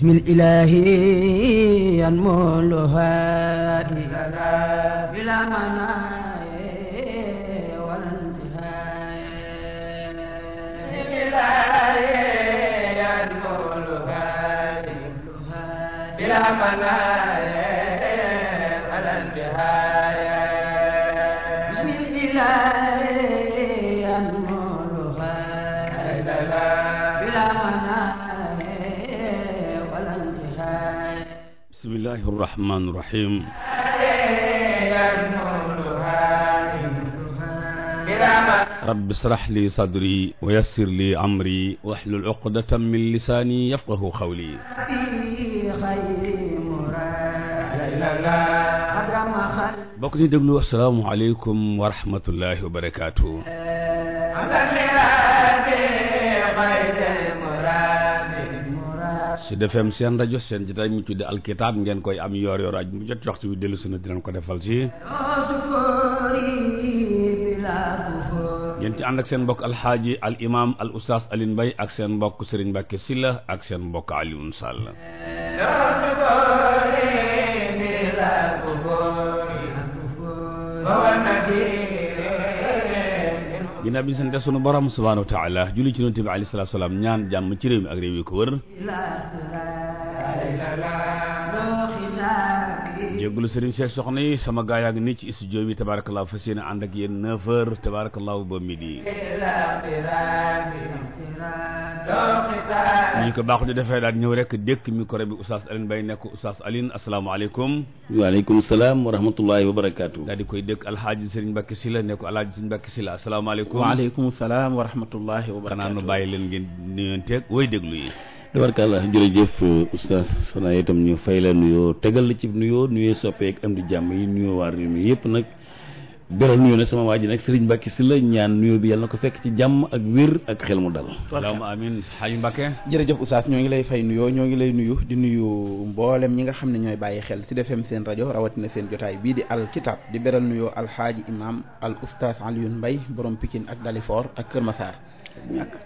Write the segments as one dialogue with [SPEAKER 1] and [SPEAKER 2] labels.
[SPEAKER 1] بسم الإله ينملها إلى بلا مناع ولا انتهاء بسم الإله ينملها بلا مناع
[SPEAKER 2] bismillahi irrahmani irrahim rabbi israh li sadri wa yassir li amri wahlul uqdatan min lisaani yafqahu qawli bokk ñu déglu asalaamualeykum wa rahmatullahi wa barakaatu su defeem seen rajo seen jotaay mu tudde alkitaab ngeen koy am yoor yoor aj mu jot waxtu wi dellu suna dinañ ko defal si ci ànd ak seen mbokk alxaaji al imaam ak seen mbokk Serigne Mbacke Sylla ak seen mbokk Alioune Sall ginnaaw bi ñu sante sunu borom subhaanahu wa taala julli ci yonent bi alayhi salaatu salaam ñaan jàmm ci réew mi ak réew yi ko wër jéggulu sëriñ Cheikh soxna yi sama gaa yaa ngi nii ci studio bi tabaarakallaahu fas yéene ànd ak yéen 9h tabaarakallaahu ba midi. ñu ko baax ñu defee daal ñëw rek dékk micro bi Oustaz Alioune Mbaye nekk Oustaz Alioune asalaamaaleykum. waaleykum salaam wa rahmatullaahi wa barakaatu. daal di koy dékk Alhaaji Sëriñ Mbàkke Sylla nekk Alhaaji Sëriñ Mbàkke Sylla asalaamaaleykum. salaam wa rahmatullaahi wa barakaatu. ngeen nuyonteeg way tabarkàlla jërëjëf oustaz xanaa itam ñu fay la nuyoo tegal la ci nuyoo nuyoo soppeek am di jàmm yi nuyoo waa réew mi yëpp nag beral nuyoo ne sama waa ji nag Serigne Mbacke si la ñaan nuyoo bi yàlla na ko fekk ci jàmm ak wér ak xel mu dal. allahumma amiin xaaju jërëjëf oustaz ñoo ngi lay fay nuyoo ñoo ngi lay nuyu di nuyu mboolem ñi nga xam ne ñooy bàyyi xel ci defem seen rajo rawatina seen jotaay bii di al di beral nuyoo alxaaji imam al oustaz Alioune Mbaye borom Pikine ak Dalifor ak Kër Massar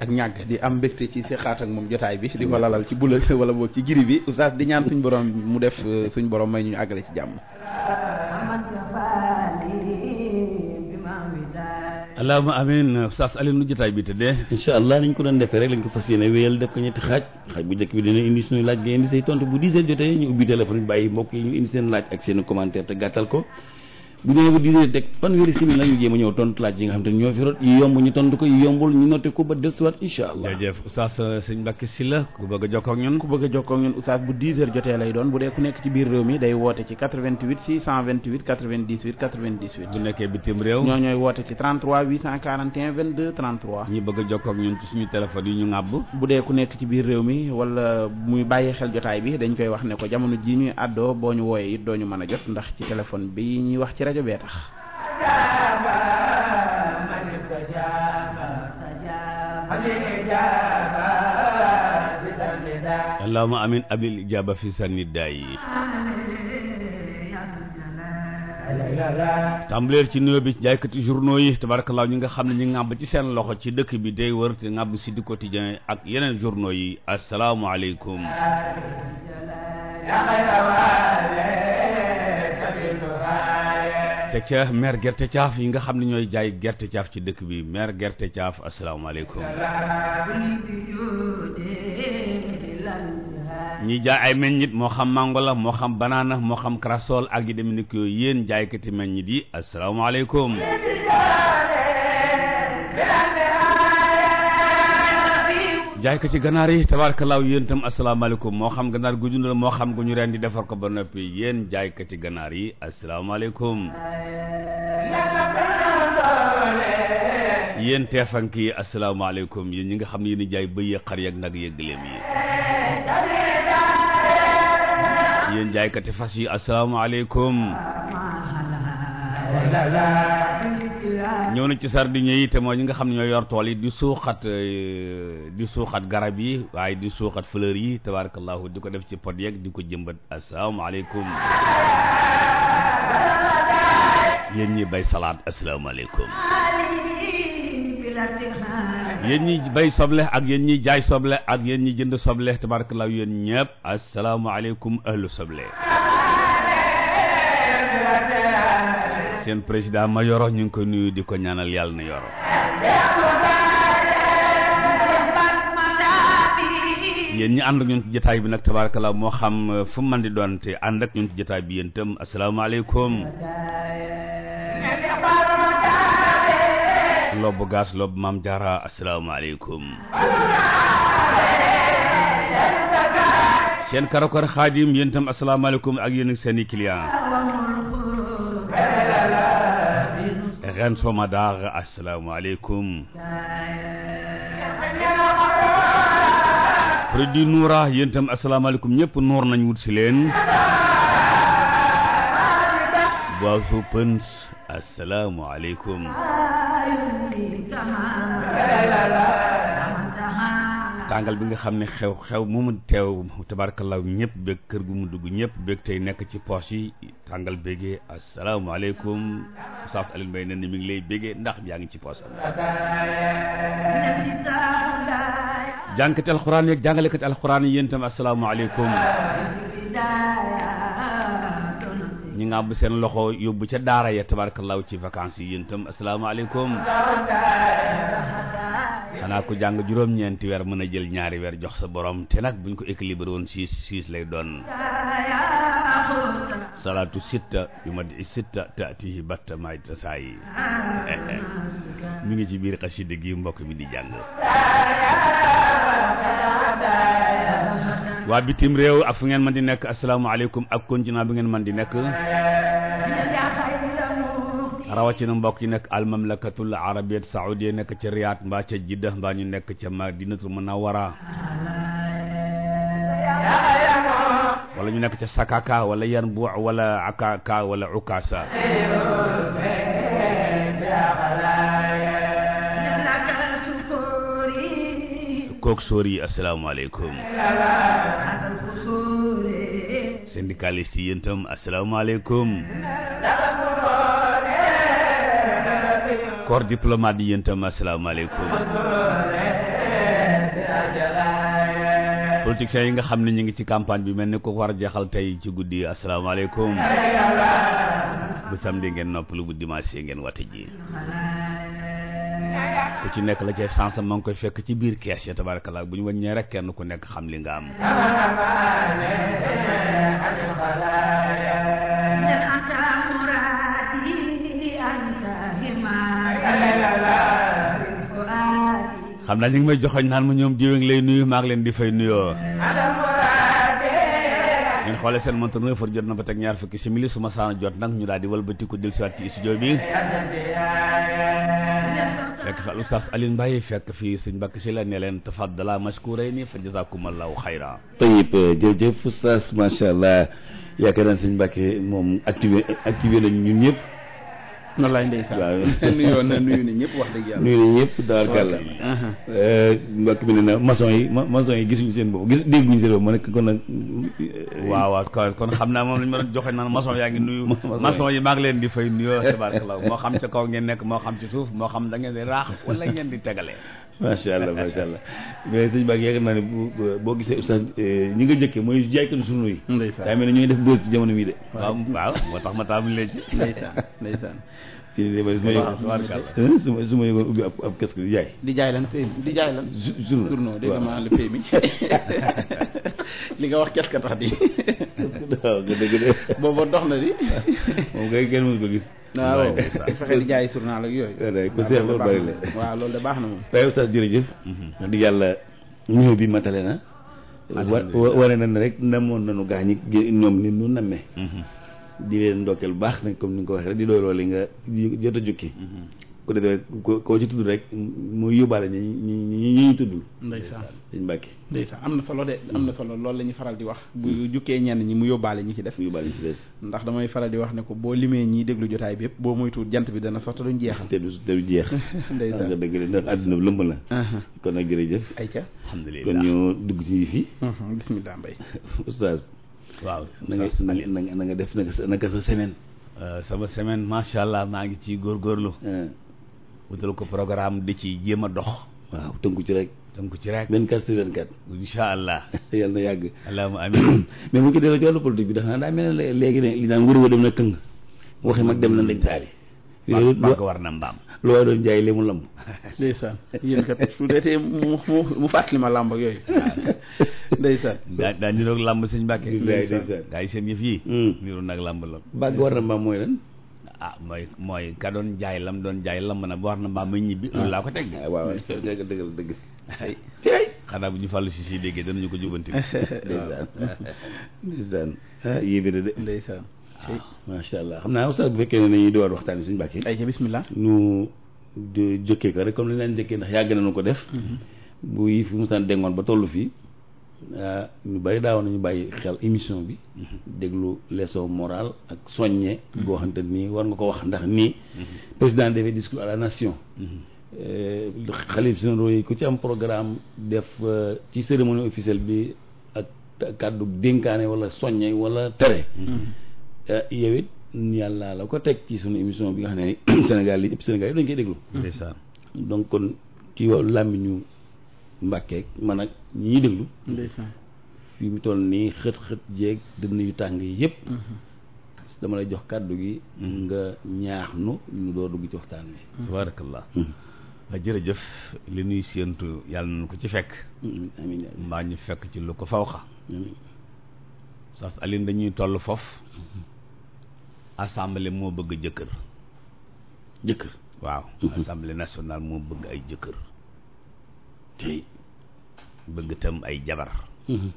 [SPEAKER 2] ak ñàkk di am mbégte ci seqaat ak moom jotaay bi di ko lalal ci bula wala boog ci jiri bi oustaz di ñaan suñ borom mu def euh, suñ borom may ñu àggale ci jàmm allahuma amin oustaz Alioune jotaay bi tëddee incha allah nañ ko doon defee rek lañ ko fas yéene wéyal def ko ñetti xaaj xaaj bu njëkk bi dina indi suñu laaj nga indi say tontu bu 10 heures jotee ñu ubbi téléphone bi bàyyi mbokk yi ñu indi seen laaj ak seen commentaire te gàttal ko bu ñëwee ba dix heures teg fanweeri simili la ñu jéem a ñëw tontu laaj yi nga xam te ñoo fi rot yi yomb ñu euh, bu dix heures jotee lay nekkee bitim réew ñoo ñooy woote ci 33 841 22 bëgg a jokkoo ak ñun ci suñu téléphone yi ñu ŋàbb bu dee ku nekk ci biir réew mi wala muy bàyyi xel jotaay bi dañ koy wax ne ko jamono ji ñuy àddoo boo ñu wooyee it dooñu mën a jot ndax ci téléphone bi ñuy wax ci rajo bee tax allahumma amin abil ijaaba fi sanni daayi tàmbaleer ci nuyoo bi jaaykati journaux yi tabarakallah ñi nga xam ne ñu ngàmb ci seen loxo ci dëkk bi day wër te ngàmb si di ak yeneen journaux yi asalaamualeykum teg ca maire gerte caaf yi nga xam ne ñooy jaay gerte caaf ci dëkk bi maire gerte caaf asalaamaaleykum ñi jaay ay meññit moo xam mango la moo xam banaana moo xam crassol ak yi demee ni ko yéen jaaykati meññit yi asalaamaaleykum jaay ci ganaar yi tabaarkalaaw yéen itam asalaamaaleykum moo xam ganaar gu dund la moo xam gu ñu ren di defar ko ba noppi yéen jaay ko ganaar yi asalaamaaleykum yéen teefank yi asalaamaaleykum ñi nga xam ne yéen jaay bëy xar yag nag yëg léem yi yéen jaaykati fas yi asalaamaaleykum ñëw na ci sardinier yi te mooy ñi nga xam ne ñoo yor tool yi di suuxat euh, di suuxat garab yi waaye di suuxat fleur yi tabarakallahu di ko def ci pot yeeg di ko jëmbat asalaamaaleykum yéen ñi bay salaat asalaamaaleykum ñi bay soble ak yen ñi jaay soble ak yéen ñi jënd soble tabarakallahu yéen ñëpp asalaamaaleykum ahlu soble seen président ma yoro ñu ngi koy nuyu di ko ñaanal yàlla na yoro
[SPEAKER 1] yéen ñi ànd ak ñun ci jotaay
[SPEAKER 2] bi nag tabaarakalaa moo xam euh, fu di doon te ànd ak ñun ci jotaay bi yéen itam asalaamaaleykum lobbu gaas lobbu maam jaara asalaamaaleykum seen karakor xaadim yéen itam asalaamaaleykum ak yéen ak seen i client ren soma daar asalaamaaleykum produit Noura yéen itam asalaamaaleykum ñëpp noor nañ wut si leen baasu pëns asalaamaaleykum tàngal bi nga xam ne xew xew mu mu teew tabarakallah ñëpp beeg kër gu mu dugg ñëpp beeg tey nekk ci poche yi tàngal béggee asalaamaaleykum Oustaz Alioune Mbaye ne ni mi ngi lay béggee ndax yaa ngi ci poche am jànkati alxuraan yeeg jàngalekati alxuraan yi yéen itam asalaamaaleykum ñi nga am seen loxo yóbbu ca daara ya tabarakallah ci vacance yi yéen itam xanaa ku jàng juróom-ñeenti weer mën a jël ñaari weer jox sa borom te nag buñ ko équilibré woon siis siis lay doon salaatu sitta yu ma di sitta taatihi batta may tasaa ngi ci biir xasida gi mbokk mi di jàng waa bitim réew ak fu ngeen mën di nekk asalaamaaleykum ak continent bi ngeen man di nekk rawatina mbokk yi nekk almamlakatul arabiyat saoudia nekk ca Riyad mbaa ca Jidda mbaa ñu nekk ca Madinatul Munawwara wala ñu nekk ca Sakaka wala Yanbu wala Akaka wala Ukasa kook sóor yi asalaamaaleykum syndicaliste yi yéen itam asalaamaaleykum corps diplomate yi yéen tam asalaamaaleykum politiciens yi nga xam ne ñu ngi ci campagne bi mel ni ko war a jeexal tey ci guddi asalaamaaleykum bu samedi ngeen noppalu bu dimanche ngeen wate ji ku ci nekk la cay sens ma ngi koy fekk ci biir kees ya tabarakallah bu ñu wàññee rek kenn ku nekk xam li nga am xam naa ñu ngi may joxoñ naan ma ñoom jiwéngi lay nuyu maa ngi leen di fay nuyoo ngeen xoole seen montre neuf heures jot na ba teg ñaar fukki simili su ma saana jot nag ñu daal di walbati ko dellusiwaat ci studio bi fekk fi Oustaz Alioune Mbaye fekk fi Sëñ Mbàkke si la ne leen tafaddala mashkurayni fa jazakumullahu xayra tayib jërëjëf Oustaz macha allah yaakaar naa Sëñ Mbàkke moom activé activé lañ ñun ñëpp noonu laay ndeysaan na nuyu na ñëpp wax dëgg yàlla nuyu na ñëpp daal kàlla uh-huh. eh, mbokk mi ne na maçon yi yi gisuñu seen bopp gis dégguñu seen bopp ma nekk kon nag eh, waaw waaw kon xam naa moom lañ ma doon joxe naan maçon yaa ngi nuyu maçon yi maa ngi di fay nuyoo tabaarkalla moo xam ca kaw ngeen nekk moo xam ci suuf moo xam da ngeen di raax wala ngeen di tegalee macha allah macha allah Ba yaakaar boo gisee oustaz eh, ñi nga jëkkee mooy jaaykatu sunu yi ndeysaan daa mel ne def bës ci jamono mii de waaw waaw moo tax ma taamu leen ci ndeysaan ndeysaan su ma su ma yëgoon ubbi ab ab di jaay. di jaay lan PMI di jaay lan. journaux journaux dégg nga le PMI li nga wax kese ka tax di. waaw dox na di. moom kay kenn mënu ko gis. waaw jaay journal ak yooyu. waaw loolu de baax na moom. waaye oustaz jërëjëf. di yàlla ñëw bi matale na. wane na ne rek namoon nañu gaañ ñoom ni ñu nammee. di leen ndokkeel bu baax nag comme ni nga ko waxee rek di doyloo li nga jot a jukki mm-hmm. ko defee koo ci tudd rek mu yóbbaale ñi ñi ñi ñu tudd ndeysaan sëñ Mbàkke ndeysaan am na solo de am na solo loolu la ñuy faral di wax bu mm-hmm. jukkee ñenn ñi mu yóbbaale ñi ci def mu yóbbaale ñi ci des ndax damay faral di wax ne ko boo limee ñiy déglu jotaay bi yëpp boo muy tuut jant bi dana soxta duñ jeexal te du te du jeex ndeysaan nga dëgg la ndax àdduna lëmb la uh-huh. kon nag jërëjëf ay ca alhamdulilah kon ñu dugg ci fii uh-huh. bismillah Mbaye oustaz waaw na nga na nga def naka sa semaine. Euh, sama semaine macha allah maa ngi ci ciy góorgóorlu. Ah. wutal ko programme di ci jéem a dox. waaw tënku ci rek. tënku ci rek 24 sur 24. incha allah. yal na yàgg. allahumma amiin. mais bu ñu ko delloo ci wàllu politique bi dafa naa daa mel ne léegi ne li daan wër wa dem na këng waxi mag dem na lañ taali. loolu war na mbaam. lu waaye doon jaay li mu lamb ndeysaan yéen kat su deetee mu mu fàttali ma làmb ak yooyu ndeysaan daa niroog làmb sëñ Mbàkke ndeysaan daa yi seen yëf yi hmm. niroog nag làmb la bàgg war na mbaam mooy lan ah mooy mooy ka jaay lam doon jaay lamb na war na mbaam muy ñibbi ah. loolu laa ko teg ah, waaw dëgg xanaa bu ñu fàllu si si déggee danañu ko jubanti ndeysaan ndeysaan ah, yéebéer de ndeysaan waaw ah. macha allah xam naa oustaz bu fekkee ne nañuy door waxtaan yi suñu bàkkee ay nu jëkkee ko rek comme lañ leen jëkkee ndax yàgg nañu ko def mm-hmm. bu yi fi musaan dengoon ba toll fii ah, ñu bari daawoon nañu bàyyi xel émission bi mm-hmm. déglu leçon morale ak soññe boo mm-hmm. xamante nii war nga ko wax ndax nii président defee discours à la nation eh, xalif généraux yi ku ci am programme def eh, ci cérémonie officielle bi ak kàddu dénkaane wala soññe wala tere Euh, yow yàlla la ko teg ci sunu émission bi nga xam ne ni Sénégal li yëpp Sénégal yëpp dañ koy déglu. Mm-hmm. donc kon ci wàllu làmmiñu Mbàkke man ak ñi déglu. ndeysaan mu toll nii xët xët jeeg dënn yu tàng yi yëpp. Mm-hmm. dama lay jox kàddu gi. Mm-hmm. nga ñaax nu ñu door dugg ci waxtaan wi. tabaarakallah. Ah, jërëjëf li nuy séentu yàlla nañ ko ci fekk. amiin mbaa ñu fekk ci lu ko fawxa. sas alin dañuy toll foofu. assemblée moo bëgg jëkkër jëkkër waaw mhm. assemblée nationale moo bëgg ay jëkkër tey bëgg itam ay jabar mhm.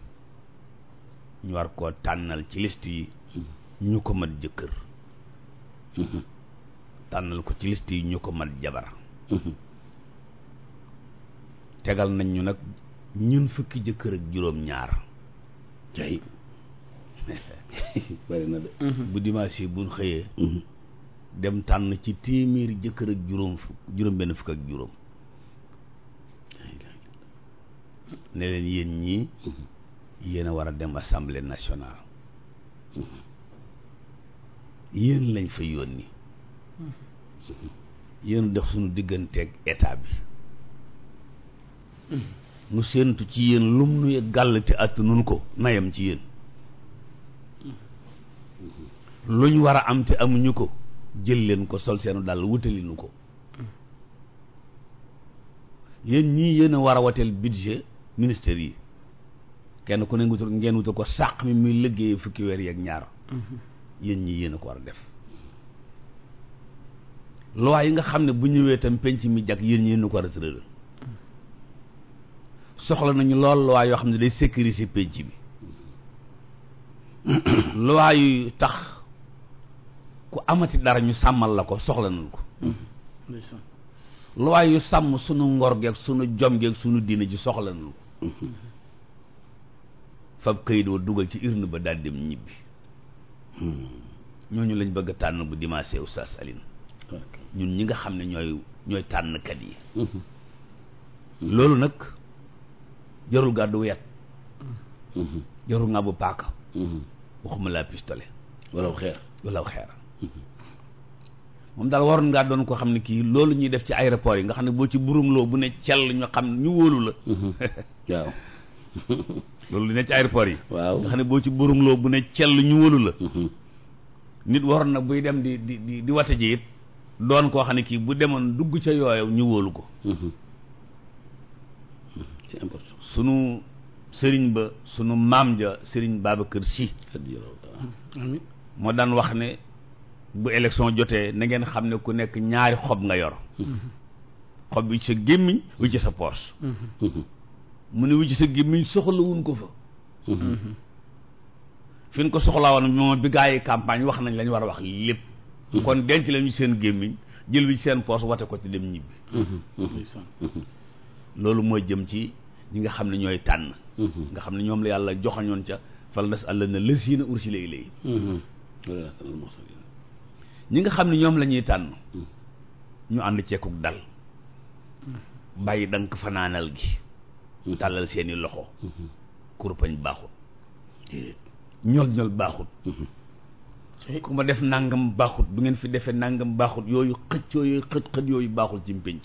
[SPEAKER 2] ñu war koo tànnal ci liste yi mhm. ñu ko mat jëkkër tànnal ko ci liste yi ñu ko mat jabar tegal nañ ñu nag ñun fukki jëkkër ak juróom ñaar bari de. Mhm. bu dimanche yi buñ xëyee. Mhm. dem tànn ci téeméeri jëkkër ak juróom fukk juróom-benn fukk ak juróom. ne leen yéen ñii. Mhm. a war a dem assemblée nationale. yéen lañ fa yónni. yéen def suñu digganteeg état bi. nu séentu ci yéen lum nuy gàll te att ko nayam ci yéen. luñ war a am te amuñu ko jël leen ko sol seenu dàll wutalinu ko yéen ñii yéen a war a wateel budget ministère yi kenn ku ne ngutul ngeen wutal ko sàq mi muy liggéeye fukki weer yeeg ñaar yéen ñii yéen a ko war a def loi yi nga xam ne bu ñëwee tam penc mi jag yéen ñi yéen ko war a tëral soxla nañu lool loi yoo xam ne day sécuriser penc bi loi yu tax ku amati dara ñu sàmmal la ko soxla nañ ko loi yu sàmm sunu ngor geeg sunu jom geeg sunu diina ji soxla nañ ko fab këyit wa dugal ci urne ba daal dem ñibbi ñooñu lañ bëgg a tànn bu dimanche Oustaz Alioune ñun ñi nga xam ne ñooy ñooy tànnkat yi mhm. loolu nag jarul gàddu wet mhm. jarul nga bu paaka mhm. waxuma laa pistolet walaw xeer walaw xeer moom daal waroon ngaa doon koo xam ne kii loolu ñuy def ci aéroport yi nga xam ne boo ci burumloo bu ne cell ñu xam ñu wóolu la mhm. li ne ci yi waaw nga xam boo ci burumloo bu ne cell ñu wóolu la mhm. nit waroon na buy dem di di di di wate ji doon koo xam ne kii bu demoon dugg ca yooyu ñu wóolu ko mhm. sunu sëriñ ba sunu maam ja sëriñ kër si moo daan wax ne bu élection jotee na ngeen xam ne ku nekk ñaari xob nga yor mm-hmm. xob wi ci sa gémmiñ wi ci sa poos mm-hmm. mu ne wi ci sa gémmiñ soxlawuñ ko fa mm-hmm. fi ñu ko soxlaa woon moom bi gaa yi campagne wax nañ lañu war a wax lépp kon denc lañu seen gémmiñ jël wi ci seen poos wate ko ci dem ñibbi loolu mooy jëm ci ñi nga xam ne ñooy tànn mm-hmm. nga xam ne ñoom la yàlla joxañoon ca fal nas àll na lësiina ursile ilayhi mm-hmm. ñi nga xam ne ñoom lañuy ñuy tànn mm-hmm. ñu ànd ceekuk dal bàyyi ko fanaanal gi tàllal seeni loxo kurpañ baaxut ñol ñol baaxut ku ma def nangam baaxut bu ngeen fi defee nangam baaxut yooyu xëccoo yooyu xët xët yooyu baaxul ci mpénc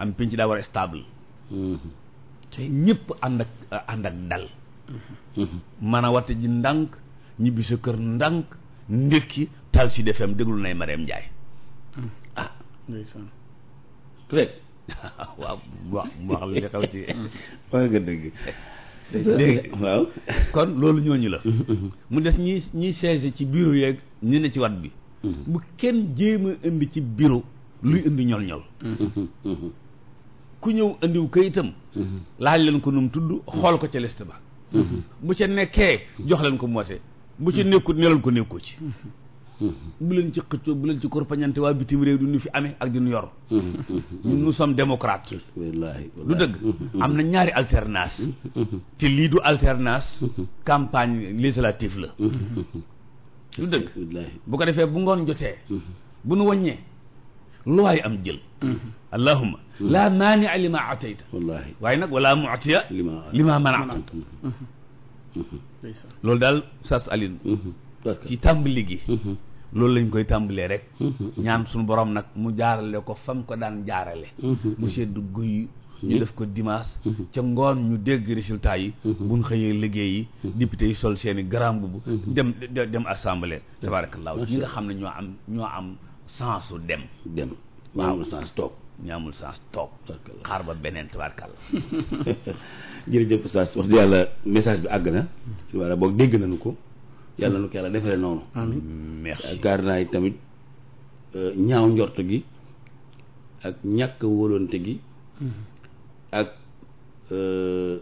[SPEAKER 2] am pénc daa war a stable ñépp ànd ak euh, ànd ak dal man a watte ji ndànk ñibbi sa kër ndànk ndékki tal si defem déglu nay Mareem Njaay ah. kon loolu ñooñu la mu des ñi ñiy siège ci bureau yeeg ñu ne ci wat bi mm-hmm. bu kenn jéem indi ci bureau luy indi ñol-ñol
[SPEAKER 3] mm-hmm. Mm-hmm.
[SPEAKER 2] ku ñëw andiw kayitam mhm. laaj leen ko num tudd xool ko ca liste ba mhm. bu ca nekkee jox leen ko moote bu ci mhm. nekkut ne ko nekkoo ci bu leen ci xëccoo bu leen ci korpañante waa bitim réew du ñu fi amee ak di ñu yor ñun nous sommes démocrates lu dëgg am na ñaari alternance te lii du alternance campagne législative la lu dëgg bu ko defee bu ngoon jotee bu nu wàññee looy am jël laa maania li maa atayta wallaahi waaye nag wala mu'tiya li maa manata loolu daal sas alin ci tàmbali gi loolu lañ koy tàmbalee rek ñaan suñu borom nag mu jaarale ko fam ko daan jaarale mu sedd guy ñu def ko dimanche ca ngoon ñu dégg résultat yi buñ xëyee liggéey yi yi sol seen i dem dem assemblée tabaarakallaahu ñi nga xam ne ñoo am ñoo am sensu dem dem waaw sens toog ñu amul sens toog. xaar ba beneen tubaarkàlla. jërëjëf Oustaz wax dëgg yàlla message bi àgg na. walla boog dégg nañu ko. nu ko yàlla defalee noonu. amiin merci tamit euh, ñaaw njort gi ak ñàkk wóolonte gi. Mhm. ak euh,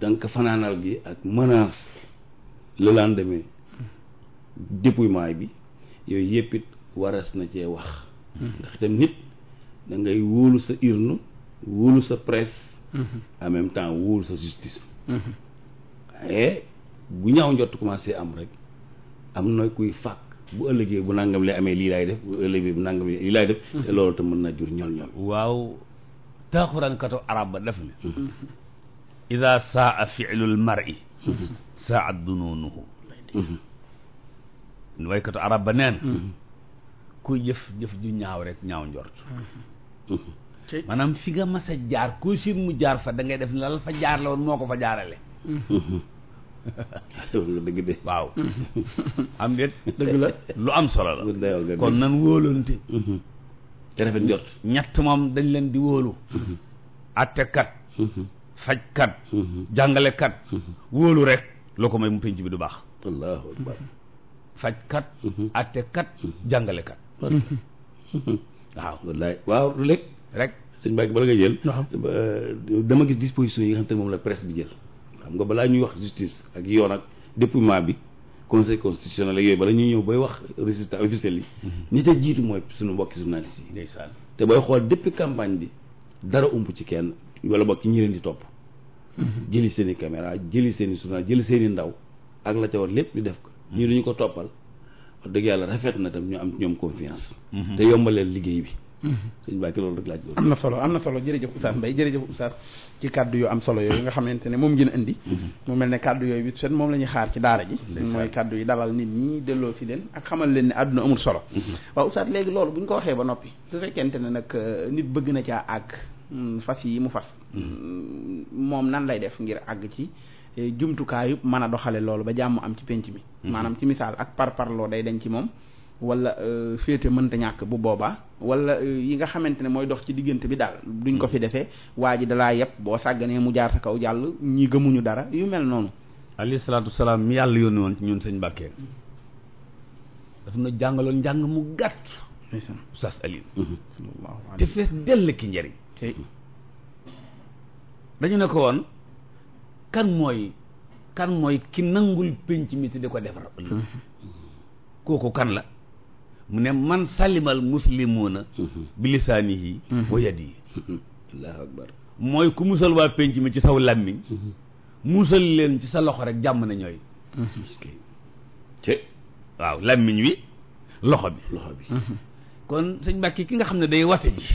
[SPEAKER 2] dank fanaanal gi ak menace. le lendemain. Mhm. dépouillement bi yooyu yëpp it waras na cee wax. Mhm. ndax itam nit. da ngay wóolu sa urne wóolu sa presse. Mhm. en même temps wóolu sa justice. waaye mhm. bu ñaaw njott commencé am rek am na kuy fàkk bu ëllëgee bu nangam lay amee lii laay def bu ëllëgee bu nangam lii laay def. Mhm. te loolu te mën naa jur ñol-ñol. waaw taaxuraankatu arab ba def ne. ida saa filul mari saat dunuunuhu waykatu arab ba neen kuy jëf jëf ju ñaaw rek ñaaw njort maanaam fi nga mas a jaar koo seen mu jaar fa da ngay def lal fa jaar la moo ko fa jaarale dëgg de waaw am déet dëgg la lu am solo la kon nan wóolante mm-hmm. ñett moom dañ leen di wóolu mm-hmm. attekat mm-hmm. fajkat jàngalekat wóolu rek loo ko may mu penc bi du baax allahu akbar fajkat attekat jàngalekat waaw wallaay waaw lu lekk rek sëñ Mbacke bala nga jël euh, dama gis disposition yi nga xam te moom la presque bi jël xam nga balaa ñuy wax justice ak yoon ak dépouillement bi conseil constitutionnel ak yooyu bala ñuy ñëw bay wax résultat officiel yi mhm. ñi ca jiitu mooy suñu mbokki journaliste yi ndeysaan te booy xool dépp campagne bi dara ump ci kenn wala bokk ñu leen di topp mhm. jëli seen i caméra jëli seen i journal jëli seen i ndaw ak la ca war lépp ñu def ko ñii duñu ko toppal wax yàlla rafet na tam ñoo am ñoom confiance. Mhm. te yombaleel liggéey bi. Mhm. sëñ Mbacke loolu rek laaj boobu. am na solo am na solo jërëjëf Oustaz Mbaye jërëjëf Oustaz ci kàddu yu am solo yooyu nga xamante ne moom jën indi. Mhm. mu mel ne kàddu yooyu bi seen moom la ñuy xaar ci daara ji. mooy kàddu yi nit ñi delloo si leen ak xamal leen ne àdduna amul solo. waaw Oustaz léegi loolu bu ñu ko waxee ba noppi. su fekkente ne nag euh, nit bëgg na caa àgg hmm, fas yi mu fas. Hmm, moom nan lay def ngir àgg ci. Eh, jumtukaayu mën a doxale loolu ba jàmm am ci penc mi mhm. maanaam ci misaal ak par parloo day dañ ci moom wala euh, féete mënta ñàkk bu boobaa wala euh, yi nga xamante ne mooy dox ci diggante bi daal duñ ko fi mhm. defee waa ji dalaa yëpp boo sàgganee mu jaar sa kaw jàll ñi gëmuñu dara yu mel noonu alayhi salaatu salaam mi yàlla yónni woon ci ñun sëñ Mbàkke dafa na jàngaloon njàng mu gàtt Oustaz Alioune mhm. te fees dell ki njëriñ dañu ne ko woon kan mooy kan mooy ki nangul penc mi te di ko defar mhm. kooku kan la mu ne man salimal muslimuuna mhm. bi lisaanihi mhm. wa yadihi allahu akbar mooy ku musal waa penc mi ci saw làmmiñ musal leen ci sa loxo rek jàmm na ñooy ci waaw làmmiñ wi loxo bi loxo bi kon sëñ Mbàkke ki nga xam ne day wate ji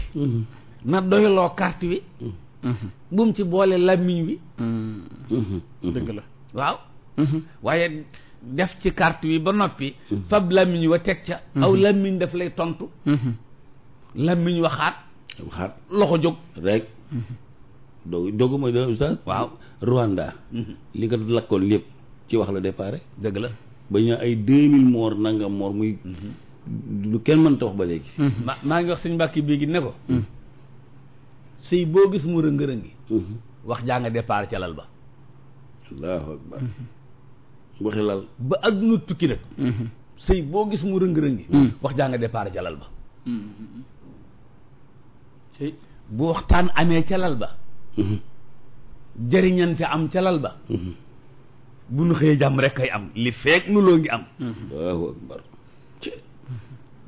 [SPEAKER 2] na doyloo carte wi Mm-hmm. bu mu ci boole làmmiñ wi
[SPEAKER 3] mm-hmm. dëgg la mm-hmm. waaw
[SPEAKER 2] waaye def ci carte wi ba noppi fab làmmiñ wa teg ca aw làmmiñ daf lay tontu làmmiñ waxaat waxaat loxo jóg rek doo dogu mooy dana ustaas waaw Rwanda li nga lakkoon lépp ci wax la départ dëgg la ba ñu ay deux mille morts nangam morts muy lu kenn mënta wax ba léegi maa ngi wax sëñ Mbàkke bii gi ne ko sëy boo gis mu rëng-rëngi mhm. wax jaa nga départ ca lal ba allahu mhm. waxi lal ba adduna tukki nag mhm. sëy boo gis mu rëng-rëngi wax jaa nga départ ca lal ba bu waxtaan amee ca lal ba jëriñante am ca lal ba bu nu xëyee jàmm rek kay am li feek nu loo ngi am allahu akbar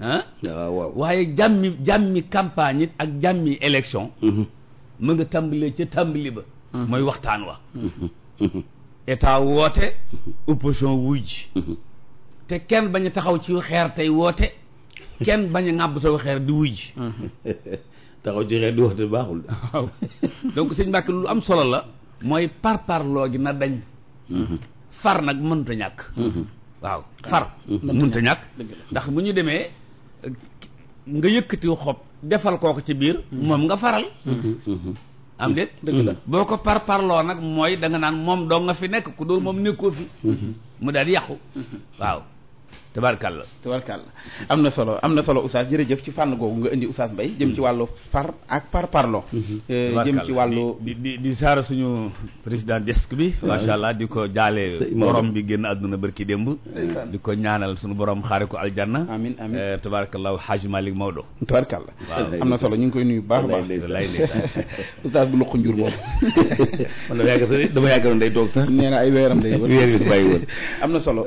[SPEAKER 2] ah waaw waaye jàmmi jàmmi campagne it ak jàmmi élection mën
[SPEAKER 3] mm-hmm.
[SPEAKER 2] nga tàmbalee ca tàmbali ba mm-hmm. mooy waxtaan wa mm-hmm. état woote opposition wuy te kenn bañ taxaw ci xeer tey woote kenn bañ a ŋàbb saw xeer di wuy ji taxaw ci xeer di woote baaxul waaw donc sëñ Mbàkke lu am solo la mooy par parloo gi na dañ far nag mënut a ñàkk waaw far mënut a ñàkk ndax bu ñu demee nga yëkkati xob defal kooku ci biir mm-hmm. moom nga faral mm-hmm. Mm-hmm. am déet dëgg la boo ko par parloo nag mooy da naan moom doo nga fi nekk ku dul moom nekkoo fi mu daal di yàqu waaw tabarkàlla tabarkàlla am na solo am na solo oustaz jërëjëf ci fànn googu nga indi oustaz Mbaye jëm ci mm-hmm. wàllu far ak par parlo mm-hmm. eh, jëm ci wàllu di di di saara suñu président desk bi ah. macha allah di ko jaale borom bi génn àdduna bërki démb di ko ñaanal suñu borom xaare ko aljanna amin amin eh, tabarkàlla Haji Malick Maodo tabarkàlla waaw am na solo ñu ngi koy nuyu baax baax lay lay bu luq njur moom man dama yàgg dama yàggoon day doog sax nee na ay weeram day woon am na solo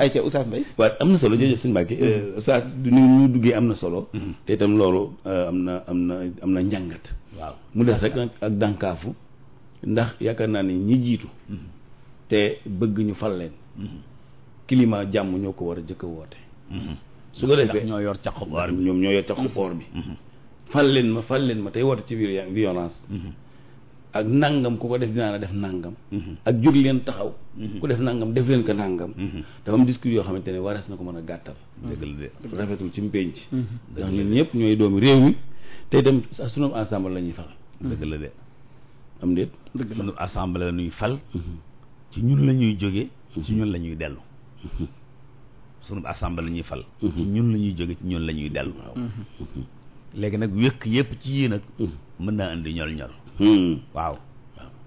[SPEAKER 2] ayca oustaz Mbaye waaw am na solo jërëjëf sëñ Mbacke mm-hmm. euh, saa ni ñu duggee am na solo mm-hmm. te itam loolu euh, am na am na am na njàngat waaw mu des rek ak dànkaafu ndax yaakaar naa ni ñi jiitu mm-hmm. te bëgg ñu fal leen climat jàmm ñoo ko war a jëkk woote
[SPEAKER 3] su ko defee ñoo
[SPEAKER 2] yor caqu ñoom ñoo yor caqu boor bi fal leen ma fal leen ma tey woote ci violence ak nangam ku ko def dinaa la def nangam. Mhm. ak jóg leen taxaw. Mhm. ku def nangam def leen ko nangam. Mhm. dafa am discours yoo xamante ne warees na ko mën a gàttal. dëgg la de rafetul ci mpénc. ndax ñun ñëpp ñooy doomi réew mi te itam sunu ensemble la ñuy fal. dëgg la de. dëgg la sunu ensemble la fal. ci ñun la ñuy jógee. ci ñun la ñuy dellu. sunu assemblée la ñuy fal. ci ñun la ñuy jóge ci ñun la ñuy dellu. léegi nag wékk yépp ci yii nag. mën naa indi ñol-ñol. Hmm. waaw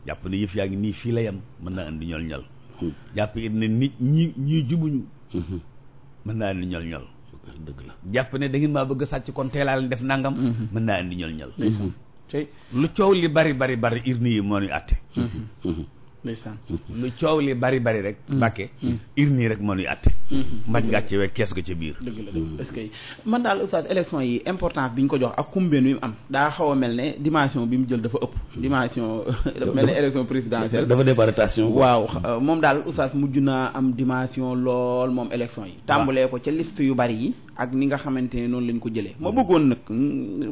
[SPEAKER 2] jàpp ne yëf yaa ngi nii fii la yem mën naa indi ñol ñol hmm. jàpp it ne nit ñi ñii jubuñu hmm. mën naa indi ñol ñol dëgg jàpp ne da ngeen maa bëgg a sàcc kon teelaa leen def nangam mën naa indi ñol ñol lu coow li bari bari bari urne yi moo ñu àtte ndeysaan mm-hmm. lu coow li bari bari rek mm-hmm. mbàkke urne mm-hmm. rek mënuy atte mbañ nga ci wek kees ga ca biir dëgg la que man daal oustaz élection yi importance bi ñu ko jox ak kumbeen bi mu am daa xaw a mel ne dimension bi mu jël dafa ëpp dimension mel ne élection présidentielle dafa départation waaw moom daal oustaz mujj naa am dimension lool moom élection yi tàmbalee ko ca liste yu bari yi ak ni nga xamante ne noonu lañ ko jëlee ma bëggoon nag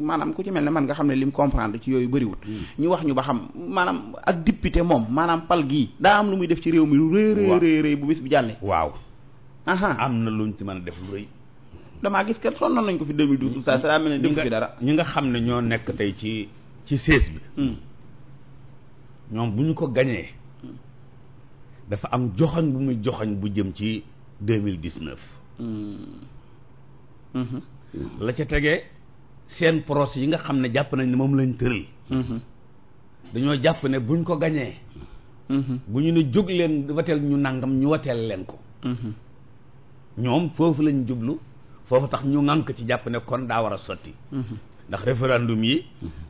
[SPEAKER 2] maanaam ku ci mel ne man nga xam ne lim comprendre ci yooyu bëriwul hmm. ñu wax ñu ba xam maanaam ak député moom maanaam pal gii daa am lu muy def ci réew mi lu rëy rëy rëy bu bis bi jàllee waaw aha am na lu luñ ci mën a def lu rëy damaa gis kat sonnoon nañ ko fi 2012 ça ça mel ne dem fi dara ñi nga xam ne ñoo nekk tey ci ci siège bi hmm. ñoom bu ñu ko gañee hmm. dafa am joxoñ bu muy joxoñ bu jëm ci mille
[SPEAKER 3] 2019
[SPEAKER 2] Mm-hmm. la ca tegee seen procès yi nga xam ne jàpp nañ ne moom lañ tëral mm-hmm. dañoo jàpp ne buñ ko gañee mm-hmm. bu ñu ne jóg leen wateel ñu nàngam ñu wateel leen ko ñoom foofu lañ jublu foofu tax ñu ŋànk ci jàpp ne kon daa war a sotti ndax référendum yi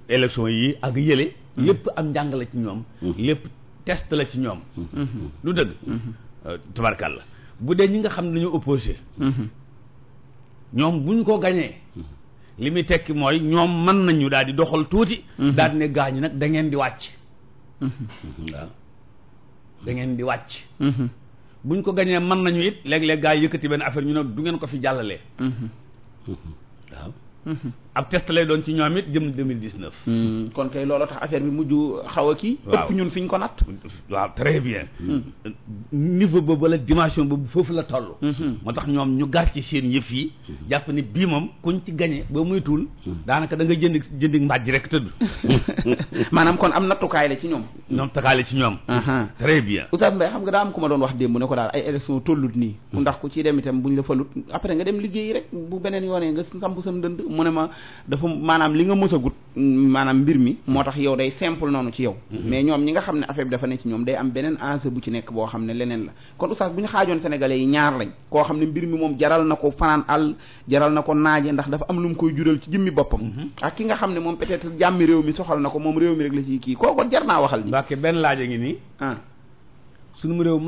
[SPEAKER 2] élection yi ak yële lépp am njàng la ci ñoom lépp test la ci ñoom lu dëgg euh, tubarkàlla bu dee ñi nga xam ne dañoo opposé ñoom bu ñu ko gañee li muy tekki mooy ñoom mën nañu daal di doxal tuuti mhm. daal di ne gaañu nag dangeen di wàcc mhm. dangeen di wàcc mhm. bu ñu ko gañee mën nañu it léeg-léeg gaa yëkkati benn affaire ñu ne du ngeen ko fi jàllalee Mm-hmm. ab test lay doon ci ñoom it jëm 2019. Mm-hmm. kon kay looloo tax affaire bi mujj xaw a kii. waaw ëpp ñun fi ñu ko natt. waaw très bien. Mm-hmm. niveau boobu wala dimension boobu foofu la toll. moo tax ñoom ñu gaar ci seen yëf yi. jàpp ni bii moom kuñ ci gañe ba muy tuul. daanaka da nga jënd jëndi mbàjj rek tëdd. maanaam kon am nattukaay la ci ñoom. ñoom la ci ñoom. Uh-huh. très bien. Oustaz Mbaye xam nga daa am ku ma doon wax démb ne ko daal ay élection tollut nii. ndax ku ciy dem itam buñ la falut après nga dem liggéeyi rek bu beneen mu ne ma dafa maanaam li nga mës a maanaam mbir mi moo tax yow day simple noonu ci yow mm-hmm. mais ñoom ñi nga xam ne affaire bi dafa ne ci ñoom day am beneen enjeu bu ci nekk boo xam ne leneen la ko oustaz bu ñu xaajoon sénégalais yi ñaar lañ koo xam ne mbir mi moom jaral na ko fanaan àll jaral na ko naaje ndax dafa am lu mu koy jural ci jëmmi boppam mm-hmm. ak ki nga xam ne moom peut-être jàmmi réew mi soxal na ko moom réew mi rek la ci kii kooku jar naa waxal ni mbàkke benn laaj a ngi nii ah suñu réew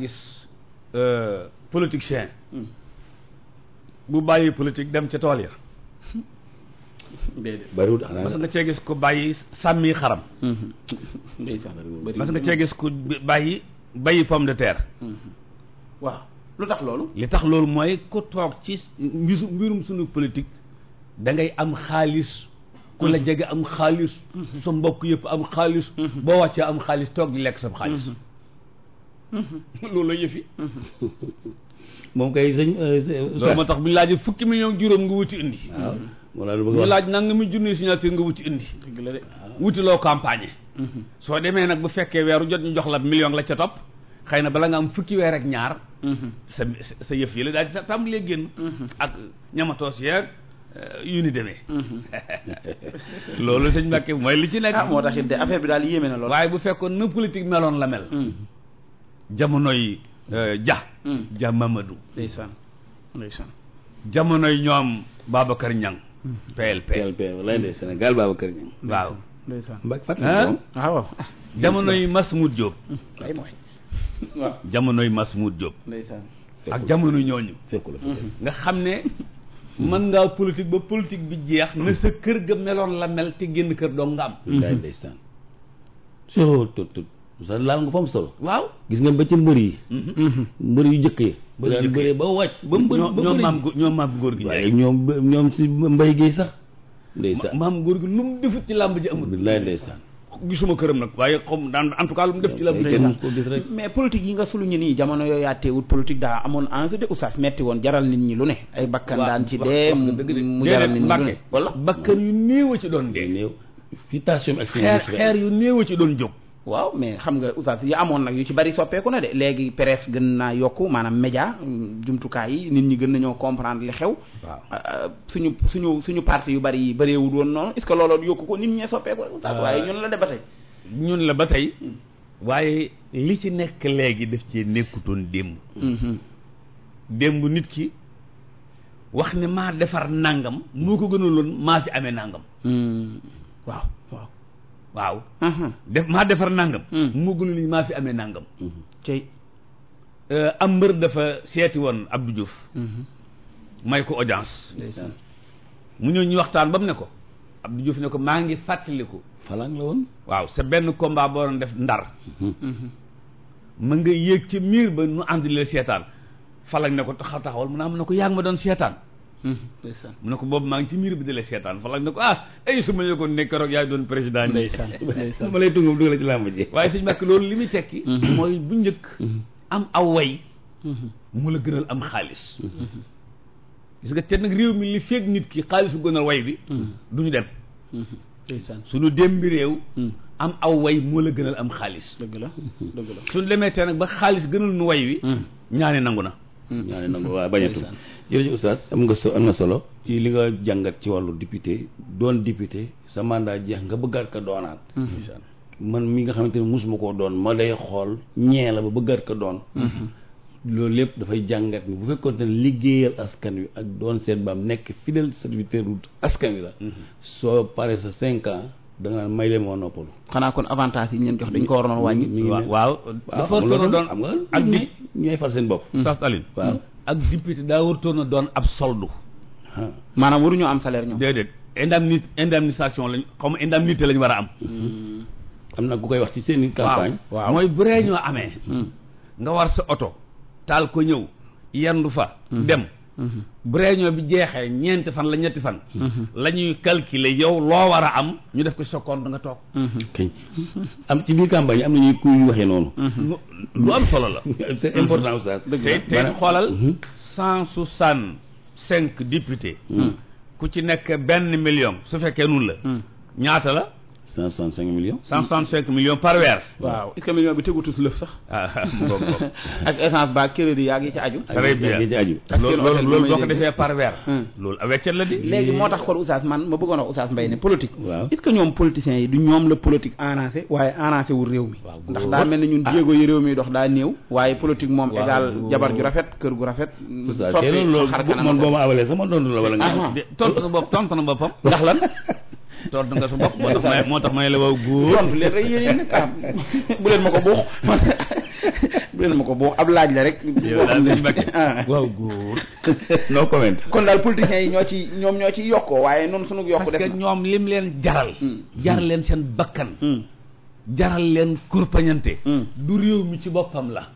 [SPEAKER 2] gis euh, politicien mm. bu bàyyi dem ca tool ya déedéet bariwul xanaa nga cee gis ko bàyyi sàmmi xaram. mas nga cee gis ko bàyyi bàyyi pomme de terre. Mm-hmm. waaw lu tax loolu. li tax loolu mooy ku toog ci mbisu mbirum sunu politique dangay am xaalis. ku la mm-hmm. jege am xaalis. Mm-hmm. sa mbokk yëpp am xaalis. boo wàccee am xaalis toog di lekk sam xaalis. loolu la yëfi. moom kay sëñ. Euh, moo tax bu laaj laajee fukki million juróom nga wuti indi. ñu laaj nanga mu junni signature nga wuti indi wuti loo campagne mhm. soo demee nag bu fekkee weeru jot ñu jox la million la ca topp xëy na bala nga am fukki weer ak ñaar mhm. sa yëf yi la daal di tàmbalee génn mhm. ak ñamatoos yeeg euh, yu ni demee loolu sëñ Mbàkke mooy li ci nekk ah, moo tax it de affaire bi daal yéeme na loolu waaye bu fekkoon na politique meloon la mel jamonoy euh, ja ja Mamadou jamonoy ñoom Babacar Niang PLP PLP walaay de Sénégal Babacar Niang waaw mbaa fàttali ah, waaw jamonoy Masmoud Diop ay mooy waaw jamonoy Masmoud Diop ndeysaan ak jamono ñooñu fekku nga xam ne mën ngaa politique ba politique bi jeex na sa kër ga meloon la mel te génn kër doom nga am sa laal nga fa am solo. waaw gis nga ba ci mbër yi. Mm-hmm. mbër yu njëkk yi. mbër yu bëree ba wàcc. ba mbër ba ñoom maam góor gi. waaye ñoom ñoom si mbay gi sax. ndeysaan maam góor gi lu mu defut ci làmb ji amul. bilaay ndeysaan. gisuma këram nag waaye comme daan en tout cas lu mu def ci la mais politique yi nga suluñu nii jamono yooyu yaa teewut politique daa amoon enjeu de oustaz metti woon jaral nit ñi lu ne ay bakkan daan ci dee mu jaral nit ñi lu ne wala bakkan yu néew a ci doon dee fi station ak seen xeer ci doon jóg waaw mais xam nga oustaz yi amoon nag yu ci bari soppeeku na de léegi presse gën naa yokk maanaam média jumtukaay yi nit ñi gën nañoo comprendre li xew. waaw euh, suñu suñu suñu parti yu bari yi bëreewul woon noonu est-ce yokku ko nit ñee soppeeku rek oustaz waaye euh, ñun la de ba tey. ñun la ba tey hmm. waaye li ci nekk léegi def ci nekkutoon démb. démb nit ki wax ne maa defar nangam noo ko gënaloon maa fi amee nangam. Hmm. waaw. waaw uh-huh. def maa defar nangam mu gën li maa fi amee nangam tey hmm. euh, am mbër dafa seeti woon Abdou Diouf hmm. may ko audience mu ñëw ñu waxtaan ba mu ne ko ab Abdou juf ne ko maa ngi fàttaliku falang la woon waaw sa benn combat boo doon def ndar hmm. ma nga yéeg ci miir ba nu ànd la seetaan falang ne ko taxaw taxawal mu ne am na ko yaa ma doon seetaan Hmm. ndeysaan mu ne ko boobu maa ngi ci miir bi di la seetaan fa la ne ko ah ay su ma la ko nekk rek yaay doon président ndeysaan ndeysaan ma lay tungam dugal ci làmb ji waaye sëñ hmm. mooy bu njëkk hmm. am aw way mu la am xaalis gis nga te réew mi li nit ki xaalis bu gënal way bi du dem ndeysaan suñu dem bi réew am aw way moo la gënal am xaalis dëgg la dëgg la demee te nag ba xaalis gënal nu way wi ñaane nangu na Hmm. ñaane nangu waaye bañatum jërëjëf oustaz am nga am na solo ci li nga jàngat ci wàllu député doon député sa mandat jeex nga bëggaat ko doonaat hmm. man mi nga xamante ne mosuma koo doon ma lay xool ñee la ba bëggaat ko doon hmm. loolu lépp dafay jàngat mi bu fekkoon te ne liggéeyal askan wi ak doon seen baam nekk fidèle serviteur askan wi la soo paree sa cinq da nga may leen moo noppalu. xanaa kon avantage yi ñu leen jox dañ ko waroon wàññi. waaw dafa waroon doon am nga ak nit ñooy far seen bopp. Oustaz mm. Alioune. ak député daa warutoon na doon ab soldu. maanaam waruñoo am salaire ñoom. déedéet indemni indemnisation lañ xaw ma indemnité lañ war a am. Mm. am na ku koy wax ci seen i. campagne waaw mooy bu ree ñoo amee. Mm. nga war sa oto. taal ko ñëw yendu fa. dem. Mm-hmm. bu réunion bi jeexee ñeenti fan la ñetti fan. Mm-hmm. la ñuy calculer yow loo war a am ñu def ko sa compte nga toog. Mm-hmm. kay am ci biir campagne am nañu ku yu waxee noonu. lu am solo la. c'est important oustaz. dëgg la tey xoolal cent soixante cinq députés. ku ci nekk benn million su fekkee nun la. Mm. ñaata la. cent soixante cinq millions. cent soixante cinq millions par weer. waaw est-ce que million ah, ah, ak essence ci aju. très bien ci ko defee par weer. Hmm. loolu weccet la di. léegi moo tax kon Oustaz man ma bëggoon a Oustaz Mbaye ne politique. waaw est-ce que ñoom politiciens yi du ñoom la politique arrangé waaye arrangé réew mi. ndax daa mel ne ñun ah. jéego yi réew mi dox daa néew. waaye politique moom égal jabar ju rafet kër gu rafet. soppi xar kanam man boo la wala nga. tontu sa boppam ndax lan tontu nga sa bopp moo tax may moo tax may la waaw góor tontu leen rek bu leen ma ko buux bu leen ma ko buux ab laaj la rek. yow daal dañu bëgg waaw góor. no comment. kon daal politiciens yi ñoo ci ñoom ñoo ci yokkoo waaye noonu sunu yokku def parce que ñoom lim leen jaral. Hmm. jaral leen seen bakkan. Hmm. jaral leen kurpañante. Hmm. du réew mi ci boppam la.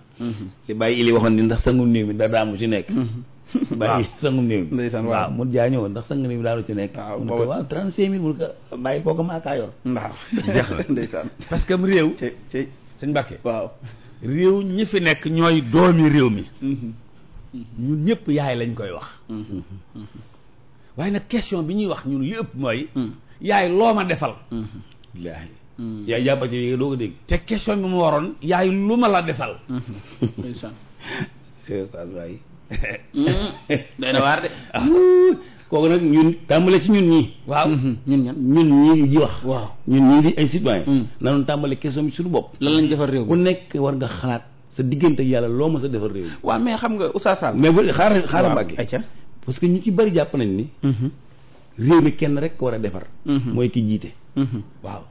[SPEAKER 2] li bàyyi ili waxoon ni ndax sangu néew mi dara mu ci nekk. bàyyi sangu néew bi waaw mun jaa ñëwoon ndax sangu néew bi daal ci nekk mun ko waaw trente cinq mille mun ko bàyyi kooku maa kaa yor parce que réew ci ci sëñ Mbàkke waaw réew ñi fi nekk ñooy doomi réew mi mm-hmm. Mm-hmm. ñun ñëpp yaay lañ koy wax mm-hmm. waaye nag question bi ñuy wax ñun yëpp mooy mm. yaay loo ma defal mm. yaay jàppa ci yéeg doo ko dégg te question bi mu waroon yaay lu ma la defal Mm. day na waar de. Ah. kooku nag ñun tàmbale ci ñun ñii. waaw mm-hmm. ñun ñan ñun ñii di wax. waaw ñun ñii di ay na nanu tàmbale question bi suñu bopp. lan lañ defar réew ku nekk war nga xalaat sa diggante yàlla loo ma sa defar réew mi. waaw mais xam nga Oustaz Sall. mais bu xaaral xaaral Mbacke. parce que ñu ci bari jàpp nañ ni. Mm-hmm. réew mi kenn rek war a defar. Mm-hmm. mooy ki jiite. waaw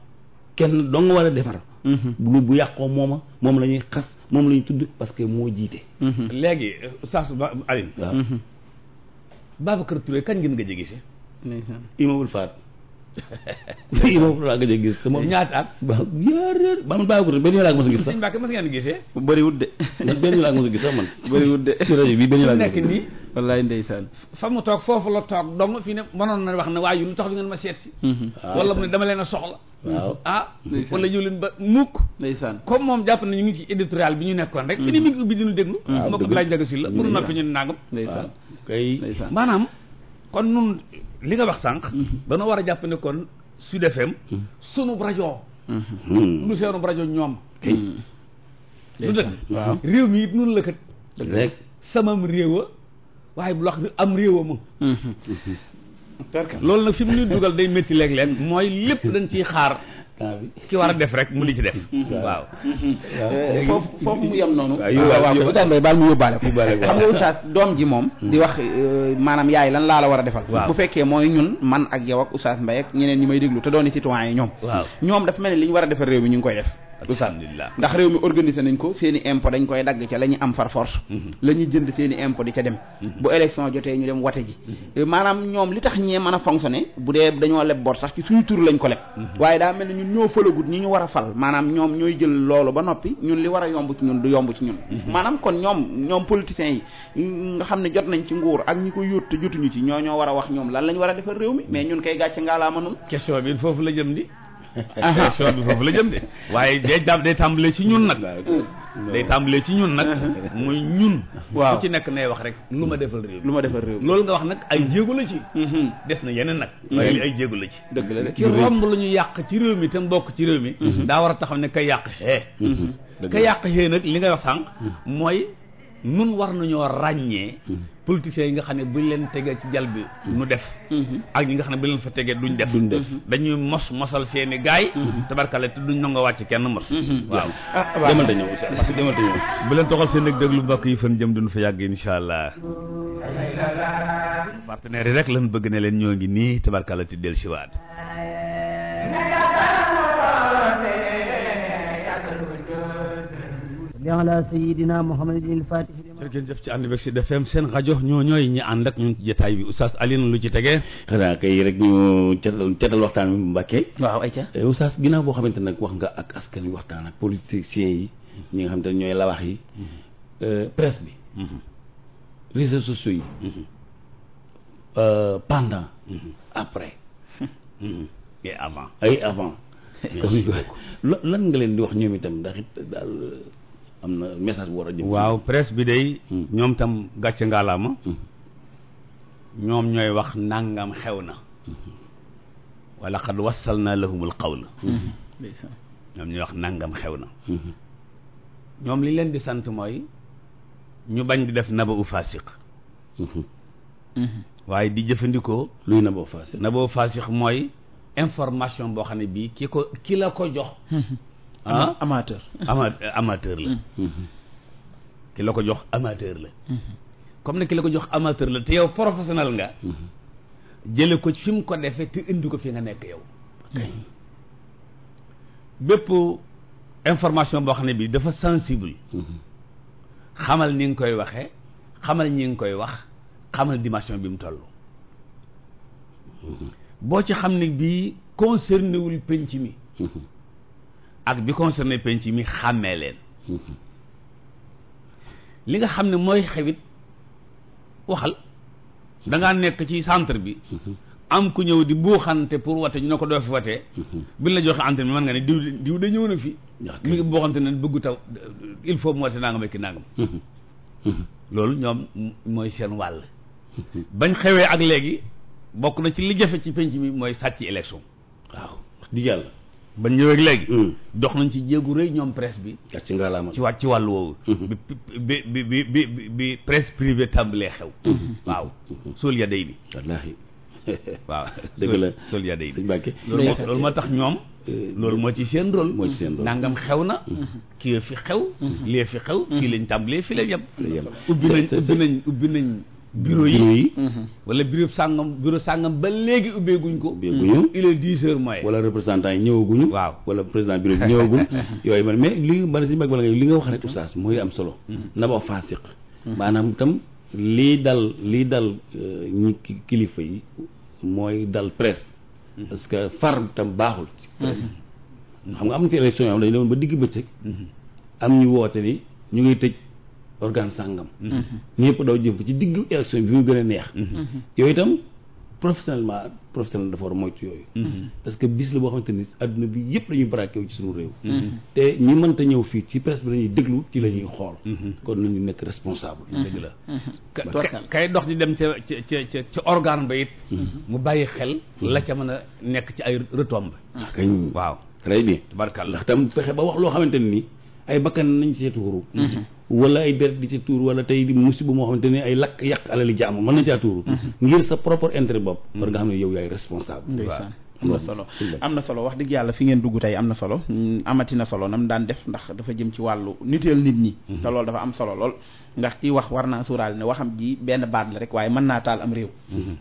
[SPEAKER 2] kenn dong nga war a defar. Mm-hmm. lu bu yàqoo mooma moom la ñuy xas moom la tudd parce que moo jiite. Mm-hmm. léegi Sass Ba Alioune. waaw mm-hmm. Babacar Touré kañ ngeen nga jege si. ndeysaan imaamul faat moom laa gëj a gis te moom ñaata at ba yërër ba man bàyyiwut benn yoon laa mos a gis sax Mbàkke mos ngeen gisee bëriwut de benn yoon laa mos a gis sax man bëriwut de ci rajo bi benn yoon laa nekk nii wallaay ndeysaan fa mu toog foofu la toog dong fii ne mënoon na wax ne waaye lu tax bi ngeen ma seet si mhm. ah, wala mu ne dama leen a soxla waaw ah wala ñëw leen ba mukk ndeysaan comme moom jàpp na ñu ngi ci éditorial bi ñu nekkoon rek fi ni mi ngi ubbi dinu déglu ah, ma ko laaj jaga si la pour noppi ñu nangam ndeysaan kay maanaam kon nun li nga wax sànq. Mm-hmm. dana war a jàpp nekkoon kon Sud FM. Mm-hmm. sunub rajo. lu mm-hmm. seenub rajo ñoom. lu dëkk waaw réew mi it noonu la kat. rek samam réewa waaye bu wax am réewa ma. loolu nag fi mu ñuy dugal day métti léeg-léeg mooy lépp dañ ciy xaar. ki war a def rek mu di ci def. waaw eh, foofu foofu mu yem noonu. waaw waaw oustaz Mbaye baal mu yóbbaale ko. xam nga oustaz doom ji moom. di wax eh, maanaam yaay lan laa la war a defal. bu fekkee mooy ñun man ak yow ak oustaz Mbaye ak ñeneen ñi may déglu te doon citoyen yi ñoom. waaw ñoom dafa mel ni li ñu war a defal réew mi ñu ngi koy def. alhamdulilah ndax réew mi organisé nañ ko seen i impôt dañ koy dagg ca la ñu am far force mhm. la ñuy jënd seen i di ca dem mhm. bu élection jotee ñu dem wate ji mhm. maanaam ñoom li tax ñee mën a fonctionné bu dee dañoo leb boot sax ci suñu tur lañ ko leb waaye daa mel na ñun ñoo a ñi ñu ñu war a fal maanaam ñoom ñooy jël loolu ba noppi ñun li war a yomb ci ñun du yomb ci ñun maanaam kon ñoom ñoom politiciens yi nga xam ne jot nañ ci nguur ak ñu ko yóot te jotuñu ci ñoo ñoo war a wax ñoom lan lañ war a defar réew mi mais ñun kay laa ma nun question bi foofu la jëm di question bi foofu la jëm de waaye day daal day tàmbalee ci ñun nag day tàmbalee ci ñun nag muy ñun waaw ci nekk nay wax rek lu ma defal réew lu ma defal loolu nga wax nag ay jéego la ci mm-hmm. des na yeneen nag mm-hmm. ay jéego la ci dëgg la ki romb lu ñu yàq ci réew mi te mbokk ci réew mi mm-hmm. daa war a taxaw ne ka yàq xee ka yàq xee nag li ngay wax sànq mooy nun war nañoo ràññee politiciens yi nga xam ne buñ leen tegee ci jal bi nu def mm-hmm. ak ñi nga xam ne bu leen fa tegee duñ def duñ def dañuy mos mosal seeni gaay mm-hmm. tabarkale te duñ nangoo wàcc kenn mos mm-hmm. ah, waaw demal te ñëw demal te ñëw bu leen toxal seen nag déglu mbokk yi fan jëm duñ fa yàgg insha allah partenaires yi rek lan bëgg ne leen ñoo ngi nii tabarkale te del siwaat
[SPEAKER 1] على سيدنا محمد الفاتح
[SPEAKER 2] jërëjëf ci ànd beeg si defeem seen rajo ñoo ñooy ñi ànd ak ñun jotaay bi oustaz Alioune lu ci tegee xanaa kay rek ñu catal waxtaan bi Mbàkke waaw ay ca eh, oustaz ginnaaw boo xamante nag wax nga ak askan wi waxtaan ak politiciens yi ñi nga xam te ñooy lawax yi mm-hmm. eh, presse bi mm-hmm. réseaux sociaux yi mm-hmm. eh, pendant après avant ay lan nga leen di wax ñoom itam ndax daal am na waaw presse bi day. Hmm. ñoom tam gàcce ngaalaama. Hmm. ñoom ñooy wax nangam xew na. Hmm. wala xad wassalna lahumul qawla. ñoom ñooy wax nangam xew na. ñoom li leen di sant mooy ñu bañ di def naba u faasiq. waaye di jëfandikoo. luy naba u faasiq naba u faasiq mooy information boo xam ne bii ki ko ki la ko jox. ah amateur. ama amateur la. Mm-hmm. Mm-hmm. ki la ko jox amateur la. Mm-hmm. comme ne ki la ko jox amateur la te yow professionnel nga. jële ko fi mu ko defee te indi ko fi nga nekk yow. bépp information boo xam ne bii dafa sensible. xamal ni nga koy waxee xamal ñi nga koy wax xamal dimension bi mu toll. boo ci xam ne bii concerné wul mi. ak bi concerné penc mi xàmmee leen mhm. li nga xam ne mooy xewit waxal mhm. dangaa nekk ci centre bi mhm. am ku ñëw di buuxante pour wate ñu ne ko doo fi watee bi la joxe antenne bi mën nga ne diw diw da ñëw na fi mi ngi buuxante ne bëggu taw il faut mu wate nangam ak nangam loolu ñoom mooy seen wàll bañ xewee ak léegi bokk na ci li jafe ci penc mi mooy sàcc élection waaw wax dëgg ba ñëwee léegi. Hmm. dox nañ ci jéegu rëy ñoom presse bi. ci ngalaama ci wàcc ci wàllu woowu. Hmm. bi bi bi bi bi presse privée tàmbalee xew. Hmm. waaw sol ya day bi. wallaahi. waaw dëgg la sol ya day bi. loolu moo tax ñoom. Euh, loolu moo ci seen rôle. moo ci seen nangam xew na. kii fi xew. lee fi xew. fii lañ tàmbalee fii lañ yem. ubbi nañ ubbi nañ ubbi nañ. bureau yi mhm. wala bureau sàngam bureau sàngam ba léegi ubbeeguñ ko ubbeeguñu il est dix wala représentant yi ñëwaguñu waaw wala président bureau bi ñëwagul mhm. yooyu man mais li man si mag wala nga li nga wax rek oustaz mooy am solo mhm. na ba faasiq maanaam itam lii dal lii dal euh, ñi kilifa yi mooy dal presse parce que far tam baaxul ci presse xam nga am na ci élection yoo xam dañu demoon ba digg bëccëg am ñu woote ni ñu ngi tëj organe sàngam mm-hmm. mm-hmm. ñëpp daw jëm fa ci diggu élection bi mu gën a neex mm-hmm. yooyu itam professionnellement professionnel dafa war a moytu yooyu parce que bis la boo xamante ni adduna bi yëpp dañuy braqué wu ci suñu réew te ñi mënta ñëw fii ci presse bi lañuy déglu ci la ñuy xool kon nañu nekk responsable dëgg la kay dox di dem ca ca ca ca organe ba it mu bàyyi xel la ca mën a nekk ci ay retombées ah, kañ waaw très bien ba wax loo xamante ni ay bakkan nañ ci tuuru mhm. wala ay deret di ci tuuru wala tey musiba moo xamante ne ay lakk yàq alali jaamu mën nañ caa tuuru mhm. ngir sa propre intérêt bopp mhm. war nga xam ne yow yaay responsable waaw am na solo am na solo wax dëgg yàlla fi ngeen dugg tey am na solo mm, amati na solo nam daan def ndax dafa jëm ci wàllu nit niteel nit ñi te loolu dafa am solo lool ndax ci wax war naa suuraal ne waxam ji benn baat la rek waaye mën naa taal am réew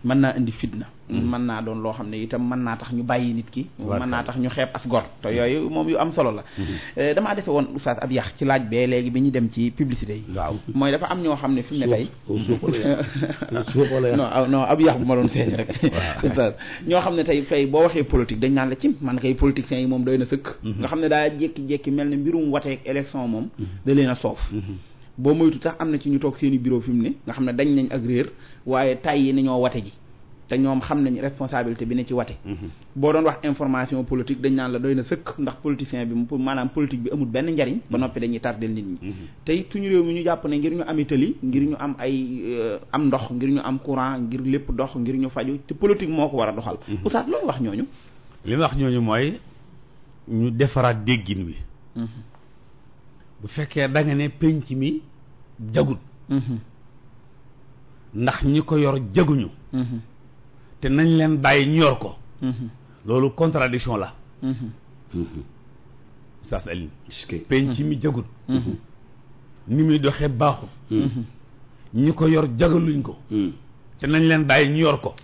[SPEAKER 2] mën naa indi fitna Mm-hmm. mën naa doon loo xam ne itam man naa tax ñu bàyyi nit ki man naa tax ñu xeeb as gor te yooyu moom yu am solo la mm-hmm. eh, damaa defe woon oustaz ab yax ci laaj bee léegi bi ñu dem ci publicité yi waaw mooy dafa am ñoo xam ne fi mu ne tey non ah, non ab yax bu ma doon seeñ rek ñoo xam ne tey fay boo waxee politique dañ naan la ci man kay politiciens yi moom day na sëkk mm-hmm. nga xam ne daa jékki-jékki mel ne mbirum wateek élection moom da na a soof boo moytu tax am na ci ñu toog seen i bureau fi mu ne nga xam ne dañ nañ ak réer waaye tay yi ñoo wate ji te ñoom xam nañ responsabilité bi ne ci wate mhm. boo doon wax information politique dañ naan la doy na sëkk ndax politicien bi pour maanaam politique bi amul benn njariñ ba mhm. noppi dañuy tardel nit ñi mhm. tey suñu réew mi ñu jàpp ne ngir ñu ami tali ngir ñu am ay euh, am ndox ngir ñu am courant ngir lépp dox ngir ñu faju te politique moo ko war a doxal oustaz loolu wax ñooñu li ma wax ñooñu mooy ñu defaraat déggin wi bu fekkee da ne ne penc mi jagut ndax ñi ko yor jaguñu te nañ leen bàyyi ñor ko loolu contradiction la sas alin mi jagut ni muy doxee baaxu ñu ko yor jagaluñ ko te nañ leen bàyyi ñu yor ko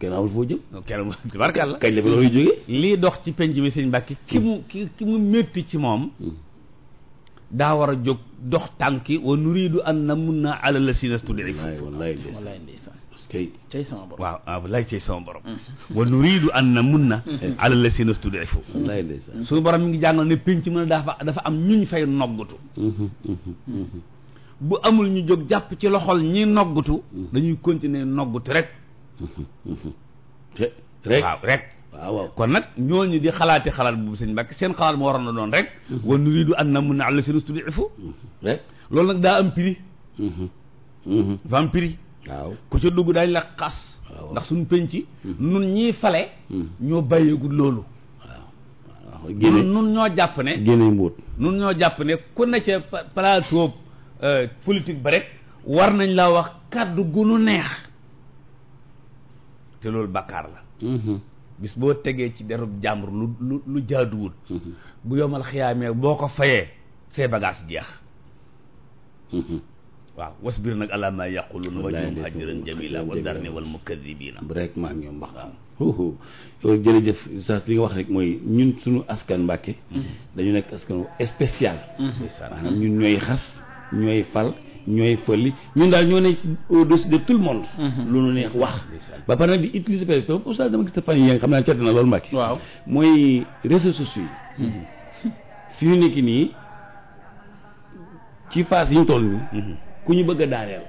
[SPEAKER 2] kenn amul foo jëm kenn tabarkàlla kañ la fi loolu jóge lii dox ci penc mi sëñ Mbàkke ki mu ki mu métti ci moom mm. daa war a jóg dox tànki wa nuriidu an namunna ala lasina stud'ifu wallaay ndeysaan cey cey sama borom waaw ah, wallaay cey sama borom mm-hmm. wa nuridu an na mun mm-hmm. na ala lasina studifu suñu borom mi ngi jàngal ne pénc mën a dafa dafa am ñu ñu fay noggutu mm-hmm, bu amul ñu jog jàpp ci loxol ñi noggutu dañuy continuer noggutu rek rek waaw rek kon nag ñooñu di xalaati xalaat bu sëñ Mbàkke seen xalaat moo waroon na doon rek wa nuridu an na mun na ala lasina studifu rek loolu nag daa am prix dafa am waaw ku ca dugg dañ la xas ndax suñ penc hmm. nun ñii fale hmm. ñoo bàyyeegul loolu waaw nun ñoo jàpp ne génne mbóot nun ñoo jàpp ne ku ne ca plateau euh, politique ba war nañ laa wax kàddu gu nu neex te loolu bàkkaar la hmm. bis boo tegee ci derub jàmbur lu lu lu bu yomal xiyaamee boo ko fayee see bagaas jeex waaw wasbir nag ala maa yaquluun wajhum ajran jamila wa darni wal mukaddibiina rek maa ñoom wax waaw loolu jërëjëf sa li nga wax rek mooy ñun suñu askan Mbàkke mm-hmm. dañu nekk askan spécial mm-hmm. maanaam ñun ñooy xas ñooy fal ñooy fëlli ñun daal ñoo ne au-dessus de tout le monde mm-hmm. lu nu neex wax ba pare nag di utiliser pour ça dama gis te fan yi nga xam naa cedd na loolu Mbàkke waaw mooy réseaux sociaux yi fi ñu nekk nii ci phase yi ñu toll nii ku ñu bëgg a daaneel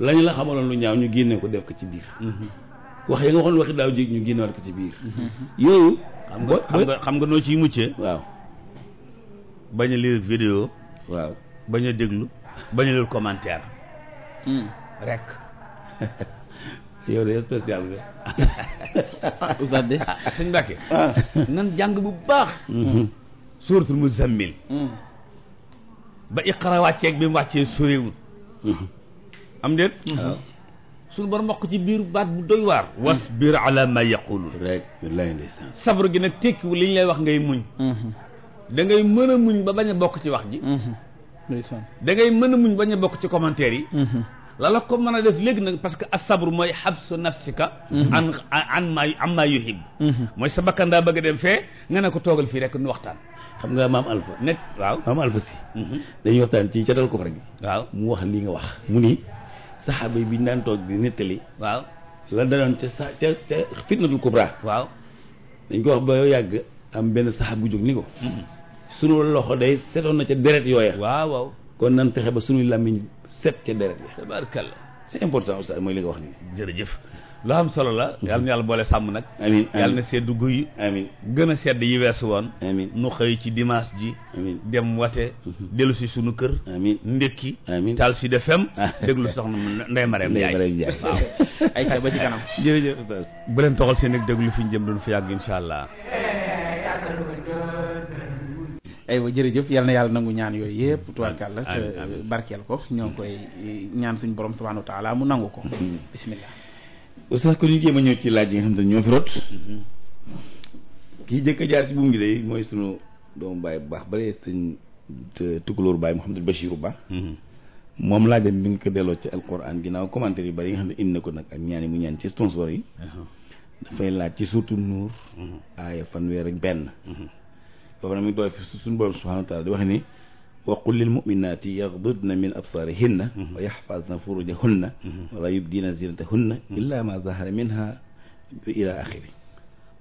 [SPEAKER 2] lañu la xamaloon lu ñaaw ñu génne ko def ko ci biir wax yi nga waxoon waxi daaw jéeg ñu génnewaat ko ci biir yooyu xam nga xam nga xam muccee waaw bañ a a déglu bañ a lire commentaire hmm. rek yow de spécial nga oustaz de ah, ah. nan jàng bu baax hmm. suuratul muzammil hmm. ba iqra wàcceeg bi mu wàccee suriwul am déet mhm. waaw suñu borom wax ko ci biir baat bu doy waar mm. wasbir ala ma yaqulun rek lay gi nag tekkiwu li ñu lay wax ngay muñ mhm. da ngay mën a muñ ba bañ a bokk ci wax ji mhm. ndeysaan da ngay mën a muñ bañ a bokk ci commentaire yi lala ko mën a def léegi nag parce que asabru mooy xabsu nafsika an an ma am maa yu mooy sa bakkan daa bëgg dem fee nga ne ko toogal fii rek nu waxtaan xam nga maam Alpha. nekk waaw maam Alpha si. Mhm. dañuy waxtaan ci catal ko rek. waaw mu wax li nga wax. mu ni saxaaba yi biñ daan toog bi nettali. waaw la da ca sax ca ca fitnatul kubra. waaw dañ ko wax ba yàgg am benn saxaab bu jóg ni ko. Mhm. sunu loxo day setoon na ca deret yooya. waaw waaw kon nan fexe ba sunu làmmiñ set ca deret ya. tabaarkalla c'est important oustaz mooy li nga wax nii. jërëjëf. lu am solo la mm-hmm. yàlla na yàlla boole sàmm nag amiin na sedd guy gën a sedd yi weesu woon nu xëy ci dimanche ji amiin dem wate mm-hmm. dellu si sunu kër amiin ndékki amiin taal si defem ah. déglu soxna Ndeye Marème Ndiaye waaw ay kay ba ci kanam jërëjëf bu leen toxal seen ak déglu fi ñu jëm doon fa yàgg insha allah aywa jërëjëf yal na yàlla nangu ñaan yooyu yëpp tubaarkàlla te barkeel ko ñoo koy ñaan suñu borom subhanahu wa mu nangu ko mm-hmm. bismillah oustaz kon ñu jéem a ñëw ci laaj yi nga xam ne ñoo fi rot mhm. kii jëkk a jaar ci buum gi day mooy suñu doomu baay bu baax balee sëñ tukulóor baay Mouhamadou Bachirou Ba mhm. moom laajam mi ngi ko delloo ci alquran ginnaaw commentaire yu bari yi nga xam ne indi ko nag ak ñaani mu ñaan ci sponsor yi mhm. dafay laaj ci surtout nuur aaya fanweer ak benn ba pare mi ngi doole fi suñu borom subhanahu wa taala di wax wa qul lil mu'minaati yaghdudna min absaarihinna mhm. wa yaxfazna furujahunna mhm. wala yubdina zinatahunna mhm. illa ma zahara minha ila axiri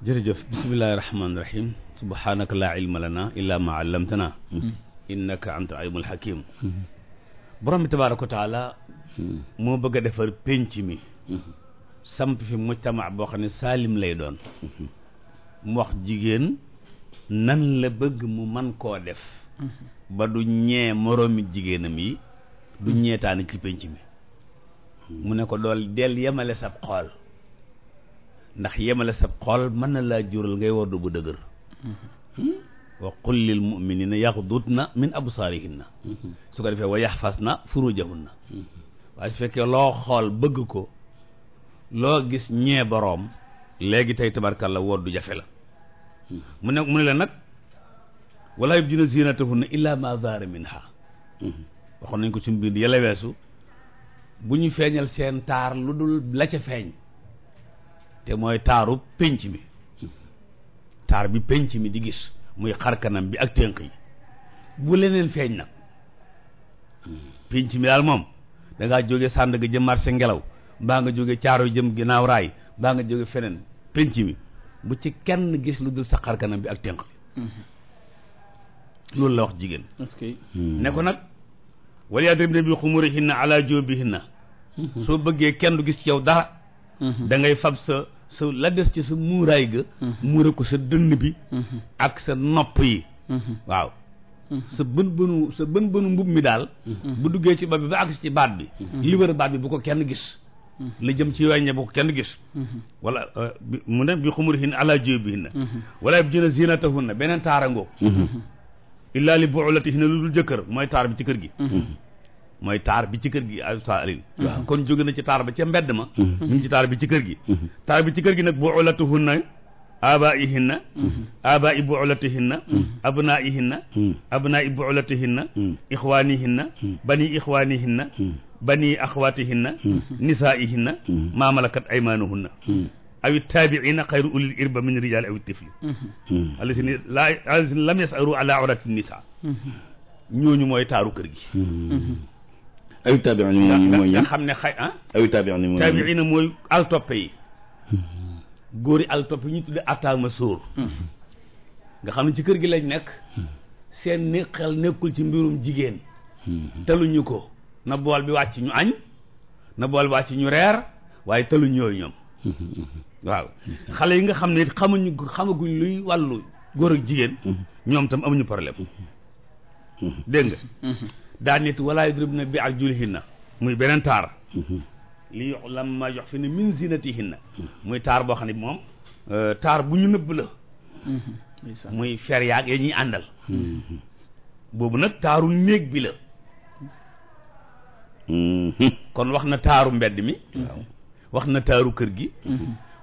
[SPEAKER 2] jërëjëf bismillahi rahmaani rahim subhanaka laa ilma lana illa ma allamtana innaka anta alimul hakim borom bi tabaaraka wa taala moo bëgg a defar pénc mi samp fi mujtama boo xam ne saalim lay doon mu wax jigéen nan la bëgg mu man koo def ba du ñee moroomi jigéenam yi du hmm. ñeetaani ci pénc mi hmm. mu ne ko dool del yemale sab xool ndax yemale sab xool mën na laa jural ngay war du bu dëgër hmm. wa qul lil muminina na min abu na su ko defee wa yaxfasna na waaye su fekkee loo xool bëgg ko loo gis ñee boroom léegi tey tabarkalla war du jafe la mu ne mu ne la nag wala yubdina zinatahunna illa ma zaara minha waxoon nañ ko suñu bind yàlla weesu bu ñu feeñal seen taar lu dul la ca feeñ te mooy taaru pénc mi taar bi pénc mi di gis muy xarkanam bi ak tënk yi bu leneen feeñ nag pénc mi daal moom da jóge sànd ga jëm marché ngelaw baa nga jóge caaro jëm ginnaaw raay baa nga jóge feneen pénc mi bu ci kenn gis lu dul sa xarkanam bi ak tënk bi loolu la wax jigéen hmm. ne ko nag wal yadribna bi xumurihinna ala jubihinna hmm. soo bëggee kenn du gis ci yow dara hmm. da ngay fab sa sa la des ci sa muuraay ga muura ko sa dënn bi ak sa nopp yi waaw sa bën bënu sa bën bënu mbub mi daal bu duggee ci bopp bi ba agsi ci baat bi li wër baat bi bu ko kenn gis la jëm ci wàññe bu ko kenn gis wala euh, mu ne bi xumurihinna ala jubihinna wala yabdina zinatahunna beneen taara ngoog illaa li buulatihinna lu dul jëkkër mooy taar bi ci kër gi mhm. mooy taar bi ci kër gi Oustaz Alioune waaw kon jóge na ci taar ba ca mbedd ma ñu mhm. ngi ci taar bi ci kër gi mhm. taar bi ci kër gi nag buulatuhunna abaa'ihinna abaa'i buulatihinna abnaa'ihinna abnaa'i buulatihinna ixwaanihinna bani ixwaanihinna bani axwaatihinna nisaa'ihinna maamalakat aymaanuhunna awi taabiina xayru ulil irba min rijaali awi tifli allasina laa allasina lam yasaru ala awrati nisa ñooñu mooy taaru kër gi awi taabiina mooy nga xam ne xay ah awi taabiina mooy taabiina mooy altoppe yi góori altoppe yi ñu tudde ataama sóor nga xam ne ci kër gi lañ nekk seen ni xel nekkul ci mbirum jigéen taluñu ko na bool bi wàcc ñu añ na bool bi wàcc ñu reer waaye taluñ yooyu ñoom waaw xale yi nga xam ne xamuñu xamaguñ luy wàllu góor ak jigéen mm-hmm. ñoom tam amuñu problème mm-hmm. Mm-hmm. dégg nga daa nit walaa yudribna bi arjulihinna muy beneen taar li yox lam ma yox fi ne min zinatihinna muy taar boo xam ne moom euh, taar bu ñu nëbb la muy fer yaag ya ñuy àndal boobu nag taaru néeg bi la kon wax na taaru mbedd mi wax na taaru kër gi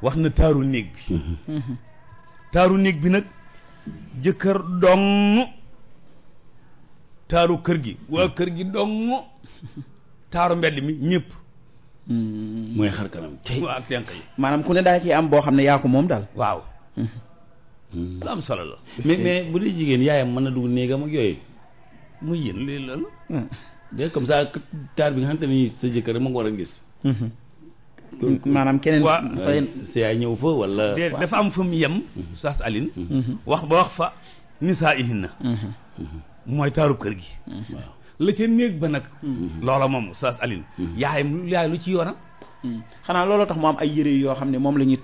[SPEAKER 2] wax na taaru néeg bi mhm. Mhm. taaru néeg bi nag jëkkër dong taaru kër gi waa kër gi dong taaru mbedd mi ñëpp mhm. mooy xar kanam tey waa maanaam ku ne daa ci am boo xam ne yaa ko moom daal waaw lu am solo la mais mais bu dee jigéen yaayam mën na dugg néegam ak yooyu muy yéen léegi la la de comme ça taar bi nga xamante ni sa jëkkër a ma ko war a gis maanaam keneen euh, sia ñëw fa wala dafa am fa mu yem mhm. sas aline mhm. wax ba wax fa nisaa ihinna mhm. mooy taarub kër gi la ca néeg ba nag loola moom sas aline yaayam yaay lu ci yoona xanaa looloo tax mu am ay yëre yoo xam ne moom la ñuy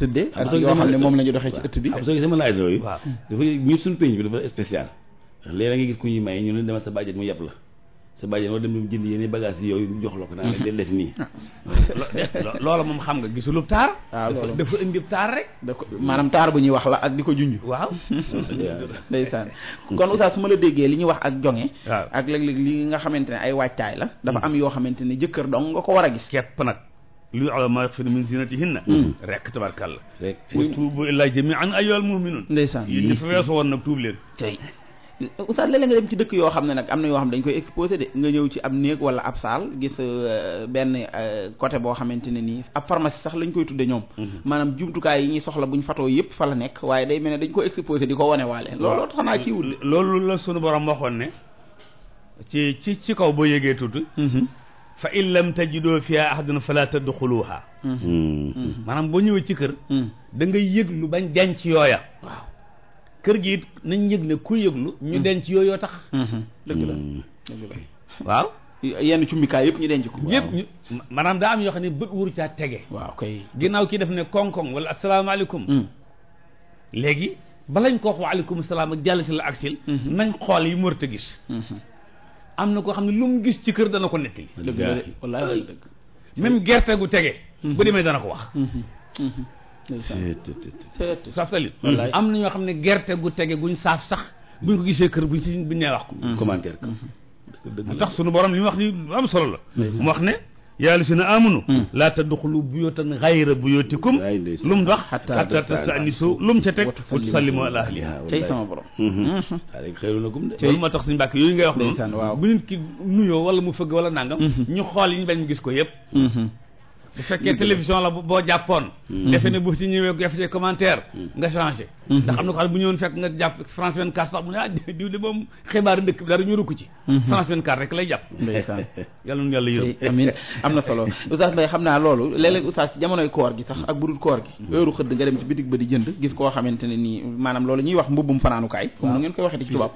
[SPEAKER 2] xam ne moom la ñuy doxee ci ëtt bi soo gisee ma laaj loolu waaw dafa ñu suñu pénc bi dafa spécial léeg-léeg nga gis ku ñuy maye ñu leen demal sa bàjjet mu yeb la sa bàyyi wala dem jënd yenn bagages yi yooyu jox la ko. naa leen def nii. Ah. loola moom xam nga gisulub taar. waaw ah, dafa indi taar rek. da maanaam taar bu ñuy wax la ak di ko junj. waaw. ndeysaan kon Oustaz su ma la déggee li ñuy wax ak jonge ak léeg-léeg li nga xamante ne ay waajtaay la. dafa mm. am yoo xamante ne jëkkër dong nga ko war a gis. képp nag. lu ala ma yaxfir min zinatihinna mm. rek tabarkàlla. rek wa tuubu ilaa jamii'an ayyuhal mu'minuun. ndeysaan yéen ñi fa weesu woon nag tuub leen. oustaz léeg-léeg nga dem ci dëkk yoo xam ne nag am na yoo xam dañ koy exposé de nga ñëw ci ab néeg wala ab saal gis euh, benn euh, côté boo xamante ne nii ab pharmacie sax lañ koy tudde ñoom mm-hmm. maanaam jumtukaay yi ñuy soxla buñ fatoo yëpp fa la nekk waaye day mel ne dañ ko exposé di ko wane waale looloo xanaa kiiwul loolu la sunu borom waxoon ne ci ci ci kaw boo yëgee tudd mm-hmm. fa in lam tajidoo fiha ahadan fala tadxuluha
[SPEAKER 3] mm-hmm.
[SPEAKER 2] maanaam boo ñëwee ci kër da nga yëg lu bañ ci yooya waaw kër gi it nañ yëg ne ku yëglu ñu mm. denc yooyoo tax mm-hmm. dëgg la mm. dëgg la waaw yenn cumbikaay yëpp ñu denc ko yëpp ñu maanaam daa am yoo xam ne bët wuru caa tege waaw kay ginnaaw kii def ne koŋ-koŋ wala asalaamaaleykum mm. léegi balañ ko wax waaleykum salaam ak jàll si la aksil mm-hmm. nañ xool yu yi mërta gis mm-hmm. am na koo xam ne lu mu gis ci kër dana ko nettali dëgg la gerte gu tege bu demee dana ko wax saftalit am na ñoo xam ne gerte gu tege guñ saaf sax buñ ko gisee kër buñ si buñ nee wax ko mm-hmm. commentaire ka mm-hmm. tax sunu borom li mu wax ni am solo la mu wax ne yaa llaziina aamanu mm. laa tadxulu buyuutan gayra buyuutikum lu mu wax hatta tasta'nisu lu mu ca teg wa tusallimu ala ahliha cay sama borom mm-hmm. Ah, léegi xëyru na gum de loolu tax suñu mbàkk yooyu ngay wax noonu bu nit ki nuyoo wala mu fëgg wala nangam ñu xool yi ñu bañ mu gis ko yëpp bu fekkee télévision la boo jàppoon hmm. defe ne bu si ñëwee def si commentaire hmm. nga changé hmm. ndax am na ko xam bu fekk nga jàpp France 24 sax mu ne ah diw ci France 24 rek lay jàpp ndeysaan yàlla nu yàlla yërëm amiin am na solo oustaz nga dem di jënd gis koo xamante ne nii maanaam loolu ñuy wax mbubbum fanaanukaay comme nu ngeen koy waxee ci tubaab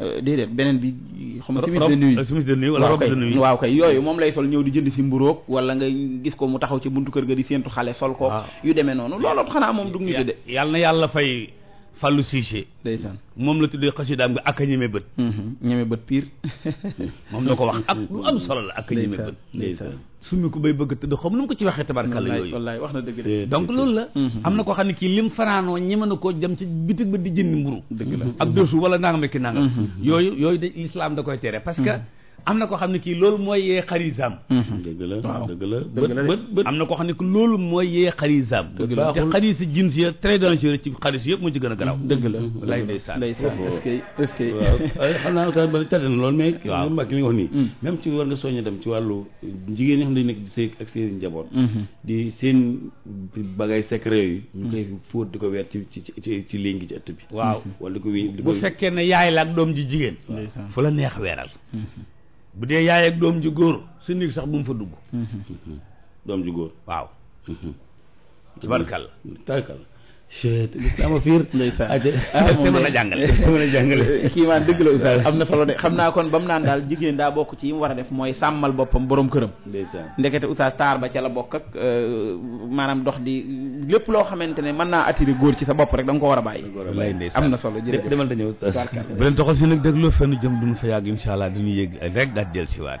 [SPEAKER 2] euh, déedéet beneen bi xam simis de nuit simis de de nuit waaw kay yooyu moom lay sol ñëw di jënd si mburoog wala nga gis ko ko mu taxaw ci buntu kër ga di séentu xale sol ko ah. yu demee noonu loolu xanaa moom dug ñu tëdde yàlla na yàlla fay Fallou Cissé moom la tuddee xasidaam nga ak a ñeme bët mm-hmm. ñeme bët pire moom la ko wax ak lu am solo la ak a ñeme bët ndeysaan ko bay bëgg tëdd xam nu mu ko ci waxee tabarkalla yooyu donc loolu la mm-hmm. am na koo xam ne kii lim fanaanoo ñeme na koo dem ci bitig ba di jënd mburu dëgg la ak dësu wala nangam ak nangam mm-hmm. yooyu yooyu de l'islam da koy tere parce am na ko mhm. xam ne kii loolu mooy yee xarisaam dëgg la dëgg la bët bët am na ko xam ne que loolu mooy yee xarisaam te xaris jins ya très dangereux ci xaris yëpp mu ci gën a garaaw dëgg la lay ndeysaan ndeysaan est xam naa ta ba tedd na loolu mais waaw mbàkk nii mm. même ci war nga dem ci wàllu jigéen ñi xam ne nekk di sëy ak seen mm-hmm. di seen bagay secret yi ñu di ko weer ci ci ci ci léegi bi waaw wala di ko wé bu fekkee ne yaay la ak doom ji jigéen fu la neex weeral mm-hmm. bu dee yaay ak doom ju góor sa néeg sax bu fa dugg mhm. Mhm. doom ju góor waaw tabarkal mhm. tabarkal lislaama fiir ndeysaan ah, a jàngale te mën a jàngale kii maan dëgg la oustaz am na solo de xam naa kon ba mu naan daal jigéen daa bokk ci yi mu war a def mooy sàmmal boppam borom këram ndeysaan ndekete oustaz taar ba ca la bokk ak euh, maanaam dox di lépp loo xamante ne mën naa attiré góor ci sa bopp rek danga ko war a bàyyi am na solo jërëjëf demal dañu oustaz bu leen toxal fii nag dégloo fenn jëm duñu fa yàgg insha allah dañuy yëg rek daal del si waat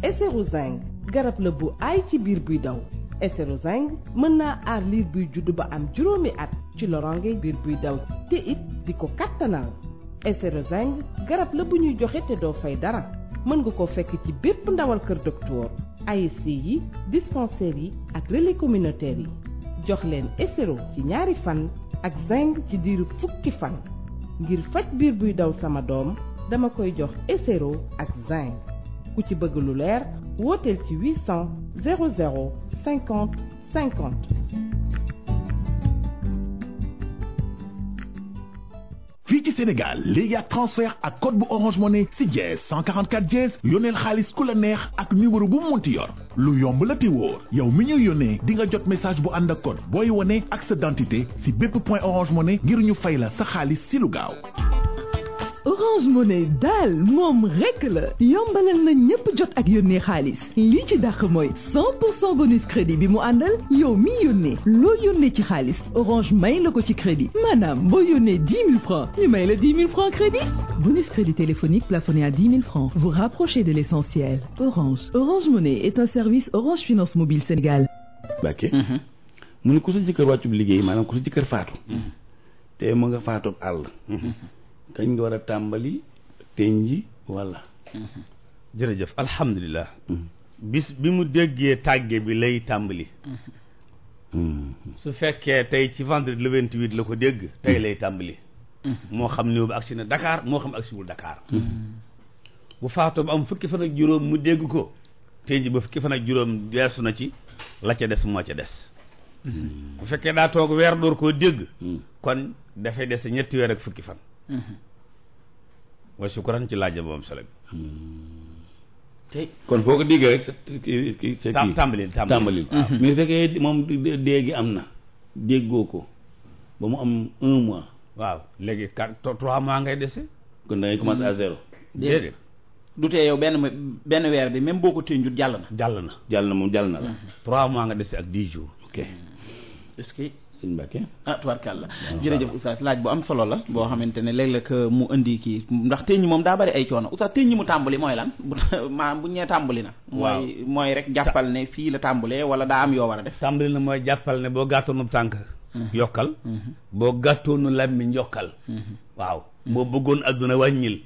[SPEAKER 1] Eserozing garab la bu aay ci biir buy daw
[SPEAKER 2] hétérozingue mën naa aar liir buy juddu ba am juróomi at ci lorange biir buy daw te it di ko kattanal hétérozingue garab la bu ñuy joxe te doo fay dara mën nga ko fekk ci bépp ndawal kër docteur ASC yi dispensaires yi ak relais communautaires yi jox leen hétéro ci ñaari fan ak zinc ci diiru fukki fan ngir faj biir buy daw sama doom dama koy jox hétéro ak zinc ku ci bëgg lu leer wooteel ci 800 00
[SPEAKER 1] 50 50.
[SPEAKER 2] fii ci Sénégal léegi ak transfert ak code bu Orange Money si dièse 144 yónneel xaalis ku la neex ak numéro bu mu munti yor lu yomb la te wóor yow mi ñuy yónnee di nga jot message bu ànd ak code booy wone ak sa identité si bépp point Orange ngir ñu fay la sa xaalis si lu gaaw
[SPEAKER 1] Orange Money daal moom rek la yombalal na ñëpp jot ak yonne xaalis lii ci dàq mooy bonus crédit bi mu àndal yow mi yónnee loo yónnee ci xaalis Orange may la ko ci crédit maanaam boo yónnee 10 000 francs ñu may la 10 000 francs crédit bonus crédit téléphonique plafonné à 10 000 francs vous rapprochez de l'essentiel Orange Orange Money est un service Orange Finance Mobile Sénégal
[SPEAKER 2] Mbacké mhm. mu ku sa jëkkër wàccub liggéey maanaam ku sa jëkkër faatu mhm. te mu nga faatub àll mhm. kañ nga war a tàmbali teñ ji walla mhm. jërëjëf alhamdulilah mhm. bis bi mu déggee tàgge bi lay tàmbali mhm. su fekkee tey ci vendredi le la ko dégg tey lay tàmbali moo xam ne bu agsi na dakaar moo xam agsiwul Dakar bu faatoo ba am fukki fan ak juróom mu dégg ko tey ba fukki fan ak juróom deesu na ci la ca des moo ca des bu fekkee daa toog weer door koo dégg kon dafay des ñetti weer ak fukki fan Mm-hmm. wa sukran ci laaj boobu solo bi mm-hmm. tey kon foo ko déggee rek sa kii sa kii tàmbalil tàmbalil mm-hmm. ah, mais fekkee moom dée gi am na déggoo ko ba mu am un mois waaw léegi quatre trois mois ngay dese kon da ngay commencer à zéro déedéet du tee benn benn weer bi même boo ko tënjut jàll na jàll na jàll na moom jàll na la trois mois nga dese ak di jours ok sëñ Mbacke ah tubaarkàlla jërëjëf oustaz laaj bu am solo la boo xamante ne léeg euh, mu indi kii ndax teñ ñi moom daa bari ay coono oustaz teñ ñi mu tàmbali mooy lan bu bu ñee tàmbali na mooy mooy rek jàppal ne fii la tàmbalee wala daa am yoo war a def na mooy jàppal boo gàttoonu tànk mm-hmm. yokkal mm-hmm. boo gàttoonu làmmiñ njokkal mm-hmm. waaw boo bëggoon adduna wàññil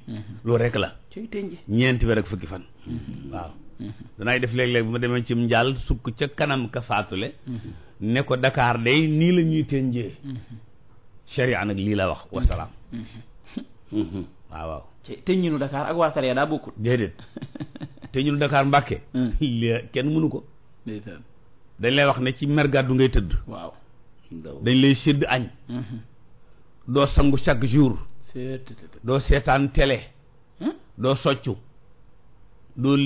[SPEAKER 2] loolu rek la ñeenti weer ak fukki fan waaw danaay def léeg-léeg bu ma demee ci njaal sukk ca kanam ka faatule ne ko Dakar day nii la ñuy tënjee mm-hmm. sharia nag lii la wax wasalaam
[SPEAKER 3] mm-hmm.
[SPEAKER 2] mm-hmm. waaw waaw tëññinu Dakar ak waa sharia daa bokkul déedéet tëññinu Dakar Mbàkke mm. li kenn mënu ko dañ lay wax ne ci mer gàddu ngay tëdd waaw dañ lay sedd añ doo sangu chaque jour doo seetaan tele hmm? doo soccu doo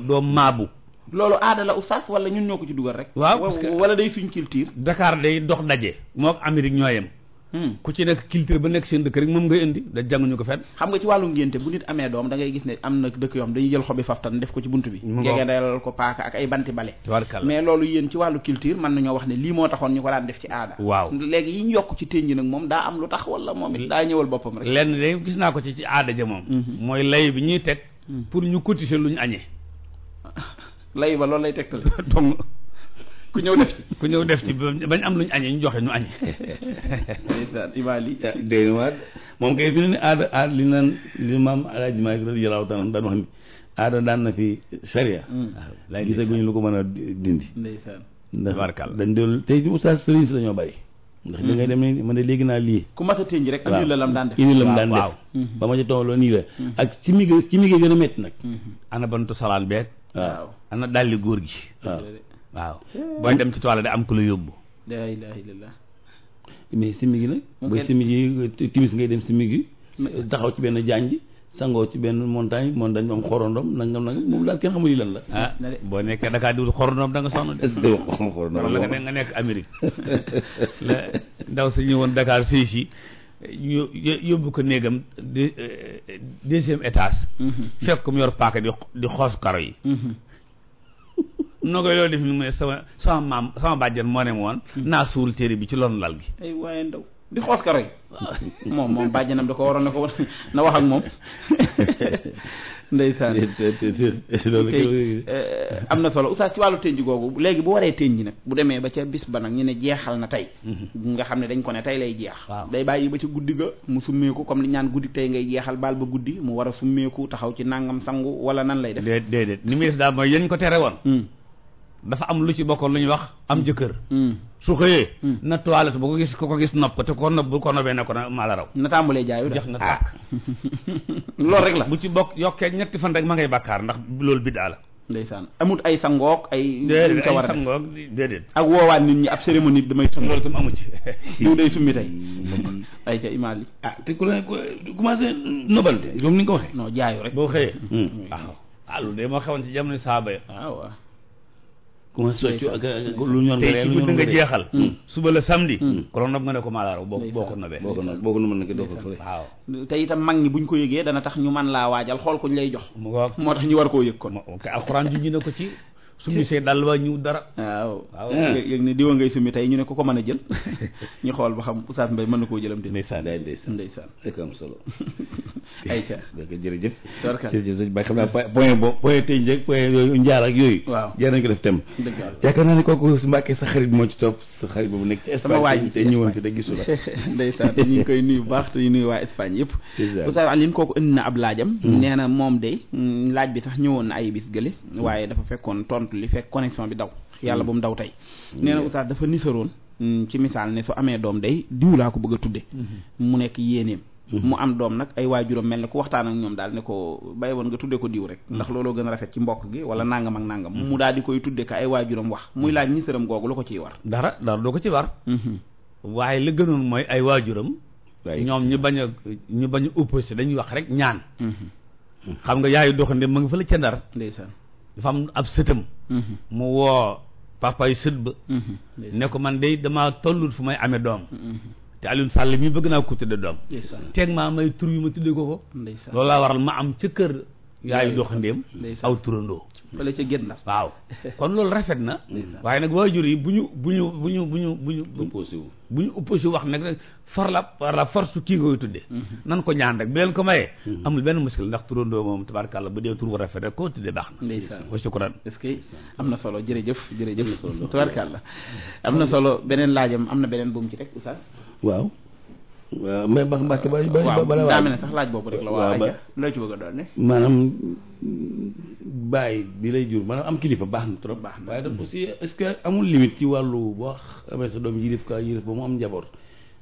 [SPEAKER 2] doo maabu loolu aada la oustaz wala ñun ñoo ko ci dugal rek. waaw parce que wala day suñ culture. Dakar day dox daje. mook Amérique ñoo yem. Hmm. ku ci nekk culture ba nekk seen dëkk rek moom nga indi da jànguñu ko fenn. xam nga ci wàllu ngénte bu nit amee doom da gis ne am na dëkk yoom dañuy jël xobi faftan def ko ci bunt bi ngegedalal ko paaka ak ay banti bale mais loolu yéen ci wàllu culture mën nañoo wax ne lii moo taxoon ñu ko daan def ci aada waaw léegi yi ñu yokk ci ténji nag moom daa am lu tax wala moom it daa ñëwal boppam rek lenn de gis naa ko ci ci aada moom hmm. mooy lay ñuy teg hmm. pour ñu cotiser lu ñu añee lay ba loolu lay tegtale donc ku ñëw def ci ku ñëw def ci bañ am luñ añee ñu joxe ñu añee ibali ah, déy waat moom kay fi ne ni aada li naan li maam alaaji Maalik radiyallaahu taala daan wax ni aada daan na fi sariya mm. ah, waaw gisaguñu lu ko mën a dindi ndeysaan ndax dañ doon tey di oustaz sëriñ si dañoo bari ndax da ngay mm. dem ne man de léegi naa lii ku mas a tënj rek indil la lam daan def indil la lam daan def mm-hmm. ba ma ca tooloo nii la mm-hmm. ak ci mi ci mi gën a métti nag mm-hmm. ana bantu salaan beeg na dal dalli góor gi. waaw booy dem ci toile da am ku la yóbbu. la ilaha illallah. mais simmi gi nag. booy simmi gi timis ngay dem simmi gi. taxaw ci benn jànj sangoo ci benn montagne montagne moom xorondom nangam nangam moom daal kenn xamul yi lan la. ah boo nekkee Dakar diwul xorondom da nga soxna de. diwul la nga nekk Amérique. ndaw su ñëwoon Dakar fii ñu yóbbu ko néegam de eh, deuxième étage. Mm-hmm. fekk ko mu yor paaka di di xoos karo yi. Mm-hmm. noo koy loolu def mu ne sama sama maam sama bàjjen moo ne ma mm-hmm. naa suul téere bi ci loon lal gi. ay waaye ndaw. di xoos ka roy moom moom bàjjanam da ko waroon na ko na wax ak moom
[SPEAKER 3] ndeysaan tey euh,
[SPEAKER 2] am na solo oustaz ci wàllu tënj googu léegi bu waree tënj nag bu demee ba ca bis ba nag ñu ne jeexal na tey mhm. nga xam ne dañ ko ne tey lay jeex day bàyyi ba ca guddi ga mu summeeku comme li ñaan guddi tey ngay jeexal baal ba guddi mu wara a summeeku taxaw ci nangam sangu wala nan lay def déedéet ni muy def daal mooy yéen ko tere woon hmm. dafa am lu ci bokkoon lu ñuy wax am mm. jëkkër mm. su xëyee mm. na toilette bu ko gis ko ko gis nopp ko te ko nopp bu ko nobee ne ko na maa la raw na tàmbalee jaayu na ah. tàkk loolu rek la bu ci bokk yokkee ñetti fan rek ma bàkkaar ndax loolu biddaa la ndeysaan amut ay sangook ay déedéet ay sangook déedéet ak woowaat nit ñi ab cérémonie bi damay sum loolu tam amu ci diw day summi ah te ku ne commencé nobal de comme ni nga ko waxee non jaayu rek boo xëyee ah, waaw ah loolu de moo xewoon ci jamono saaba commencé soccu ak lu ñor nga tey ci guddi nga jeexal hmm. suba la samedi kolon hmm. nob nga ne ko maalaaro boo boo ko nobee boo ko mën na ki dofa fële waaw te itam mag ñi buñ ko yëgee dana tax ñu man laa waajal xool kuñ lay jox moo tax ñu war koo yëg kon alxuraan ji ñu ne ko ci summi see dal waa ñëw dara. waaw waaw eh, yëg ne diwa ngay summi tey ñu ne ko ko mën a jël ñu xool ba xam Oustaz Mbaye mën na koo jëlam. ndeysaan day ndeysaan ndeysaan dëkk am solo. ayca dëgg jërëjëf. torka jërëjëf sëñ Baye xam naa point bo point tey njëkk point yooyu njaar ak yooyu. waaw jar nañ ko def tem. dëgg la yaakaar naa ne kooku su sa xarit moo ci topp sa xarit boobu nekk ci Espagne. sama waa ji te ñëwoon fi te gisu la. ndeysaan ñu koy nuyu bu baax te ñu nuyu waa Espagne yëpp. Oustaz Alioune kooku indi na ab laajam. Hmm. nee na moom de mm, laaj bi sax ñëwoon na ay bis gële hmm. waaye dafa fekkoon tontu li fekk connexion bi daw yàlla hmm. bu mu daw tey nee na oustaz dafa nisaroon hmm, ci misaal ne su amee doom day diw laa ko bëgg a tudde hmm. mu nekk yéeneem mu am doom nag ay waajuram mel ne ku waxtaan ak ñoom daal ne ko bàyyi woon nga tudde ko diw rek ndax looloo gën a rafet ci mbokk gi wala nangam ak nangam mu daal di koy tudde ka ay waajuram wax muy laaj nisaram googu lu ko ciy war dara dara doo ko ci war waaye li gënoon mooy ay waajuram ñoom ñu bañ a ñu dañuy wax rek ñaan xam nga yaayu doxande ma nga fa la ca ndar ndeysaan dafa am ab sëtam mm-hmm. mu woo papay sët ba mm-hmm. ne man day damaa tollul fu may amee doom mm-hmm. te Alioune Sall mii bëgg naa ko de doom teeg maa may tur yu ma tuddee ko ko loolu laa waral ma am ca kër yaayu doxandéem aw turandoo fële ca gén la waaw kon loolu rafet na waaye nag waajur yi bu ñu bu ñu bu ñu bu ñu bu ñu opposé wu bu ñu opposé wax nag rek far la par la force kii koy tudde mm-hmm. nan ko ñaan rek bi leen ko mayee mm-hmm. amul benn muskil ndax turandoo moom tabarkàlla bu dee tur bu rafet rek koo tudde baax na wa shukran est-ce que am na solo jërëjëf jërëjëf tabarkàlla am na solo beneen laajam am na beneen bu mu ci teg oustaz waaw waaw mais ba Mbacke ba ba ba la. sax laaj boobu rek la. waaw ba loo ci bi lay jur maanaam am kilifa baax na baax na waaye tam aussi amul limite ci wàllu boo sa doom yilif ka yilif ba mu am njaboot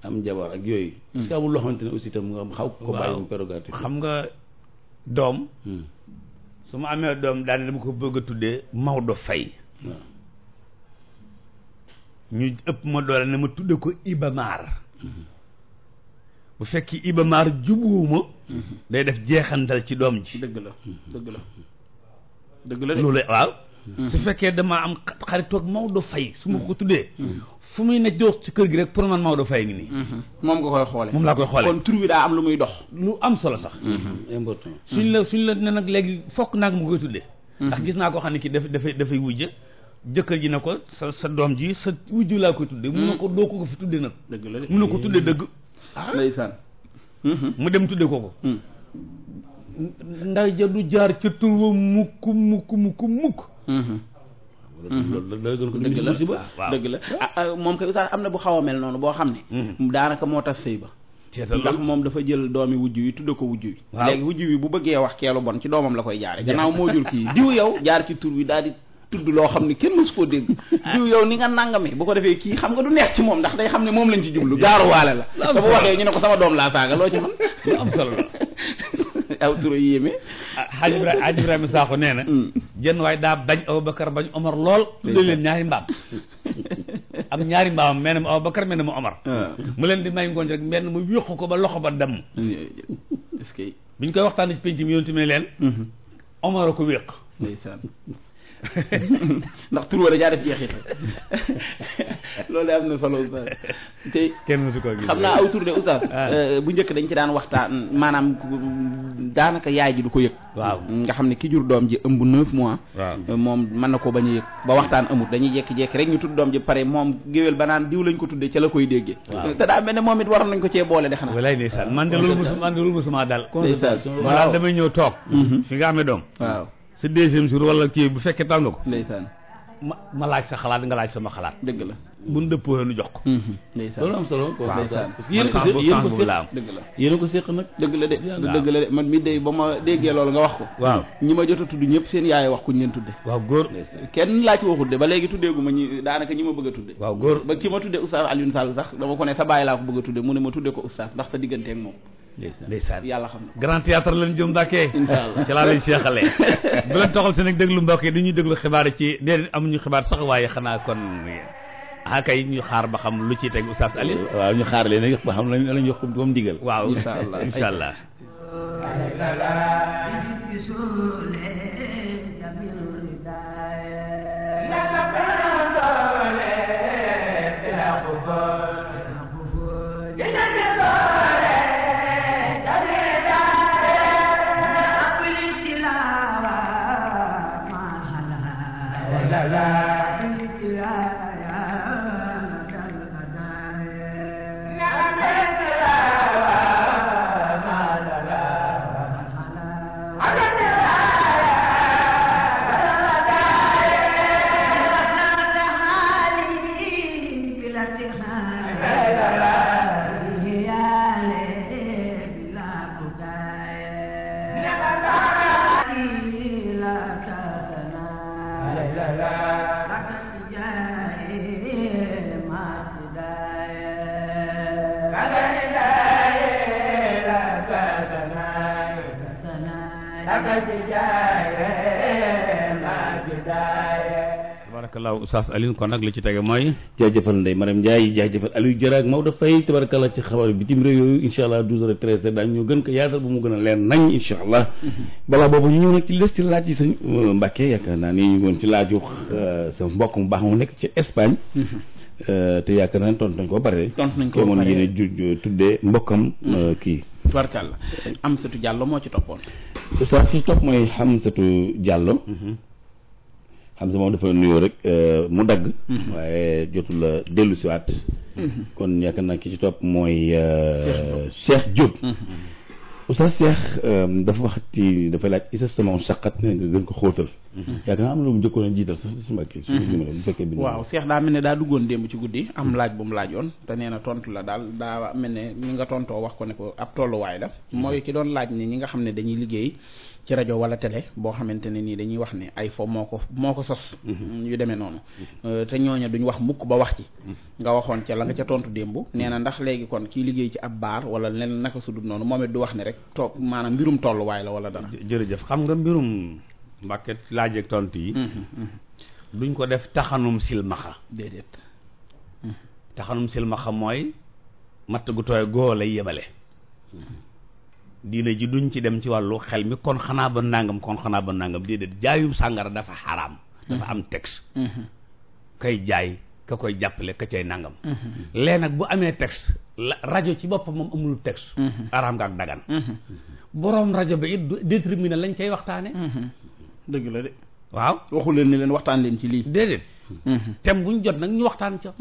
[SPEAKER 2] am njaboot ak yooyu. Hmm. est-ce que amul loo xamante ne aussi nga xaw ko bàyyi mu xam nga doom. Hmm. su ma amee doom daanaka dama ko bëgg a tuddee Maodo Faye. waaw hmm. ñu ëpp ma doole ne ma tuddee ko Ibamaar. bu fekki Iba Mar jubuwuma mhm. day def jeexantal ci doom ji dëgg la dëgg la dëgg la loolu waaw mhm. su fekkee damaa am xaritoog Maodo fay su ma mhm. ko tuddee fu muy ne jox ci kër gi rek pour man Maodo Faye ngi nii moom nga koy xoole moom laa koy xoole kon tur bi daa am lu muy dox lu am solo sax important suñ la suñ la ne nag léegi fokk naa mu koy tuddee ndax gis naa ko xam ne ki daf dafay dafay wujje jëkkër ji ne ko sa sa doom ji sa wujju laa koy tuddee mun na ko doo ko ko la ko tuddee Ah? ndeysaan mhm. mu dem tudde ko ko mm. ndax ja du jaar ca tuwa mukk mukk mukk mukk mhm. Mhm. dëgg la dëgg ah, la ah, moom kay oustaz am na bu xaw a mel noonu boo xam ne daanaka moo tax sëy ba ndax moom dafa jël doomi wujj wi tudde ko wujj wi léegi wujj wi bu bëggee wax keelu bon ci doomam la koy jaare gannaaw moo jur kii diw yow jaar ci tur wi daal di tudd loo xam ne kenn mësu koo dégg ah. diw yow ni nga nangame bu ko defee kii xam nga du neex ci moom ndax day xam ne moom lañ ci jublu gaaruwaale la te bu waxee ñu ne ko sama doom laa saaga loo ci man lu am solo la aw turo yéeme ah, Hadj Ibrahima Hadj Ibrahima nee na mm. jën waaye daa bañ Aboubacar bañ Omar lool leen ñaari mbaam am ñaari mbaamam mel na mu Aboubacar mel na mu Omar ah. mu leen di may ngoon rek mel mu wéqu ko ba loxo ba dem est-ce bi ñu koy waxtaan ci penc mi yonent mi ne leen mm-hmm. Omar ko wéq ndax tur wala ñaar def jeexital loolu am na solo oustaz te xam naa aw tur de oustaz ah. euh, bu njëkk dañ ci daan waxtaan maanaam daanaka yaay ji du ko yëg waaw nga xam ne ki jur doom ji ëmb neuf mois euh, moom mën na ko bañ ñu yëg ba waxtaan amut dañuy jekki-jekki rek ñu tudd doom ji pare moom géwél ba naan diw lañ ko tuddee ca la koy déggee te daa mel ne moom it waroon nañ ko cee boole de xanaa walaay ndeysaan man de loolu mësu man de loolu mësuma dal ñëw toog mhm. fi nga xam doom waaw sa deuxième jour wala kii bu fekkee tal nga ko. ndeysaan ma ma laaj sa xalaat nga laaj sama xalaat. dëgg la bu nu dëppoo nu jox ko. Mhm. ndeysaan loolu am solo. waaw ndeysaan parce que yéen ko yéen ko ko séq nag. dëgg la de dëgg la de man mi ba ma déggee loolu nga wax ko. waaw ñi a tudd ñëpp seen yaay wax ku ñu leen tudde waaw laa ci waxut de ba léegi tuddee gu ma ñi daanaka ñi ma bëgg a tudde waaw góor ba ki ma tudde Oustaz Alioune Sall sax dama ko ne sa bàyyi laa ko bëgg a tudde mu ne ma tudde ko Oustaz ndax sa digganteeg moom ndeysaan yàlla xam na grand théâtre lañ jëm Mbàkke inshallah ci laa lay seexalee bu leen toxal si nag déglu mbokk yi dañuy déglu xibaar ci déedéet amuñu xibaar sax waaye xanaa kon ah kay ñu xaar ba xam lu ci teg Oustaz Alioune waaw ñu xaar leen ba xam lañ lañ wax comme ndigal waaw inshallah inshallah tabarakallah oustaz Alioune kon nag li ci tege mooy jaajëfal Ndeye Mariam Ndiaye jaajëfal Aliou Diarra ak Maodo Faye tabarakallah ci xabaar bitim réew yooyu insha allah douze heures treize heures daañu ñoo gën ko yaatal bu mu gën a leen nañ insha balaa boobu ñu ñëw nag ci les ci laaj yi sëñ Mbacke yaakaar naa ni ñu ngi woon ci laaju euh, sa mbokk mu baax mu nekk ci Espagne euh, te yaakaar naa tontu nañ ko bare tontu nañ ko moon yéene ju tuddee mbokkam mm. euh, kii tubarkàlla Amsatou Diallo moo ci toppoon oustaz ki ci topp mooy Amsatou Hamza moom dafa nuyoo rek euh, mu dagg. Mm-hmm. waaye jotul dellu si waat. Mm-hmm. kon yaakaar nag ki ci topp mooy. Euh, Cheikh Diop
[SPEAKER 3] mm-hmm.
[SPEAKER 2] Oustaz Cheikh euh, dafa wax ci dafa laaj isastaman saqat ne dañ ko xóotal. yaakaar naa am na lu mu njëkkoon a jiital sax si Mbacke. su bu fekkee bi waaw Cheikh daa mel ne daa duggoon démb ci guddi am laaj bu mu laajoon te nee na tontu la daal daa mel ne ñi nga tontoo wax ko ne ko ab tolluwaay la. mooy ki doon laaj ne ñi nga xam ne dañuy liggéey. ci rajo wala télé boo xamante ne nii dañuy wax ne ay fo moo ko moo ko sos mm-hmm. yu demee noonu mm-hmm. euh, te ñooña duñ wax mukk ba wax ci mm-hmm. nga waxoon ca la nga ca tontu démb nee na ndax léegi kon kii liggéey ci ab baar wala len naka su noonu moom it du wax ne rek toog maanaam mbirum tolluwaay la wala dara jërëjëf xam nga mbirum mbàkket laaj tontu yi duñ ko def taxanum silmaxa déedéet taxanum silmaxa mooy matt gu tooy goo lay yemale diine ji duñ ci dem ci wàllu xel mi kon xanaa ba nangam kon xanaa ba nangam de jaayum sàngara dafa xaraam dafa am texte mm-hmm. kay jaay ka koy jàppale ka cay nangam mm-hmm. lee nag bu amee texte la rajo ci boppam moom amul texte mm-hmm. araam nga ak dagan boroom rajo bi it déterminé lañ cay waxtaane dëgg la de waaw waxu leen leen waxtaan leen ci lii déedéet thème bu ñu jot nag ñu waxtaan ca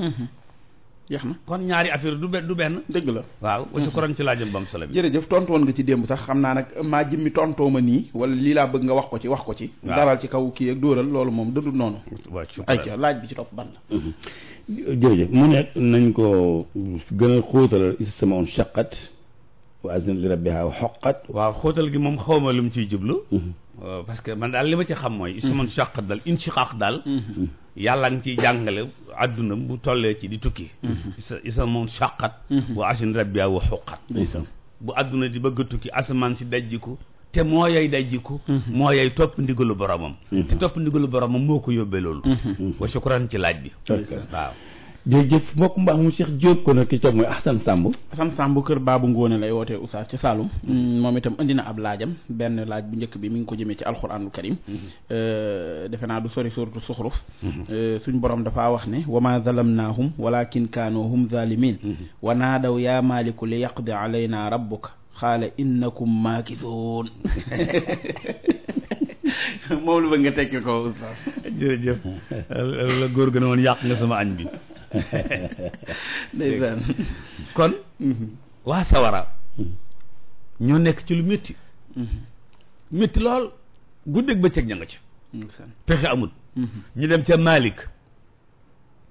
[SPEAKER 2] jeex na kon ñaari affaire du benn du benn. dëgg la waaw. wa shukran ci mhm. laajam bam sala bi. jërëjëf tontu woon nga ci démb sax xam naa nag maa jëmmi tontoo ma nii wala lii laa bëgg nga wax ko ci wax ko ci. daral ci kaw kii ak dóoral loolu moom dëddul noonu. waaw ayca laaj bi ci topp ban la. Mhm. jërëjëf mu nekk nañ ko gën a xóotal istamoon shaqat wa azin li rabbiha wa xoqat. waaw xóotal gi moom xaw ma lu mu ciy jublu. Mhm. Euh, parce que man daal li ma ci xam mooy. ismun mm-hmm. shaq daal inshiqaq daal. Mm-hmm. yàlla ngi ciy jàngale àdduna bu tollee ci di tukki. Mm-hmm. ismun shaqat. wa ashin rabbiya wa xuqat. bu àdduna di bëgg a tukki asamaan si dajjiku te moo yay dajjiku. moo yay topp ndigalu boromam. te topp ndigalu boromam moo ko yóbbee loolu. wa shukran ci laaj bi. waaw. jërëjëf mbokk mbaax mu Cheikh Diop kon ki toog mooy kër Baabu Ngóone lay wootee Oustaz ci mm, moom itam indi na ab laajam benn laaj bu bi mi ngi ko jëmee ci alxuraanul karim mm-hmm. euh, defe naa du sori suratu suxruf mm-hmm. euh, suñ borom dafaa wax ne wa ma zalamnaahum walakin kaanu hum mm-hmm. yaa maaliku li yaqdi alayna rabbuka xaala innakum maakisoon moom lu bëgg nga tekki ko Oustaz jërëjëf la góor gën a woon yàq nga sama añ bi kon mhm. waa sawara mhm. ñoo nekk ci lu métti métti mhm. lool ba bëccëg ña nga ca pexe amul ñu dem ca Malik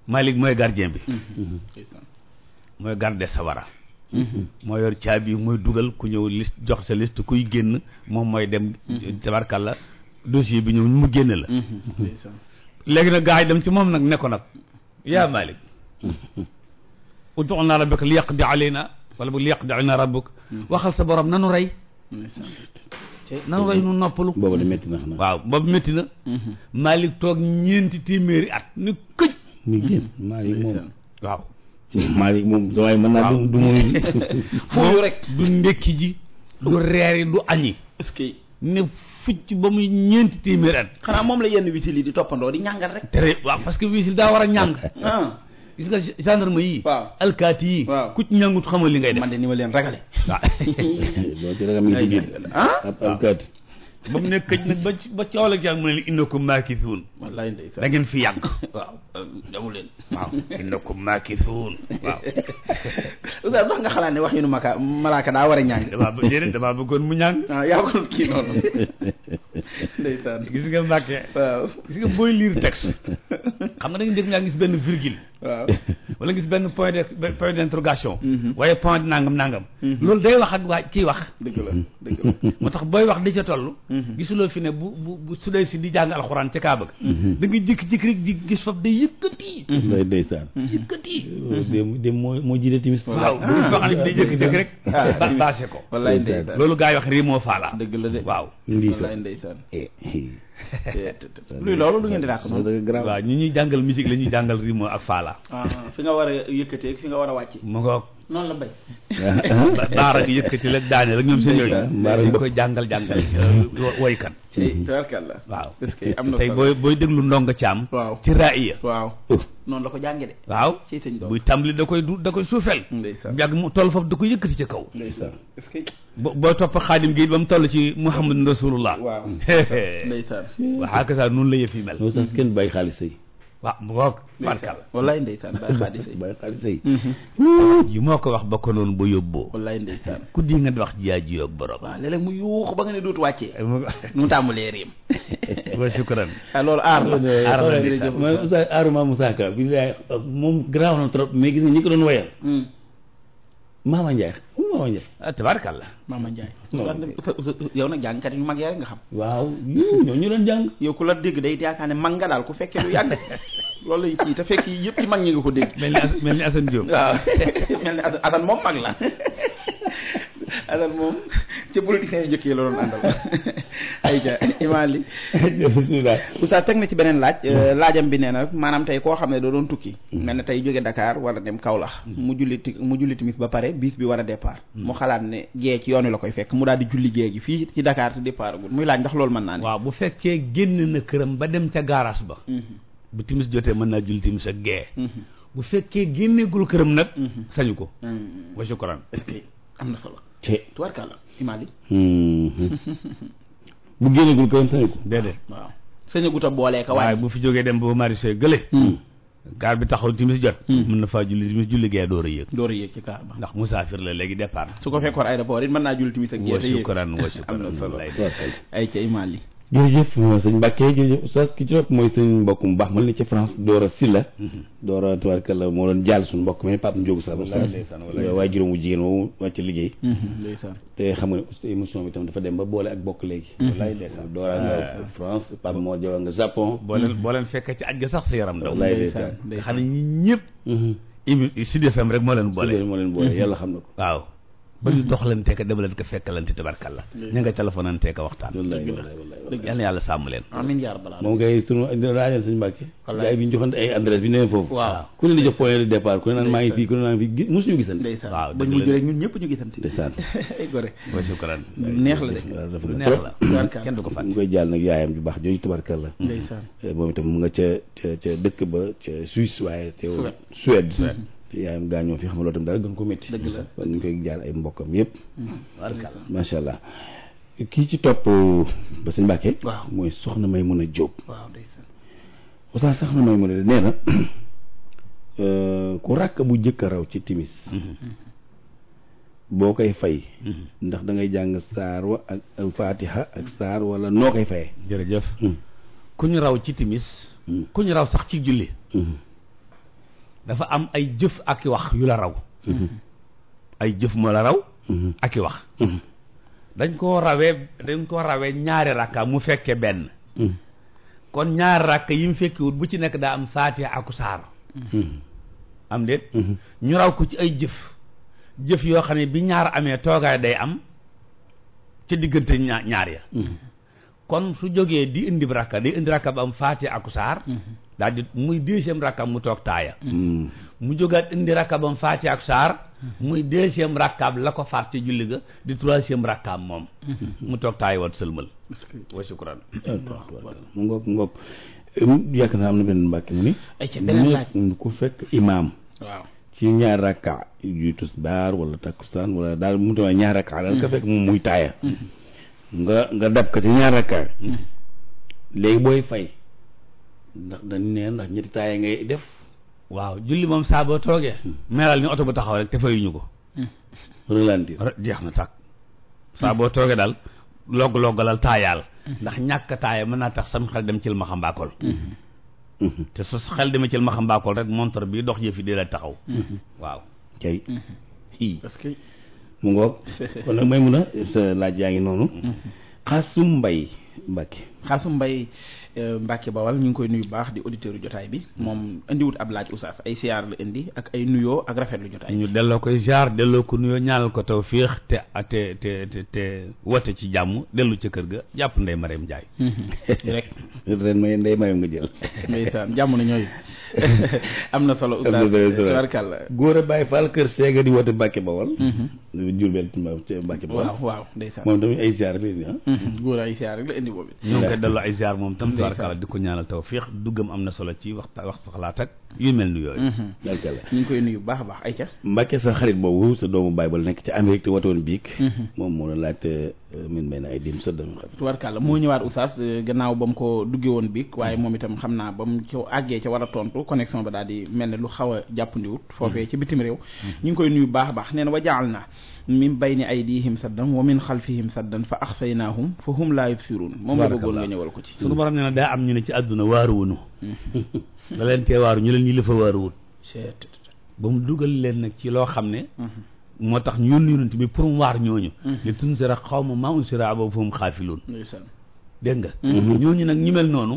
[SPEAKER 2] Malik mooy gardien bi mooy garde sawara moo yor caabi mooy dugal ku ñëw liste jox sa liste kuy génn moom mooy dem tabarkalla dossier bi ñëw mu génn la léegi na gaa yi dem ci moom nag ne ko nag yaa Malik ud'unaa rabbaka li yaqdi alaynaa wala bu li yaqdi alaynaa rabbuk waxal sa borom nanu rey nanu rey nu noppalu boobu de métti na xanaa waaw boobu na Malick mhm. toog ñeenti at ni këj ni moom mën naa du du muy foofu rek du ndekki ji du reer du añi que ne fucc ba muy ñeenti téeméeri at xanaa moom la yenn wisil yi di toppandoo di ñàngal rek tere waaw parce que wisil daa war a ñàng ah. gis nga gendarme yi. waaw alkaati yi. waaw ku ci ñàngut xamal li ngay def. man de ni ma leen ragale. waaw. boo ci ragal mi ngi ci biir. ah alkaati. ba mu nekk këj nag ba ba coow la jàng mu ne leen innakum maakisuun. wallaay ndeysaan ngeen fi yàgg. waaw damu leen. waaw innakum maakisuun waaw. nga xalaat ne wax yu nu malaaka daa war a ñàng. damaa ba déedéet damaa bëggoon mu ñàng. ah yaa ko kii noonu. gis nga Mbàkke. gis nga booy lire texte. xam nga da de dégg ngaa gis benn virgule. waaw gis benn point de point d'interrogation. Mhm. waaye point nangam nangam. Mhm. loolu day wax ak waa ciy wax. dëgg la dëgg la moo tax booy wax di ca toll. Mm-hmm. gisuloo fi ne bu bu bu su dee si di jàng alxuraan ca Kaaba ga. Mm-hmm. da nga jékki-jékki rek di gis foofu day yëkkati. Mm-hmm. day ndeysaan. moo moo jiite timis. waaw bu ñu waxee day jékki-jékki rek. Ah, ba baase ko. wallaay ndeysaan loolu gaa yi wax riimoo faala. dëgg la de waaw. wallaay eh, eh. loolu lu ngeen di dàq ñuy jàngal musique la ñuy jàngal riimoo ak faala. Ah, fi nga war a yëkkatee fi nga war a wàcc. mu ngoog. noonu la bay daara gi la daane la ñoom seen yooyu dañ koy jàngal jàngal woykan tabarkalla waaw est-ce que am na tey booy booy déglu ndongo caam ci raaya waaw noonu la ko jànge de waaw ci sëñ buy da koy du da koy suufel yàgg mu toll foofu da koy yëkkati ci kaw ndeysaan est-ce que booy topp xaadim gi ba mu toll ci muhammadun rasulullah waaw ndeysaan waxaaka saa noonu la yëf yi mel kenn bàyyi xaalis yi waaw mu ngoog barkal wallaay ndeysaan bàyyi xaalis yi bàyyi xaalis yi ji moo ko wax ba ko noonu ba yóbboo ku di nga wax jiyaa ji ak borom waaw mu yuux ba nga ne dootu wàccee mu tàmbalee réem wa shukran ah, loolu aar la aar la ma Moussa aaruma Moussa bi laay moom garaaw na trop mais gis nga ñi ko doon wayal mm. Maama Ndiaye xam nga Maama Ndiaye. ah yow nag jàngkat yu mag yaa nga xam. waaw ñoo ñu doon jàng. yow ku la dégg day yaakaar ne mag nga daal ku fekkee lu yàgg loolu lay sii te fekk yëpp ci mag ñi nga ko dégg. mel ni Assane Diop. waaw mel ni Assane moom mag la. alal moom ca politiciens yu njëkk yi la doon àndal ayca imaam teg na ci beneen laaj euh, mm. laajam bi nee na maanaam tey koo xam ne doo doon tukki mm. mel na tey jóge Dakar war a dem Kaolack mm. mu julli timis ba pare bis bi war a départ mu xalaat ne gee ci yoonu la koy fekk mu daal di julli gee gi fii ci Dakar te départ gul muy laaj ndax loolu mën naa ne waaw bu fekkee génn na këram ba dem ca garage ba mm-hmm. bu timis jotee mën naa julli timis ak gee mm-hmm. bu fekkee génneegul këram nag mm-hmm. sañu ko te tubarkàlla imaali mm-hmm. bu génneegul këram sañagu déedéet waaw sañagu ta boolee ka waaye bu fi jógee dem ba marché gële mm. gaar bi taxaw timis jot mm. mën na faa julli timis julli gee door a yéeg door a yéeg ci kaar ba ndax musaafir la léegi départ su ko fekkoon aéroport it mën naa julli timis ak gee te yéeg wa shukran wa shukran am na solo ay ca imaali jërëjëf sëñ Mbacke jërëjëf oustaz ki ci topp mooy sëñ mbokk mu baax ma li ci France Dora Sylla mhm. Dora tubaarkalla moo doon jaal suñu mbokk mi Pape Ndiogu Sall waaye juróom wu jigéen moomu wàcc liggéey mhm, te xam nga ne émission bi tam dafa dem ba boole ak bokk léegi mhm. wallaay ndeysaan Dora nga ah. France moo jawa nga Japon boo leen boo leen fekkee ci aj ga sax sa yaram daw wallaay ndeysaan nga xam ne ñi ñëpp Sud FM rek moo leen boole moo leen yàlla xam na ko waaw ba ñu doxalante ka demalante fekkalante tabarkalla ña nga téléphonante waxtaan yal bi ñu joxante ay bi neen foofu ku ne di jox point de départ ku ne naan maa ngi fii ku ne naan fii mosuñu gisante waaw ba ñu mujj rek ñun ñëpp ñu gisante ndeysaan ay gore neex la de neex la kenn du ko fàtte mu koy jàll nag yaayam ju baax jooju tabarkalla ndeysaan eh, moom itam mu nga ca ca ca dëkk ba ca Suisse waaye teew Suède te yaayam gaañoo fi xamaloo tam dara gën ko métti dëgg la ñu koy jaar ay mbokkam yëpp macha mm-hmm. allah kii ci topp ba sëñ Mbàkke mooy soxna may mën a jóob waaw ndeysaan oustaz soxna may mën a nee na euh, ku ràkk bu jëkk a raw ci timis mm-hmm. boo koy fay mm-hmm. ndax dangay ngay jàng saar wa ak fatiha ak saar wala noo koy faye jërëjëf mm. raw ci timis mm. ku raw sax ci julli dafa am ay jëf ak i wax yu la raw ay jëf moo la raw ak i wax dañ koo rawee dañ koo rawee ñaari rakka mu fekkee benn kon ñaari rakk yi mu fekkiwut bu ci nekk daa am faatiha ak saar am déet ñu raw ko ci ay jëf jëf yoo xam ne bi ñaar amee toogaay day am ca diggante ñaar ya kon su jógee di indi rakka di indi rakka ba am faati ak mhm. muy deuxième rakka mu toog taaya mhm. mm. mu jógaat indi rakka ba ak saar mhm. muy deuxième rakkaab la ko faat ci julli ga di troisième rakkaab moom mu toog taaya wat sëlmal wa shukran mu ngoog ngoog naa am na benn mbàkki mu ni mu ku fekk imaam waaw ñaar rakka yu tusbaar wala takkusaan wala daal mu tawaa ñaar rakka daal ka fekk muy taaya nga nga dab ko ci ñaar rakkaa hmm. léegi booy fay ndax dañ ne ndax ñetti taaya ngay def waaw julli moom saaboo toogee hmm. meeral ni oto bu taxaw rek te fayuñu ko hmm. relantir jeex na takk saa boo toogee daal logg loggalal taayaal ndax ñàkk taaya mën naa tax sam xel dem cil ma xam mbaakool te su xel demee cil ma xam mbaakool rek montre bii dox jëf yi di la taxaw waaw kay mu ngoog kon nag may mun a sa laaj yaa ngi noonu mm-hmm. xaasum mbay Mbàkke xaasum mbay Euh, Mbacke Bawal ñu ngi koy nuyu baax di auditeur yu jotaay bi mm. moom indiwut ab laaj oustaz ay siyaar la indi ak ay nuyoo ak rafetlu jotaay ñu delloo koy siyaar delloo ko ko tawfiix te te te ci jàmm dellu ca kër ga jàpp Ndeye Mariam Ndiaye mm-hmm. rek ren may Ndeye Mariam nga jël ndeysaan jàmm na na solo oustaz tubarkàlla a bàyyi faal kër seega di wote Mbacke Bawal mm-hmm. Jurbel Mbacke Bawal waaw moom tamit ay siyaar ah. mm-hmm. góor ay siyaar la indi boobu ñu koy delloo ay siyaar moom tam tubaarkalla di ko ñaanal tawfiix duggam am na solo ci wax wax soxlaat ak yu mel ni yooyu mhm. barkalla a baax ayca Mbàkke sa xarit boobu sa ba la nekk ci Amérique te watoon biig mhm. moom moo doon laajte euh, sa doomu xarit tubaarkalla moo ñëwaat oustaz euh, gannaaw ba mu ko dugge woon biig waaye mhm. moom itam xam naa ba mu ca àggee ca war a tontu connexion ba daal di mel ne lu xaw a jàppandiwut foofee ci bitim réew ñu ngi koy nuyu baax a baax nee na naa min bayni aydihim saddan wa min xalfihim saddan fa axsaynaahum fa hum laa yubsiruun moom la bëggoon nga ñëwal ko ci suñu borom nee na daa am ñu ne ci àdduna waaruwunu mm-hmm. la leen tee waaru ñu leen ñu la fa waaruwul ba mu dugal leen nag ci loo xam ne
[SPEAKER 3] mm-hmm.
[SPEAKER 2] moo tax ñu yónni yonent bi pour mu waar ñooñu li mm-hmm. tunzira qawman maa unzira abaahum fa hum xaafiluun dégg nga ñooñu nag ñu mel noonu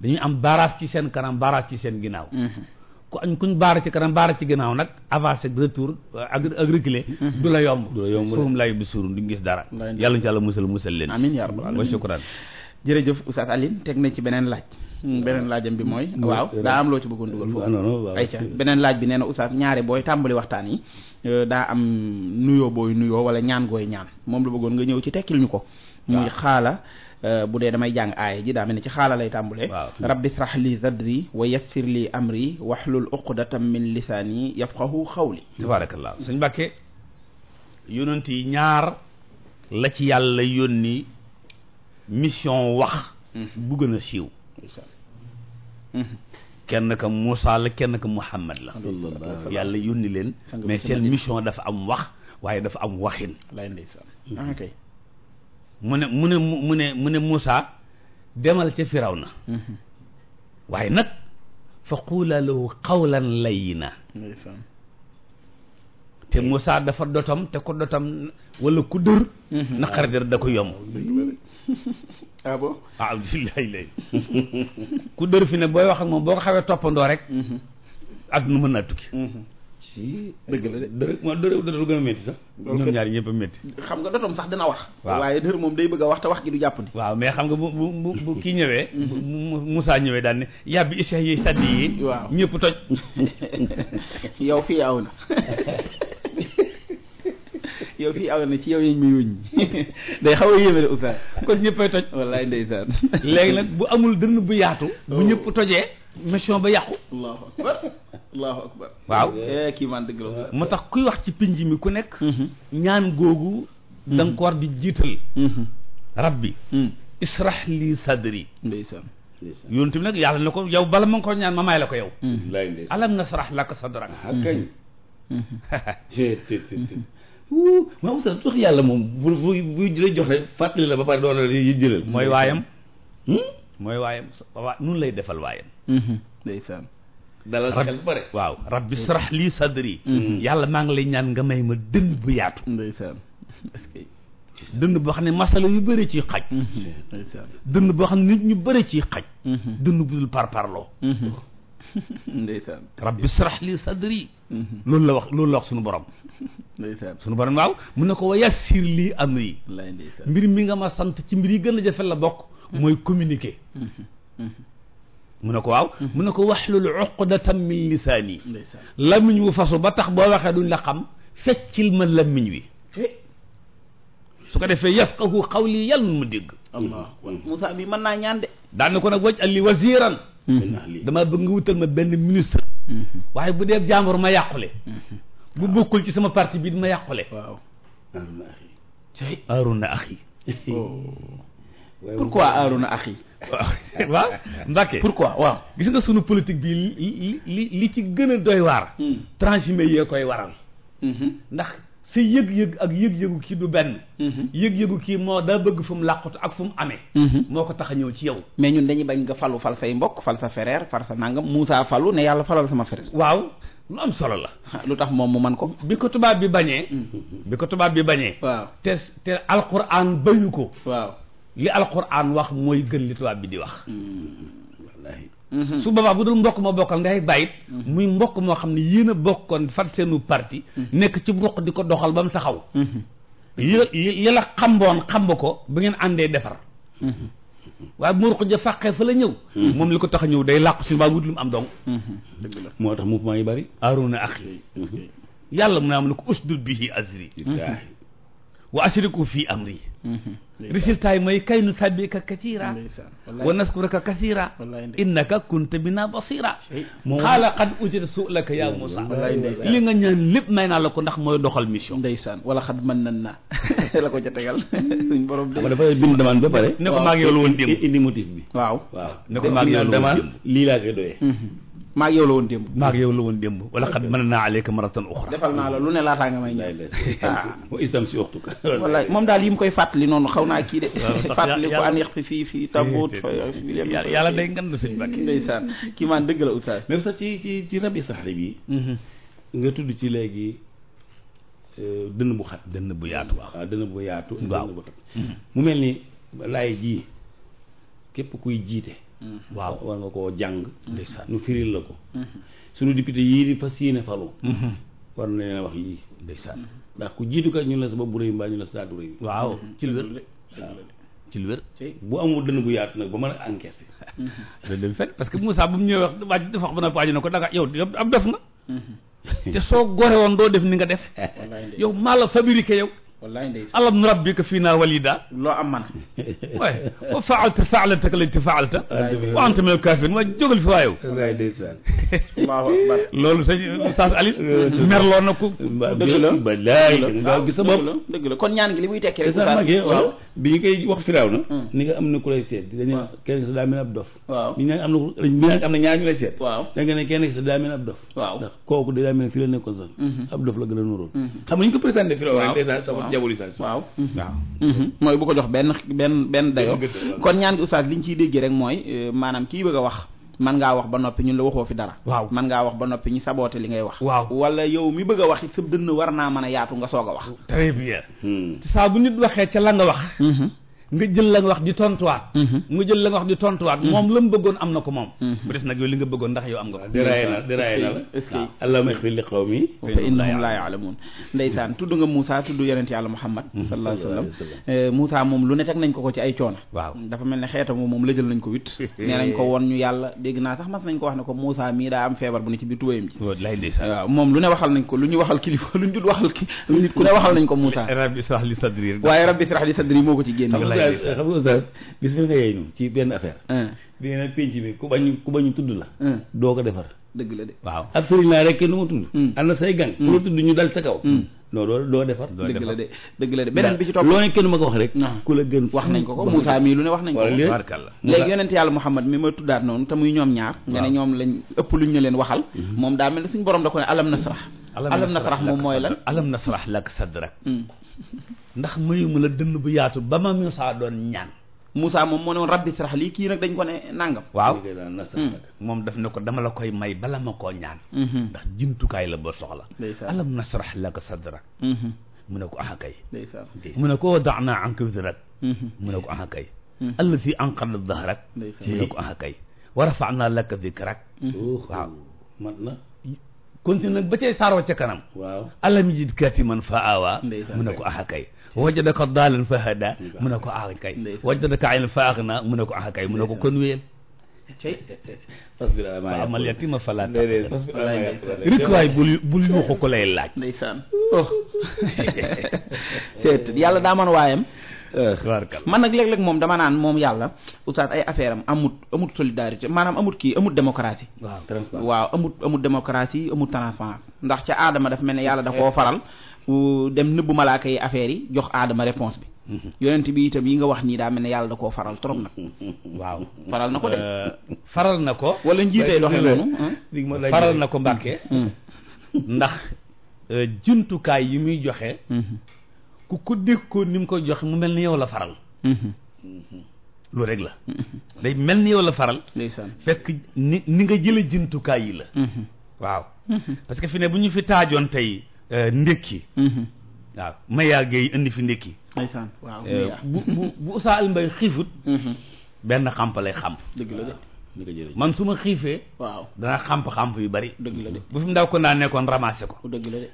[SPEAKER 2] dañuy am baaraas ci seen kanam baaraas ci seen ginnaaw ku añ kuñ baara ci kanam baara ci ginnaaw nag avancé ak retour ak euh, ak mm-hmm. du la yomb suum lay bi suurum duñ gis dara yàlla ñu ci yàlla musal musal leen amiin yaa rabbal wa shukran jërëjëf Oustaz Alioune teg nañ ci beneen laaj mm. beneen laajam bi mooy waaw daa am loo ci bëggoon dugal foofu ah, ayca beneen laaj bi nee na Oustaz ñaare booy tàmbali waxtaan yi euh, daa am nuyoo booy nuyoo wala ñaan gooy ñaan moom la bëggoon nga ñëw ci tekkil ñu ko muy xaala Euh, bu dee damay jàng aaya ji daa mel ni ci xaala lay tàmbulee rabbi israh li zadri wa yassir li amri waxlul uqdatam min lisaani yafqahu xaw tabarakallah sëñ Mbàkke yonent yi ñaar la ci yàlla yónni mission wax mm-hmm. bu gën a siiw mm-hmm. kenn ka Moussa la kenn ka Muhammad la yàlla yónni leen mais seen mission dafa am wax waaye dafa am waxin mu ne mu ne mu ne mu ne Moussa demal ca Firawna mhm. waaye nag fa quula la qawlan layyina te Moussa dafa dotam te ko dotam wala ku dër mhm. naqar dër da ko yomb ah ku dër fi ne booy wax ak moom boo ko xawee toppandoo rek mhm. ak nu mën naa tukki si dëgg la de dërë moo dërë dërë gën a métti sax ñoom ñaar ñëpp a métti xam nga dotom sax dana wax waaye dërë moom day bëgg a wax te wax gi du jàpp ni waaw mais xam nga bu bu bu kii ñëwee mhm. Moussa ñëwee daal ne yàbbi iseh yi saddi yi waaw ñépp toj yow fi yaaw na yow fii aw na ci yow yañ may wëññi day xaw a yéeme de oustaz kon ñëppay toj wallaay ndeysaan léegi nag bu amul dënn bu yaatu bu oh. ñëpp tojee mission ba yàqu allahu akbar allahu waaw eh, kii man dëgg la moo tax kuy wax ci pinj mi ku nekk mhm. ñaan googu mhm. da ko war di jiital mhm. rabbi israh li sadri yoon yonent bi nag yàlla na ko yow bala ma nga ko ñaan ma may la ko yow alam nasrah laka sadrak ah, maam sa sox yàlla moom bu bu bu lay jox rek fàttali la ba pare doon yi jëlal mooy waayam hmm? mooy waayam waa lay defal waayam mm-hmm. ndeysaan dalal xel ba pare waaw rabbi srah lii sadri mm-hmm. yàlla maa ngi lay ñaan nga may ma dënn bu yaatu ndeysaan dënd boo xam ne masala yu bëri ciy xaj mm-hmm. dënn boo xam ne nit ñu bëri ciy xaj dënd budul parparloo ndeysaan rabbi srah li sadri mhm. loolu la wax loolu la suñu borom ndeysaan suñu borom waaw mu ne ko wa yassir lii amri wallaay ndeysaan mbir mi nga ma sant ci mbir yi gën a jafe la bokk mhm. mooy communiquer mhm. mu ne ko waaw mu ne ko waxlul uqdatan min lisaani lamiñ wu fasu ba tax boo waxee duñ la xam feccil ma lamiñ wi eh. su ko defee yafqahu qawli yàlla mu dégg allah Moussa bi mën naa ñaan de daan na ko nag waj ali waziran Mhm. damaa bëgg nga wutal ma benn ministre mhm. waaye bu dee jàmbur ma yàqule mhm. bu bokkul ci sama parti bi ma yàqule waaw aaruna axi cay aaruna axi oh. pourquoi aaruna axi waaw Mbacke pourquoi waaw gis nga sunu politique bi li li li ci gën a doy waar hmm. transhumé yee koy waral ndax sa yëg-yëg ak yëg-yëgu kii du benn mhm. yëg-yëgu kii moo daa bëgg fu mu làqutu ak fu mu amee mhm. moo ko tax a ñëw ci yow mais ñun dañuy bañ nga falu fal say mbokk fal sa fereer fal sa nangam Moussa falu ne yàlla falal sama fereer waaw lu am solo la ah, lu tax moom mu man ko bi ko tubaab bi bañee mhm. bi ko tubaab bi bañee waaw te te alquran bañu ko waaw li alquran wax mooy gën li tubaab bi di wax Mm-hmm. su boobaa bu dul mbokk moo bokkal ndey ak bàyyit mm-hmm. muy mbokk moo xam ne yéen a kon far seenu parti mm-hmm. nekk ci mbokk di ko doxal ba mu taxaw yi la xamboon xamba ko ba ngeen àndee defar waaye bu ma ruq ja fàqee fa la ñëw moom li ko tax a ñëw day làqu si mbaa wut lu mu am dong moo tax mouvement yi bari a ak yàlla mu ne am na ko usdud bihi azri waa wa ashriku fi amri mm-hmm. résultat yi mooy kay nu sabbika kasira a naskuraka kasira innaka kunta bina basira xaala qad ujida su'laka ya Musa li nga ñaan lépp may naa la ko ndax mooy doxal mission ndeysaan wala xad mën nan na la ko ca tegal suñ borom de dafa bind demande ba pare ne ko maa ngi yoolu woon démb indi motif bi waaw waaw ne ko maa ngi laa koy doyee mm-hmm. maa yow la woon démb. maa yow la woon démb wala xam mën naa aleyka maratan uxra. defal naa la lu ne laataa nga may ñëw. Ah. moom daal yi mu koy fàttali noonu xaw naa kii de. fàttali ko an yàq fii fii tabut. yàlla day ngan la sëñ Mbacke. kii maan dëgg la oustaz. même sax ci ci ci rabi saxri bi. Mhm. nga tudd ci léegi euh, dënn bu xat. dënn bu yaatu. waaw dënn bu yaatu. waaw mu mel ni laay ji képp kuy jiite. Mm-hmm. waaw war nga koo jàng nu firil la ko mm-hmm. suñu député yii di fas yéene falu mm-hmm. war na leen wax yii ndeysaan ndax ku jiitu kat ñu la sa bopp bu rëy mbaa ñu la sa daadu rëy waaw ci lu wér bu amul dënn bu yaatu nag ba mën a encaissé loolu dem parce que Moussa bu mu wax waaj dafa ba nag na ko danga yow ab def nga te soo gore woon doo def ni nga def yow maa la yow wallaay ndeysaan alam rabbika fiina walida loo am man waaye wa faalta faalataka waaye jógal fi waayow wallaay ndeysaan allahu akbar loolu sëñ Oustaz Alioune merloo na ko dëgg la wallaay nga gis sa bopp dëgg la kon ñaan gi li muy tekki rek sa magee waaw bi ñu koy na hmm. ni nga am na ku lay seet dañu kenn sa daa mel ab dof waaw ñu ne am na ñu ne am na ñaar ñu lay seet waaw da nga ne kenn sa daa ab dof kooku da daa fii la nekkoon sax hmm. ab dof la gën a nuróon hmm. xam diabolisation waaw waaw mhm. mooy bu ko jox benn benn benn dayo kon ñaan gi oustaz li ñu ciy déggee rek mooy euh, maanaam kii bëgg a wax man ngaa wax ba noppi ñun la waxoo fi dara waaw man ngaa wax ba noppi ñu saboote li ngay wax waaw wala yow mi bëgg a wax sa dënn war naa man a yaatu nga soog a wax très bien hmm. saa bu nit waxee ca la nga wax mhm. nga jël la nga wax di tontuwaat. Mhm. nga jël la wax di tontuwaat. Mhm. moom la mu bëggoon am na ko moom. Mhm. bu des nag yow li nga bëggoon ndax yow am nga ko. déraillé na déraillé na la ah, est-ce que allahumma ighfir li qawmi fa innahum laa ya'lamuun ndeysaan tudd nga Moussa tudd yonent yàlla Muhammad sallallahu eh, moom lu ne teg nañ ko ko ci ay coono. waaw dafa mel ne xeetam moom la jël nañ ko wit nee nañ ko woon ñu yàlla dégg naa sax mas nañ ko wax ne ko Moussa mii daa am feebar bu ne ci biir tubayam ji waaw moom lu ne waxal nañ ko lu ñu waxal ki lu nit ku ne waxal nañ ko Moussa rabbi israh li oustaz xam nga oustaz bis bi nga yeey ñu ci benn affaire. Ah. di nag penc bi ku bañ ku bañ tudd la. Ah. doo ko defar. dëgg la de waaw ab sëriñ laa rek nu ma tudd hmm. am na say gang hmm. lu tudd ñu dal sa kaw hmm. non doo doo defar dëgg la de dëgg la beneen bi ci topp loo ne kenn ma ko wax rek ku la gën wax nañ ko ko Moussa mii lu ne wax nañ ko léegi yonent yàlla Muhammad mi ma tuddaat noonu te muy ñoom ñaar nga ne ñoom lañ ëpp lu ñu leen waxal moom daa mel ne suñu borom da ko ne alam nasrah alam nasrah moom mooy lan alam nasrah lak sadrak ndax mayuma la dënn bu yaatu ba ma Moussa doon ñaan Moussa moom moo ne woon rabbi sarax lii kii nag dañ ko ne nangam. waaw hmm. moom daf ne ko dama la koy may bala ma koo ñaan. Hmm. ndax jumtukaay la boo soxla. alam nasrah laka sadrak hmm. mu ne ko ah kay. mu ne ko wada'na anka wizrak mu ne ko ah kay. allati anqada dahrak mu ne ko ah kay. wa rafa'na laka dhikrak waaw mat na. continue nag ba cay saaroo ca kanam. waaw alam yajidka yatiiman fa aawaa. mu ne ko ah kay. wajadaka daalan fa hada mu ne ko ah kay wajadaka aylan fa mu ne ko ah kay mu ne ko kon wéyal parce que waaw man yatima falaat rek waay bul a yuuxu ko lay laaj. man nag léeg moom dama naan moom yàlla oustaz ay affaire am amut amut solidarité maanaam amut kii amut démocratie. waaw waaw ndax ca aadama daf mel ne yàlla da koo faral. Eh. dem nëbbu malaaka yi affaire yi jox aadama réponse bi mhm. yonent bi itam yi nga wax nii daa mel ne yàlla koo faral trop nag waaw faral na ko de euh, faral na ko wala njiitee doxe noonu faral na ko mbàkke mm. ndax euh, jumtukaay yi muy joxe mm-hmm. ku ko dékkoon ni mu ko joxe mu mel ni yow la faral
[SPEAKER 3] mm-hmm. Mm-hmm.
[SPEAKER 2] loolu rek la day mel ni yow la faral ndeysaan fekk ni ni nga jële jumtukaay yi la waaw parce que fi ne bu ñu fi taajoon tey ndékki mhm. waaw mayaa géey indi fi ndékki ndeysaan waaw eh, bu bu bu saa mbay xiifut mhm. benn xamp lay dëgg la de man su ma xiifee waaw dana xamp-xamp yu bari dëgg la de bu fi mu ko naa nekkoon ramassé ko dëgg la de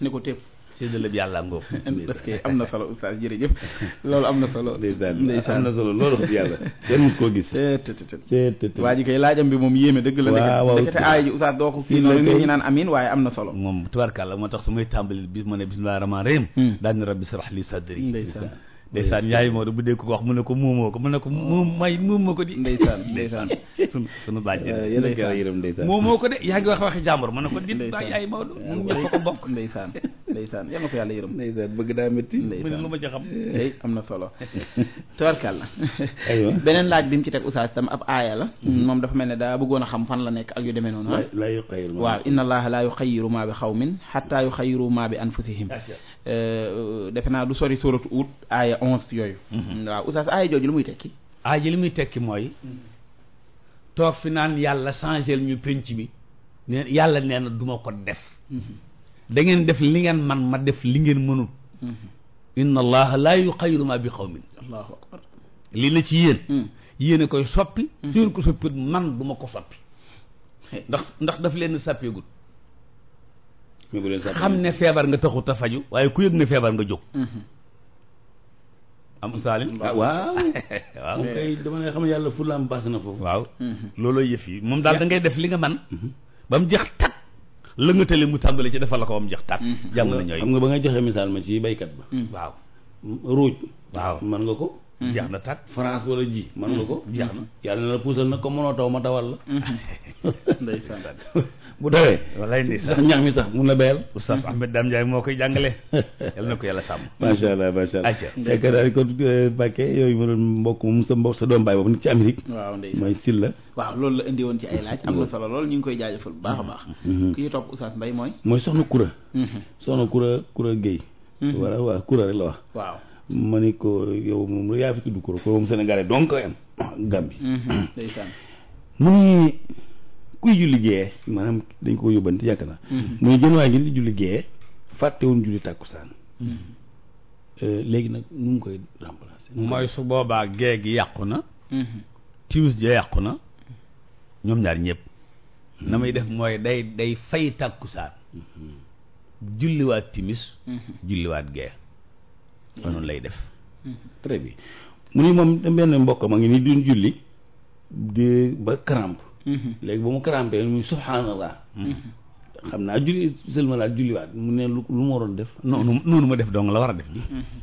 [SPEAKER 2] ne ko tépp séddale bi yàlla ngóob. parce que am na solo oustaz jërëjëf loolu am na solo. ndeysaan am na solo loolu wax yàlla kenn mës koo gis. waa ji kay laajam bi moom yéeme dëgg la. waaw waaw ndekete aaya ji oustaz doo ko kii noonu nit ñi naan amin waaye am na solo. moom tubaarkàlla moo tax su may tàmbali bi ma ne bismillah rahmaan rahim. Hmm. daal ni rabbi sarax li sadri. ndeysaan ndeysaan yaay Maodo bu dee ko wax mu ne ko muumoo ko mu ne ko muum oh. may muum ma ko di ndeysaan ndeysaan sunu sunu bàjj eh, yërëm ko de yaa ngi wax waxi jàmbur mu ne ko di ba yaay Maodo mu ñëpp ko bokk ndeysaan ndeysaan yal na ko yàlla yërëm bëgg daa métti mu ne lu ma ci xam tey am na solo tubarkàlla beneen laaj bi mu ci teg oustaz tam ab aaya la mhm. moom dafa mel ne daa bëggoon a xam fan la nekk ak yu demee noonu ah. waaw inna allaha la yuxayiru ma bi xawmin xatta yuxayiru ma bi anfusihim Euh, defe naa du sori sóoratu ut aaya onze yooyu. Mhm. waaw oustaz aaya jooju lu muy tekki. aaya ji li muy tekki mooy. Mhm. toog fi yàlla changé ñu penc mi. yàlla nee na du ko def. Mhm. da ngeen def li ngeen man ma def li ngeen mënul. inna allaha laa yuxayyiru maa bi xawmin. allahu akbar lii la ci yéen. yéen a koy soppi. su ngeen ko soppi man du ko soppi. ndax ndax daf leen sàppeegul. xam ne feebar nga taxut a faju waaye ku yëg ne feebar nga jóg mhm. am saalim ah, waaw waaw kay dama ne xam ne yàlla fulaam baas na foofu waaw mhm. looloo yëf yi moom daal dangay def li nga man mhm. ba mu jeex tàkk la nga tële mu tàmbali ci defal la ko ba mu jeex tàkk jàng na ñooy nga ba ngay joxe misaal ma ci baykat ba waaw ruuj waaw man nga ko Mm-hmm. jeex na tàkk France wala ji man nga ko mm-hmm. jeex na yàlla na la puusal nag comme mënoo taw ma tawal la mm-hmm. ndeysaan bu tawee walaay ndeysaan sax ñax mi sax mun na béyal oustaz Ahmed Dame Ndiaye moo koy jàngale yàlla na ko yàlla sàmm macha allah macha allah eh, ma doon mbokk moom sa mbokk sa doom baay boobu nit ci mooy sil la loolu la indi woon ci ay laaj am na solo loolu ñu ngi koy jaajëfal bu baax a baax ki ñu topp oustaz Mbaye mooy mooy soxna Koura soxna Koura Koura Guèye wala waaw Koura rek la wax ma ni ko yow moom yaa fi tudd ko ko moom sénégalais donc am Gambie mhm, mu ni kuy julli gee maanaam dañ ko yóbbante yàgg na mhm. mu ni jën waay ngi di julli gee fàttewuñ julli tàkkusaan mhm. euh, léegi nag nu ngi koy remplacer mooy su boobaa gee gi yàqu na tiwis ja yàqu na ñoom ñaar ñëpp na muy def mooy day day fay tàkkusaan julliwaat timis julliwaat gee noonu lay def mm-hmm. très bien mu ni moom benn mbokk ma ngi ni duñ julli de ba crampe mm-hmm. léegi ba mu crampee mu subhanallah mm-hmm. xam naa julli sëlmalaat julliwaat mu ne lu lu mu waroon def noonu noonu ma def dong la war a def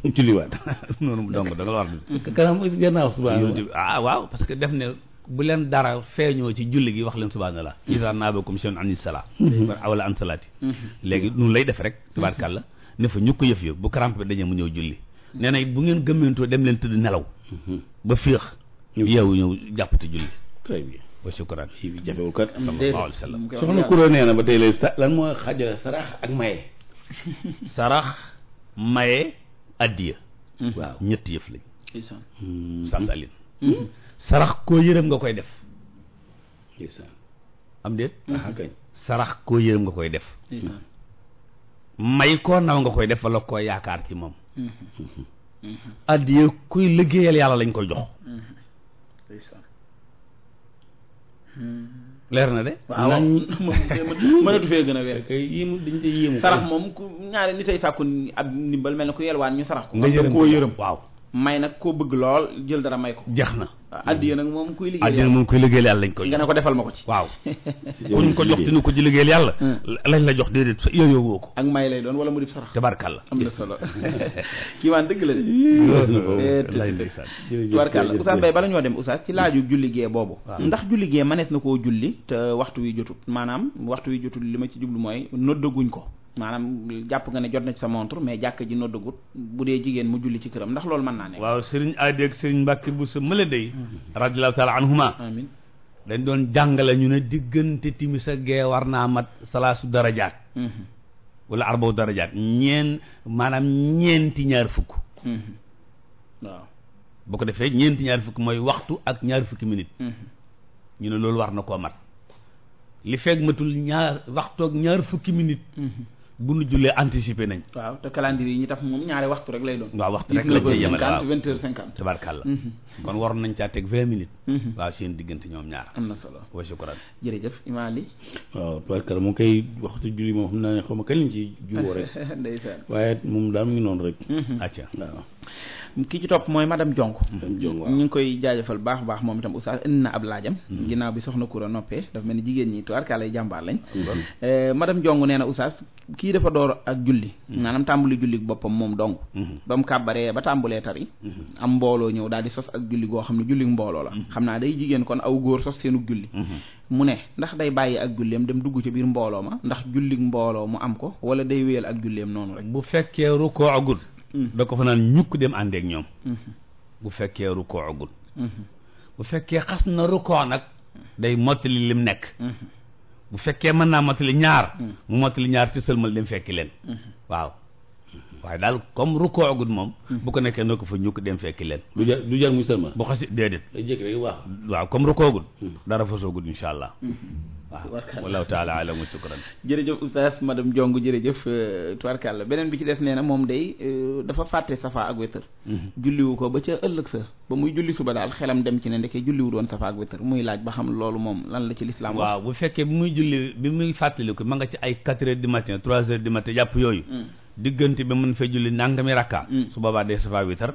[SPEAKER 2] julliwaat noonu dong dong la war a def crampe si gannaaw subhanallah ah waaw parce que def ne bu leen dara feeñoo ci julli gi wax leen subhanallah isa naabakum shay'un anis salaa wala an salaati léegi noonu lay def rek tubaarkàlla ne fa ñu ko yëf yëf bu crampe bi ñëw julli neena na bu ngeen gëmmantoo dem leen tëdd nelaw mhm. ba féex ñu yeewu ñëw jàppati julli bi jafewul kat sallallahu alayhi ba tey lay lan mooy xajale sarax ak maye sarax maye addiya mhm. yëf lañ sàndalin hmm. mhm. hmm? sarax koo yërëm nga koy def am déet sarax nga koy def may koo naw nga koy def wala koo yaakaar ci moom Mm-hmm. addiya kuy liggéeyal yàlla lañ koy jox
[SPEAKER 3] mm-hmm.
[SPEAKER 2] leer na de waaw mënatu fee gën a weer yéemu dañ te yéemu sarax moom ku ñaari nit ay sàkku ab ndimbal mel na ku yelwaan ñu sarax ko nga yërëm koo yërëm waaw may nag koo bëgg lool jël dara may ko. jax na ah, addiya nag moom kuy liggéeyal moom kuy liggéeyal yàlla lañ koy. nga ne ko defal ma ko ci. waaw kuñ ko jox dina ko ci liggéeyal yàlla. Hmm. lañ la jox déedéet sa ko. ak may lay doon wala mu def sarax. tabarkalla am na solo kii waan dëgg la de. loolu eh, tabarkalla Oustaz Mbaye bala ñoo dem Oustaz ci laaju julli gee boobu. ndax julli gee manees na koo julli te waxtu wi jotut maanaam waxtu wi jotul li ma ci jublu mooy noddaguñ ko maanaam jàpp nga ne jot na ci sa montre mais jàkk ji noddagut bu dee jigéen mu julli ci këram ndax lool man naa ne waaw sëriñ Aadi ak sëriñ Mbàkke bu sa mëla day radiyallahu taala anhuma amin dañ doon jàngale ñu ne diggante timis ak gee war naa mat salaasu darajaat mm-hmm. wala arbaw darajaat ñeen maanaam ñeenti ñaar fukk mm-hmm. waaw boo ko defee ñeenti ñaar fukk mooy waxtu ak ñaar fukki minute mm-hmm. ñu ne loolu war na koo mat li feeg matul ñaar waxtu ak ñaar fukki bu nu jullee anticiper nañ. waaw te calendrier yi ñu taf moom ñaari waxtu rek lay doon. waaw waxtu rek lañ cay yemal waaw 19 h mhm. kon waroon nañ caa teg 20 minutes. Mhm. waaw seen diggante ñoom ñaar. am na solo wa shukran. jërëjëf Imaali. waaw tabarkalla mu koy waxtu julli moom xam naa ne xaw ma kañ lañ ci juboo rek. ndeysaan waaye moom daal mu ngi noonu rek. Mhm. acca waaw. ki ci topp mooy madame Jonk ñu ngi koy jaajafal baax baax moom itam oustaz indi na ab laajam hmm. ginnaaw bi soxna Koura noppee dafa mel ni jigéen ñi tubaarkaa lay jàmbaar lañ eh, madame Jonk nee na oustaz kii dafa door ak julli hmm. maanaam tàmbali julli boppam moom dong hmm. ba mu kàbbaree ba tàmbulee tari am mbooloo ñëw daal di sos ak julli goo xam ne julli mbooloo la xam naa day jigéen kon aw góor sos seenu julli mu ne ndax day bàyyi ak julleem dem dugg ci biir mbooloo ma ndax julli mbooloo mu am ko wala day wéyal ak julleem noonu rek bu fekkee rukoogul da mm-hmm. ko fa naan ñukk dem àndeek ñoom mm-hmm. bu fekkee rukkoo agul mm-hmm. bu fekkee xas na rukkoo nag day mottali lim nekk bu fekkee mën naa mottali ñaar mu mottali ñaar ci sëlmal dem fekki leen waaw waaye daal comme rukkoo agut moom bu ko nekkee noo ko fa njukk dem fekki leen du jar du jar muy sëlma bu xasi déedéet jékki rek waaw waaw comme rukkoo agut hmm. dara fasoogut insha allah hmm. waaw wallahu taala alam wa shukran jërëjëf oustaz madame Diong jërëjëf euh, tubarkàlla beneen bi ci des nee na moom day euh, dafa fàtte safa ak wétër hmm. julliwu ko ba ca ëllëg sa ba muy julli suba daal xelam dem ci ne ndeke julliwu doon safa ak wétër muy laaj ba xam loolu moom lan la ci lislaam waaw bu fekkee bi muy julli bi muy fàttaliku ma nga ci ay quatre heures du matin trois heures du jàpp yooyu diggante bi mën fee julli nangami rakka. Mm. su boobaa day safa witar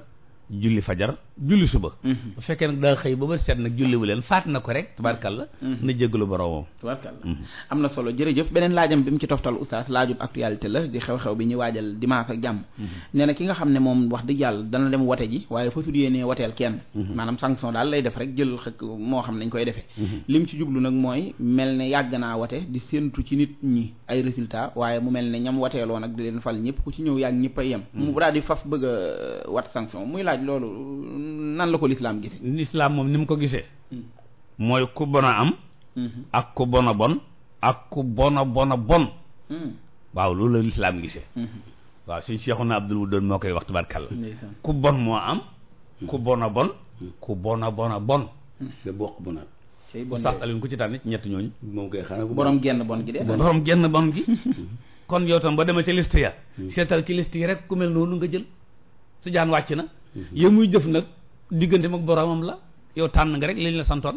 [SPEAKER 2] julli fajar julli suba mhm. bu fekkee nag daa xëy ba ba seet nag julli wu leen faat na ko rek tubaarkàlla mhm. na jéggalu boroomam tubaarkàlla mhm. am na solo jërëjëf beneen laajam bi mu ci toftal oustaz laajub actualité la di xew-xew bi ñu waajal dimanche ak jàmm nee na ki nga xam ne moom wax dëgg yàlla dana dem wote ji waaye fasul yéenee woteel kenn maanaam sanction daal lay def rek jël xëkk moo xam nañ koy defee lim ci jublu nag mooy mel ne yàgg naa wote di séentu ci nit ñi ay résultat waaye mu mel ne ñam woteeloo nag di leen fal ñëpp ku ci ñëw yàgg ñëpp ay yem mu daal di faf laaj loolu nan la ko lislaam gisee lislaam moom ni mu ko gisee hmm. mooy ku bon a am hmm. ak ku bon a bon ak ku bon a bon a bon hmm. waaw loolu la lislaam gisee waaw suñ Seexuna Abdul Wudoon moo koy wax tubaarkàlla ku bon moo am ku bon a bon ku bon a bon a bon nga bokk sax alin ku ci tànn ci ñett ñooñu moom genn bon gi de borom genn bon gi kon yow tam ba demee ci liste ya seetal ci liste yi rek ku mel noonu nga jël su jaan wàcc na yow muy jëf nag diggante mag boroomam la yow tànn nga rek lañ la santoon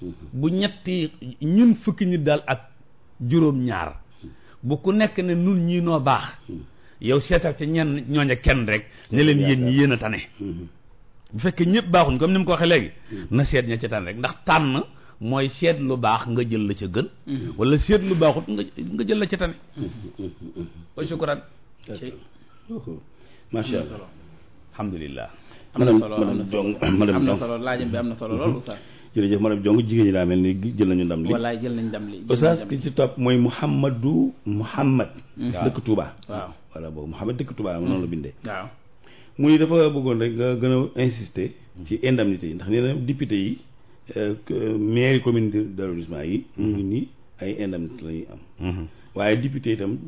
[SPEAKER 2] mhm. bu ñetti ñun fukki nit daal ak juróom ñaar mhm. bu ku nekk ne nun ñii noo baax mhm. yow seetal ca ñenn ñooña kenn rek ne leen yéen ñi yéen a tane bu fekkee ñëpp baaxuñ comme ni ko waxee léegi na seet ña ca tane rek ndax tànn mooy seet lu baax nga jël la ca gën wala seet lu baaxut nga jël la ca tane wa shukran macha allah alhamdulilah. am na solo am na solo madame Diong madame laajam bi am na solo lool mm-hmm. oustaz. jërëjëf madame jigéen ñi laa mel ni jël nañu ndam li wallaay jël nañu ndam li oustaz ki ci topp mooy Mouhamadou Mouhamad. waaw mm-hmm. dëkk Touba. waaw voilà boobu Mouhamad dëkk Touba noonu la bindee. waaw mu ni dafa bëggoon rek nga gën a insister. Mm-hmm. ci indemnité yi ndax nee na député yi euh, euh, maire commune de d'arrondissement yi. ñu ni ay indemnité la ñuy am. waaye député itam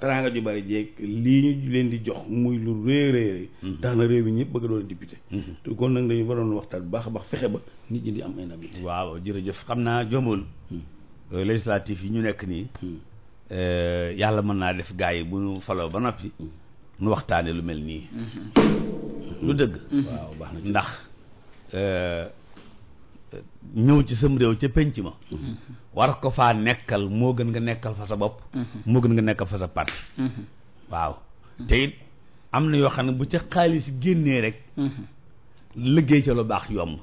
[SPEAKER 2] teraanga ju bari jeeg lii leen di jox muy lu rëy rëy mhm. tax na réew mi ñëpp bëgg doon député mhm. te kon nag dañu waroon waxtaan bu baax a baax fexe ba nit ñi di am indemnité waaw jërëjëf xam naa jombul hmm. euh, yi ñu nekk nii hmm. euh, yàlla mën naa def gars yi bu ñu faloo ba noppi nu hmm. waxtaane lu mel nii lu dëgg waaw baax na ci ndax euh, ñëw ci sam réew ca penc ma mhm. war ko fa nekkal moo gën nga nekkal fa sa bopp mhm. moo gën nga nekkal fa sa parti mhm. waaw te am na yoo xam ne bu ca xaalis génnee rek liggéey ca lu baax yomb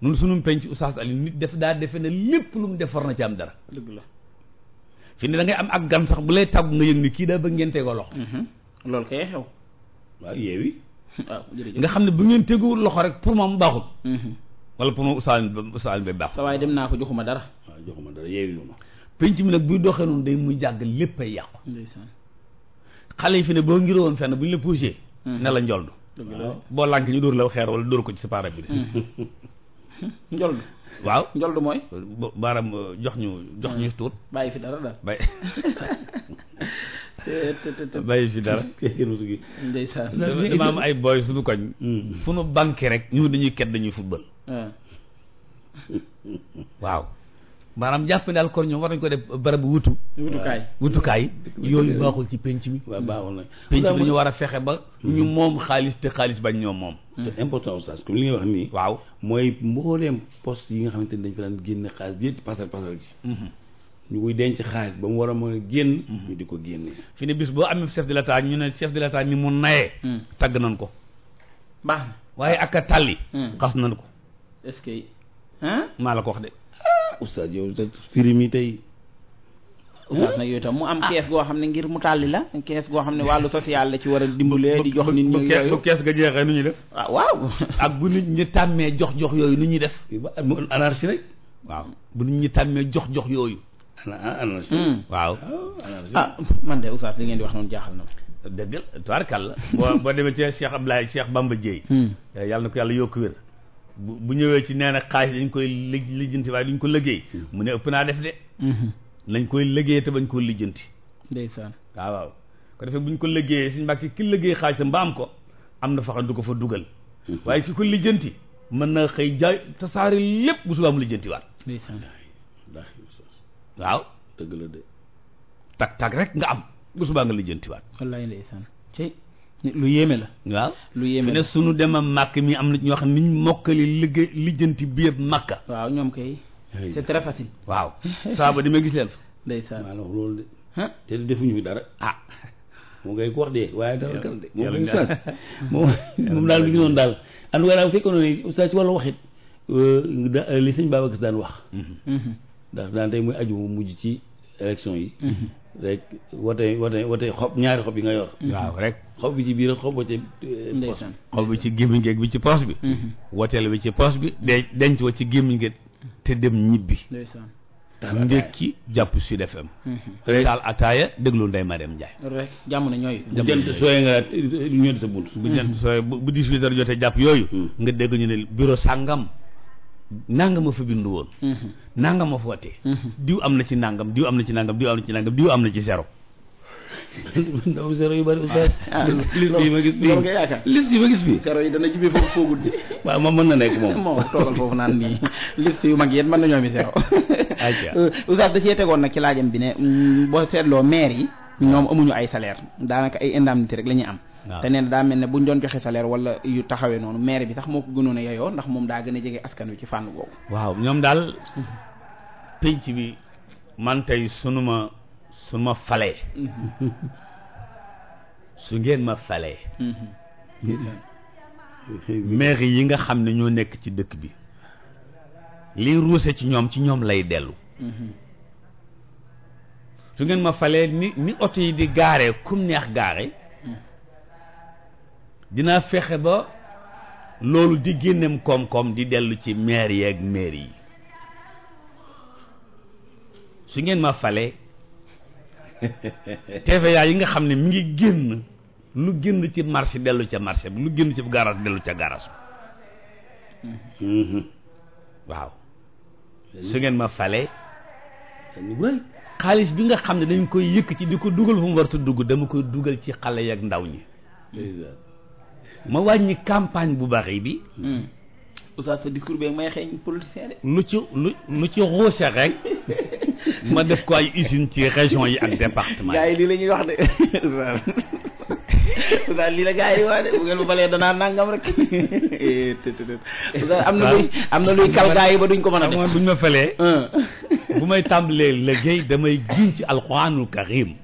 [SPEAKER 2] nun sunum penc oustaz ali nit def daa defe ne lépp lu mu def war na ci am dara dëgg la fi ne da ngay am ak gan sax bu lay tàggu nga yëg ni kii daa bëgg ngeen tegoo loxo loolu kay xew waaw yeewi waaw nga xam ne bu ngeen teguwul loxo rek pour moom baaxul. Mhm. wala pour moom Saalum Saalum bay baaxul. sa waaye dem naa ko joxuma dara. waaw dara yeewu ma. penc mi nag buy doxee noonu day mu jàgg lépp ay yàqu. ndeysaan xale yi fi ne boo ngiroo woon fenn bu ñu la poussé. Mhm. ne la njoldu. boo lànk ñu dóor la xeer wala dóor ko ci sa paara mhm. bi. njoldu. waaw njoldu mooy baaraam euh, jox ñu jox ñu tuut bàyyi fi dara daal bàyyi bàyyi fi dara dama am ay boy suñu koñ mm. fu nu banque rek ñu dañuy ket dañuy football ah. waaw maanaam jàpp ne alcool ñoom war nañ ko def barab wutu. wutukaay wutukaay. yooyu baaxul ci penc mi. waaw baaxul nag penc mi dañu war a fexe ba. ñu mhm. moom xaalis te xaalis bañ ñoom moom. important oustaz comme li wax nii. waaw mooy mbooleem poste yi nga xamante ni dañ fa daan génne xaalis bi yëpp pasal pasal ci. Mhm. ñu koy denc xaalis ba mu war a mën génn. Mhm. ñu di ko génn fi ne bis boo amee chef de l'État ñu ne chef de l'État ni mu nayee. tagg nañ ko. baax na waaye ak a tàlli. xas nañ ko. est-ce que. maa la ko wax de. ah oustaz yow te firim yi tey. oustaz nag yooyu tam mu am ah. kees goo xam ne ngir mu tàlli la kees goo xam ne wàllu social la ci war a dimbalee di jox nit ñi ga jeexee nu ñuy def ah, waaw ak bu nit ñi tàmmee jox jox yooyu nu ñuy def anarchie rek waaw bu nit ñi tàmmee jox jox yooyu anarchie hmm. waaw ah, ah man de oustaz li ngeen di wax noonu jaaxal na ma dëgg tubaarkàlla boo boo demee ci Cheikh Abdoulaye Cheikh Bamba Dieye hmm. eh, yàlla na ko yàlla yokku wér bu bu ñëwee ci nee na xaalis dañ koy lijjanti waaye duñ ko liggéey hmm. mu ne ëpp naa def de hmm. nañ koy liggéey te bañ koo lijjanti ndeysaan waaw waaw ko defee buñ ko liggéeyee suñ mbàkk ki liggéey xaaj ba mbaam ko am na faxan du ko fa dugal hmm. waaye ki ko lijjanti mën na xëy jaay tasaare lépp bu subaa mu lijjanti waat ndeysaan waaw tag tag rek nga am bu subaa nga lijjanti waat lu yéeme la. waaw lu yéeme la ne sunu demam màkk mi am na ñoo xam ne ñu mokkali liggéey lijjanti bi yëpp màkka. waaw ñoom kay. c'est très waaw saaba di ma gis leen fa. ndeysaan maa loolu dara ah. mu ko wax de waaye moom daal mi ngi noonu daal. and waaye daal bu fekkoon ne ustaas ci wàllu waxit euh, euh, li sëñ Babacar daan wax. ndax mm-hmm. daan tey muy aju mujj ci élection yi. Mm-hmm. rek wote wote wote xob ñaari xob yi nga yor. Mm-hmm. waaw rek xob bi ci biir xob ba ci. Eh, ndeysaan bi ci gémmiñ geeg bi ci poos bi. Mm-hmm. woteel bi ci poos bi. Mm-hmm. de denc wa ci gémmiñ geeg te dem ñibbi. ndeysaan ndékki jàpp Sud FM. rek taal ataaya déglu Ndeye Mariam Ndiaye. rek ñooy. bu jant sooyee nga ñëw sa bunt. bu jant sooyee bu bu 18 heures jàpp yooyu. nga dégg ñu ne bureau sàngam. nanga ma fa bindu woon. Mhm. nanga ma fa wote. Mhm. diw am na ci nangam diw am na ci nangam diw am ci nangam diw am na ci zéro. ndaw yu bari oustaz. Ah, ah, liste yi ma gis bii liste yi dana jubee foofu foogul moom mën na nekk moom. moom toogal foofu naan nii liste yu mag yéen mën nañoo mi zéro. Euh, oustaz da cee tegoon nag ci laajam bi ne mm, boo seetloo maire yi. ñoom amuñu ay salaire daanaka ay indemnité rek la am. te nee daa mel ne buñ doon joxe salaire wala yu taxawee noonu maire bi sax moo ko gënoon a yeyoo ndax moom daa gën a jege askan wi ci fànn googu waaw ñoom daal mhm. pénc bi man tey sunu ma su mhm. su ngeen ma falee mhm. maire yi nga xam ne ñoo nekk ci dëkk bi liy ruuse ci ñoom ci ñoom lay dellu ngeen ma falee oto yi di gaare kum neex gaare dinaa feexe ba loolu di génneem koom-koom di dellu ci maire yi ak maire yi su ngeen ma fale TVA yi nga xam ne mi ngi génn lu génn ci marché dellu ca marché bi lu génn ci garage dellu ca garage bi mm-hmm. waaw su ngeen ma fale xaalis bi nga xam ne dañ koy yëkk ci di ko dugal fu mu warta dugg dama koy dugal ci xale yi ak ndaw ñi ma wàññi campagne bu bari bi. Hmm. sa discours bi may lu ci lu lu ci ruuse rek ma def ko ay usine ci région yi ak département yi. gars yi lii la ñuy wax de. lii la gars yi wax de bu ngeen ma balee danaa nangam rek. oustaz am na luy am na luy kal gars yi ba duñ ko mën a def. buñ ma hmm. bu may tàmbalee liggéey damay giñ ci alxuraanul karim.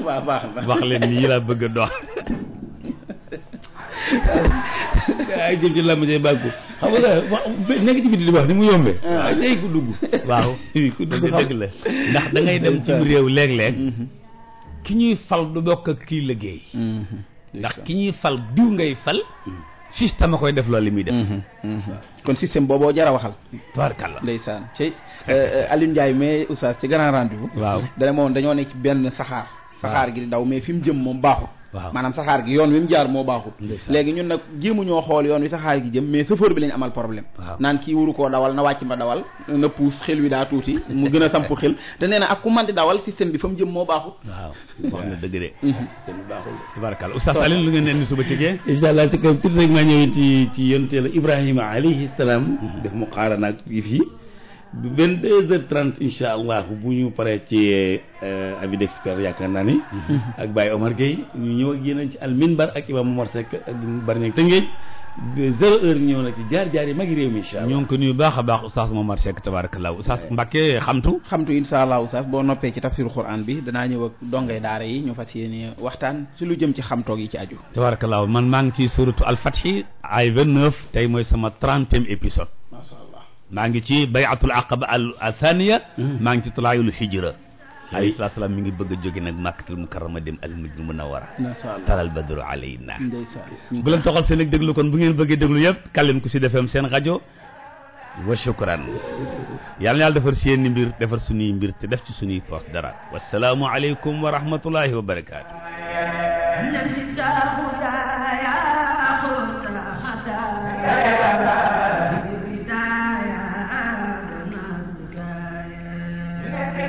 [SPEAKER 2] waaw wax leen yi laa bëgg a dox. ay jëm ci làmb jay bàggu xam nekk ci biti di wax ni mu yombee ah. waaw léegi ku dugg waaw ku dugg la ndax da dem ci réew léeg-léeg mm-hmm. ki ñuy fal du bokk ak kii liggéey mm-hmm. ndax ki ñuy fal diw ngay fal mm-hmm. système a koy def loolu li muy def kon système booboo jara waxal tubaarkàlla ndeysaan ci euh, euh, Aliou Ndiaye mais oustaz ci grand rendez waaw dana moom dañoo nekk benn saxaar saxaar gi ndaw daw mais fi mu jëm moom baaxul maanaam saxaar gi yoon wi mu jaar moo baaxul léegi ñun nag jéemu ñoo xool yoon wi saxaar gi jëm mais chauffeur bi lañ amal problème naan kii wuru koo dawal na wàcc ma dawal na puus xel wi daa tuuti mu gën a samp xel te nee ak ku man di dawal système bi fa mu jëm moo baaxul waaw wax na dëgg de mhm. système bi baaxul tabarakalla oustaz Alioune lu ngeen neen ni suba tëggee incha allah si kaw tuuti rek maa ñëwee ci ci yonte la Ibrahima alayhi mhm. def mu xaara nag yi fii vingt deux heures trente incha allah bu ñu paree ci euh, avis d'expert yaakaar naa ni mm-hmm. ak Baye Omar Gueye ñu ñëw ak yéen ci alminbar ak Imam Omar Seck ak bari ñag tëngeej zéro ñëw na ci jaar jaar yi magi réew mi incha allah ñoo ngi ko nuyu baax a baax oustaz Momar Seck tabarakallah oustaz Mbacké xamtu xamtu incha allah oustaz boo noppee ci tafsiru quran bi danaa ñëw ak dongay daara yi ñu fas yéene waxtaan si lu jëm ci xamtoog yi ci aju tabarakallah man maa ngi ci suratu al-Fath ay vingt-neuf tey mooy sama trentième épisode maa ngi ci bay'atul aqaba al thaniya hmm. maa ngi ci talaayul hijra alayhi salaatu salaam mi ngi bëgg a jóge nag màkkatul mukarrama dem al madina munawwara talal badru alayna bu leen toxal seen ak déglu kon bu ngeen bëggee déglu yëpp kàlleen ku si defem seen rajo wa shukran yàlla na yàlla defar seeni mbir defar suñuy mbir te def ci suñuy poos dara wasalaamu aleykum wa rahmatullahi wa
[SPEAKER 1] barakaatu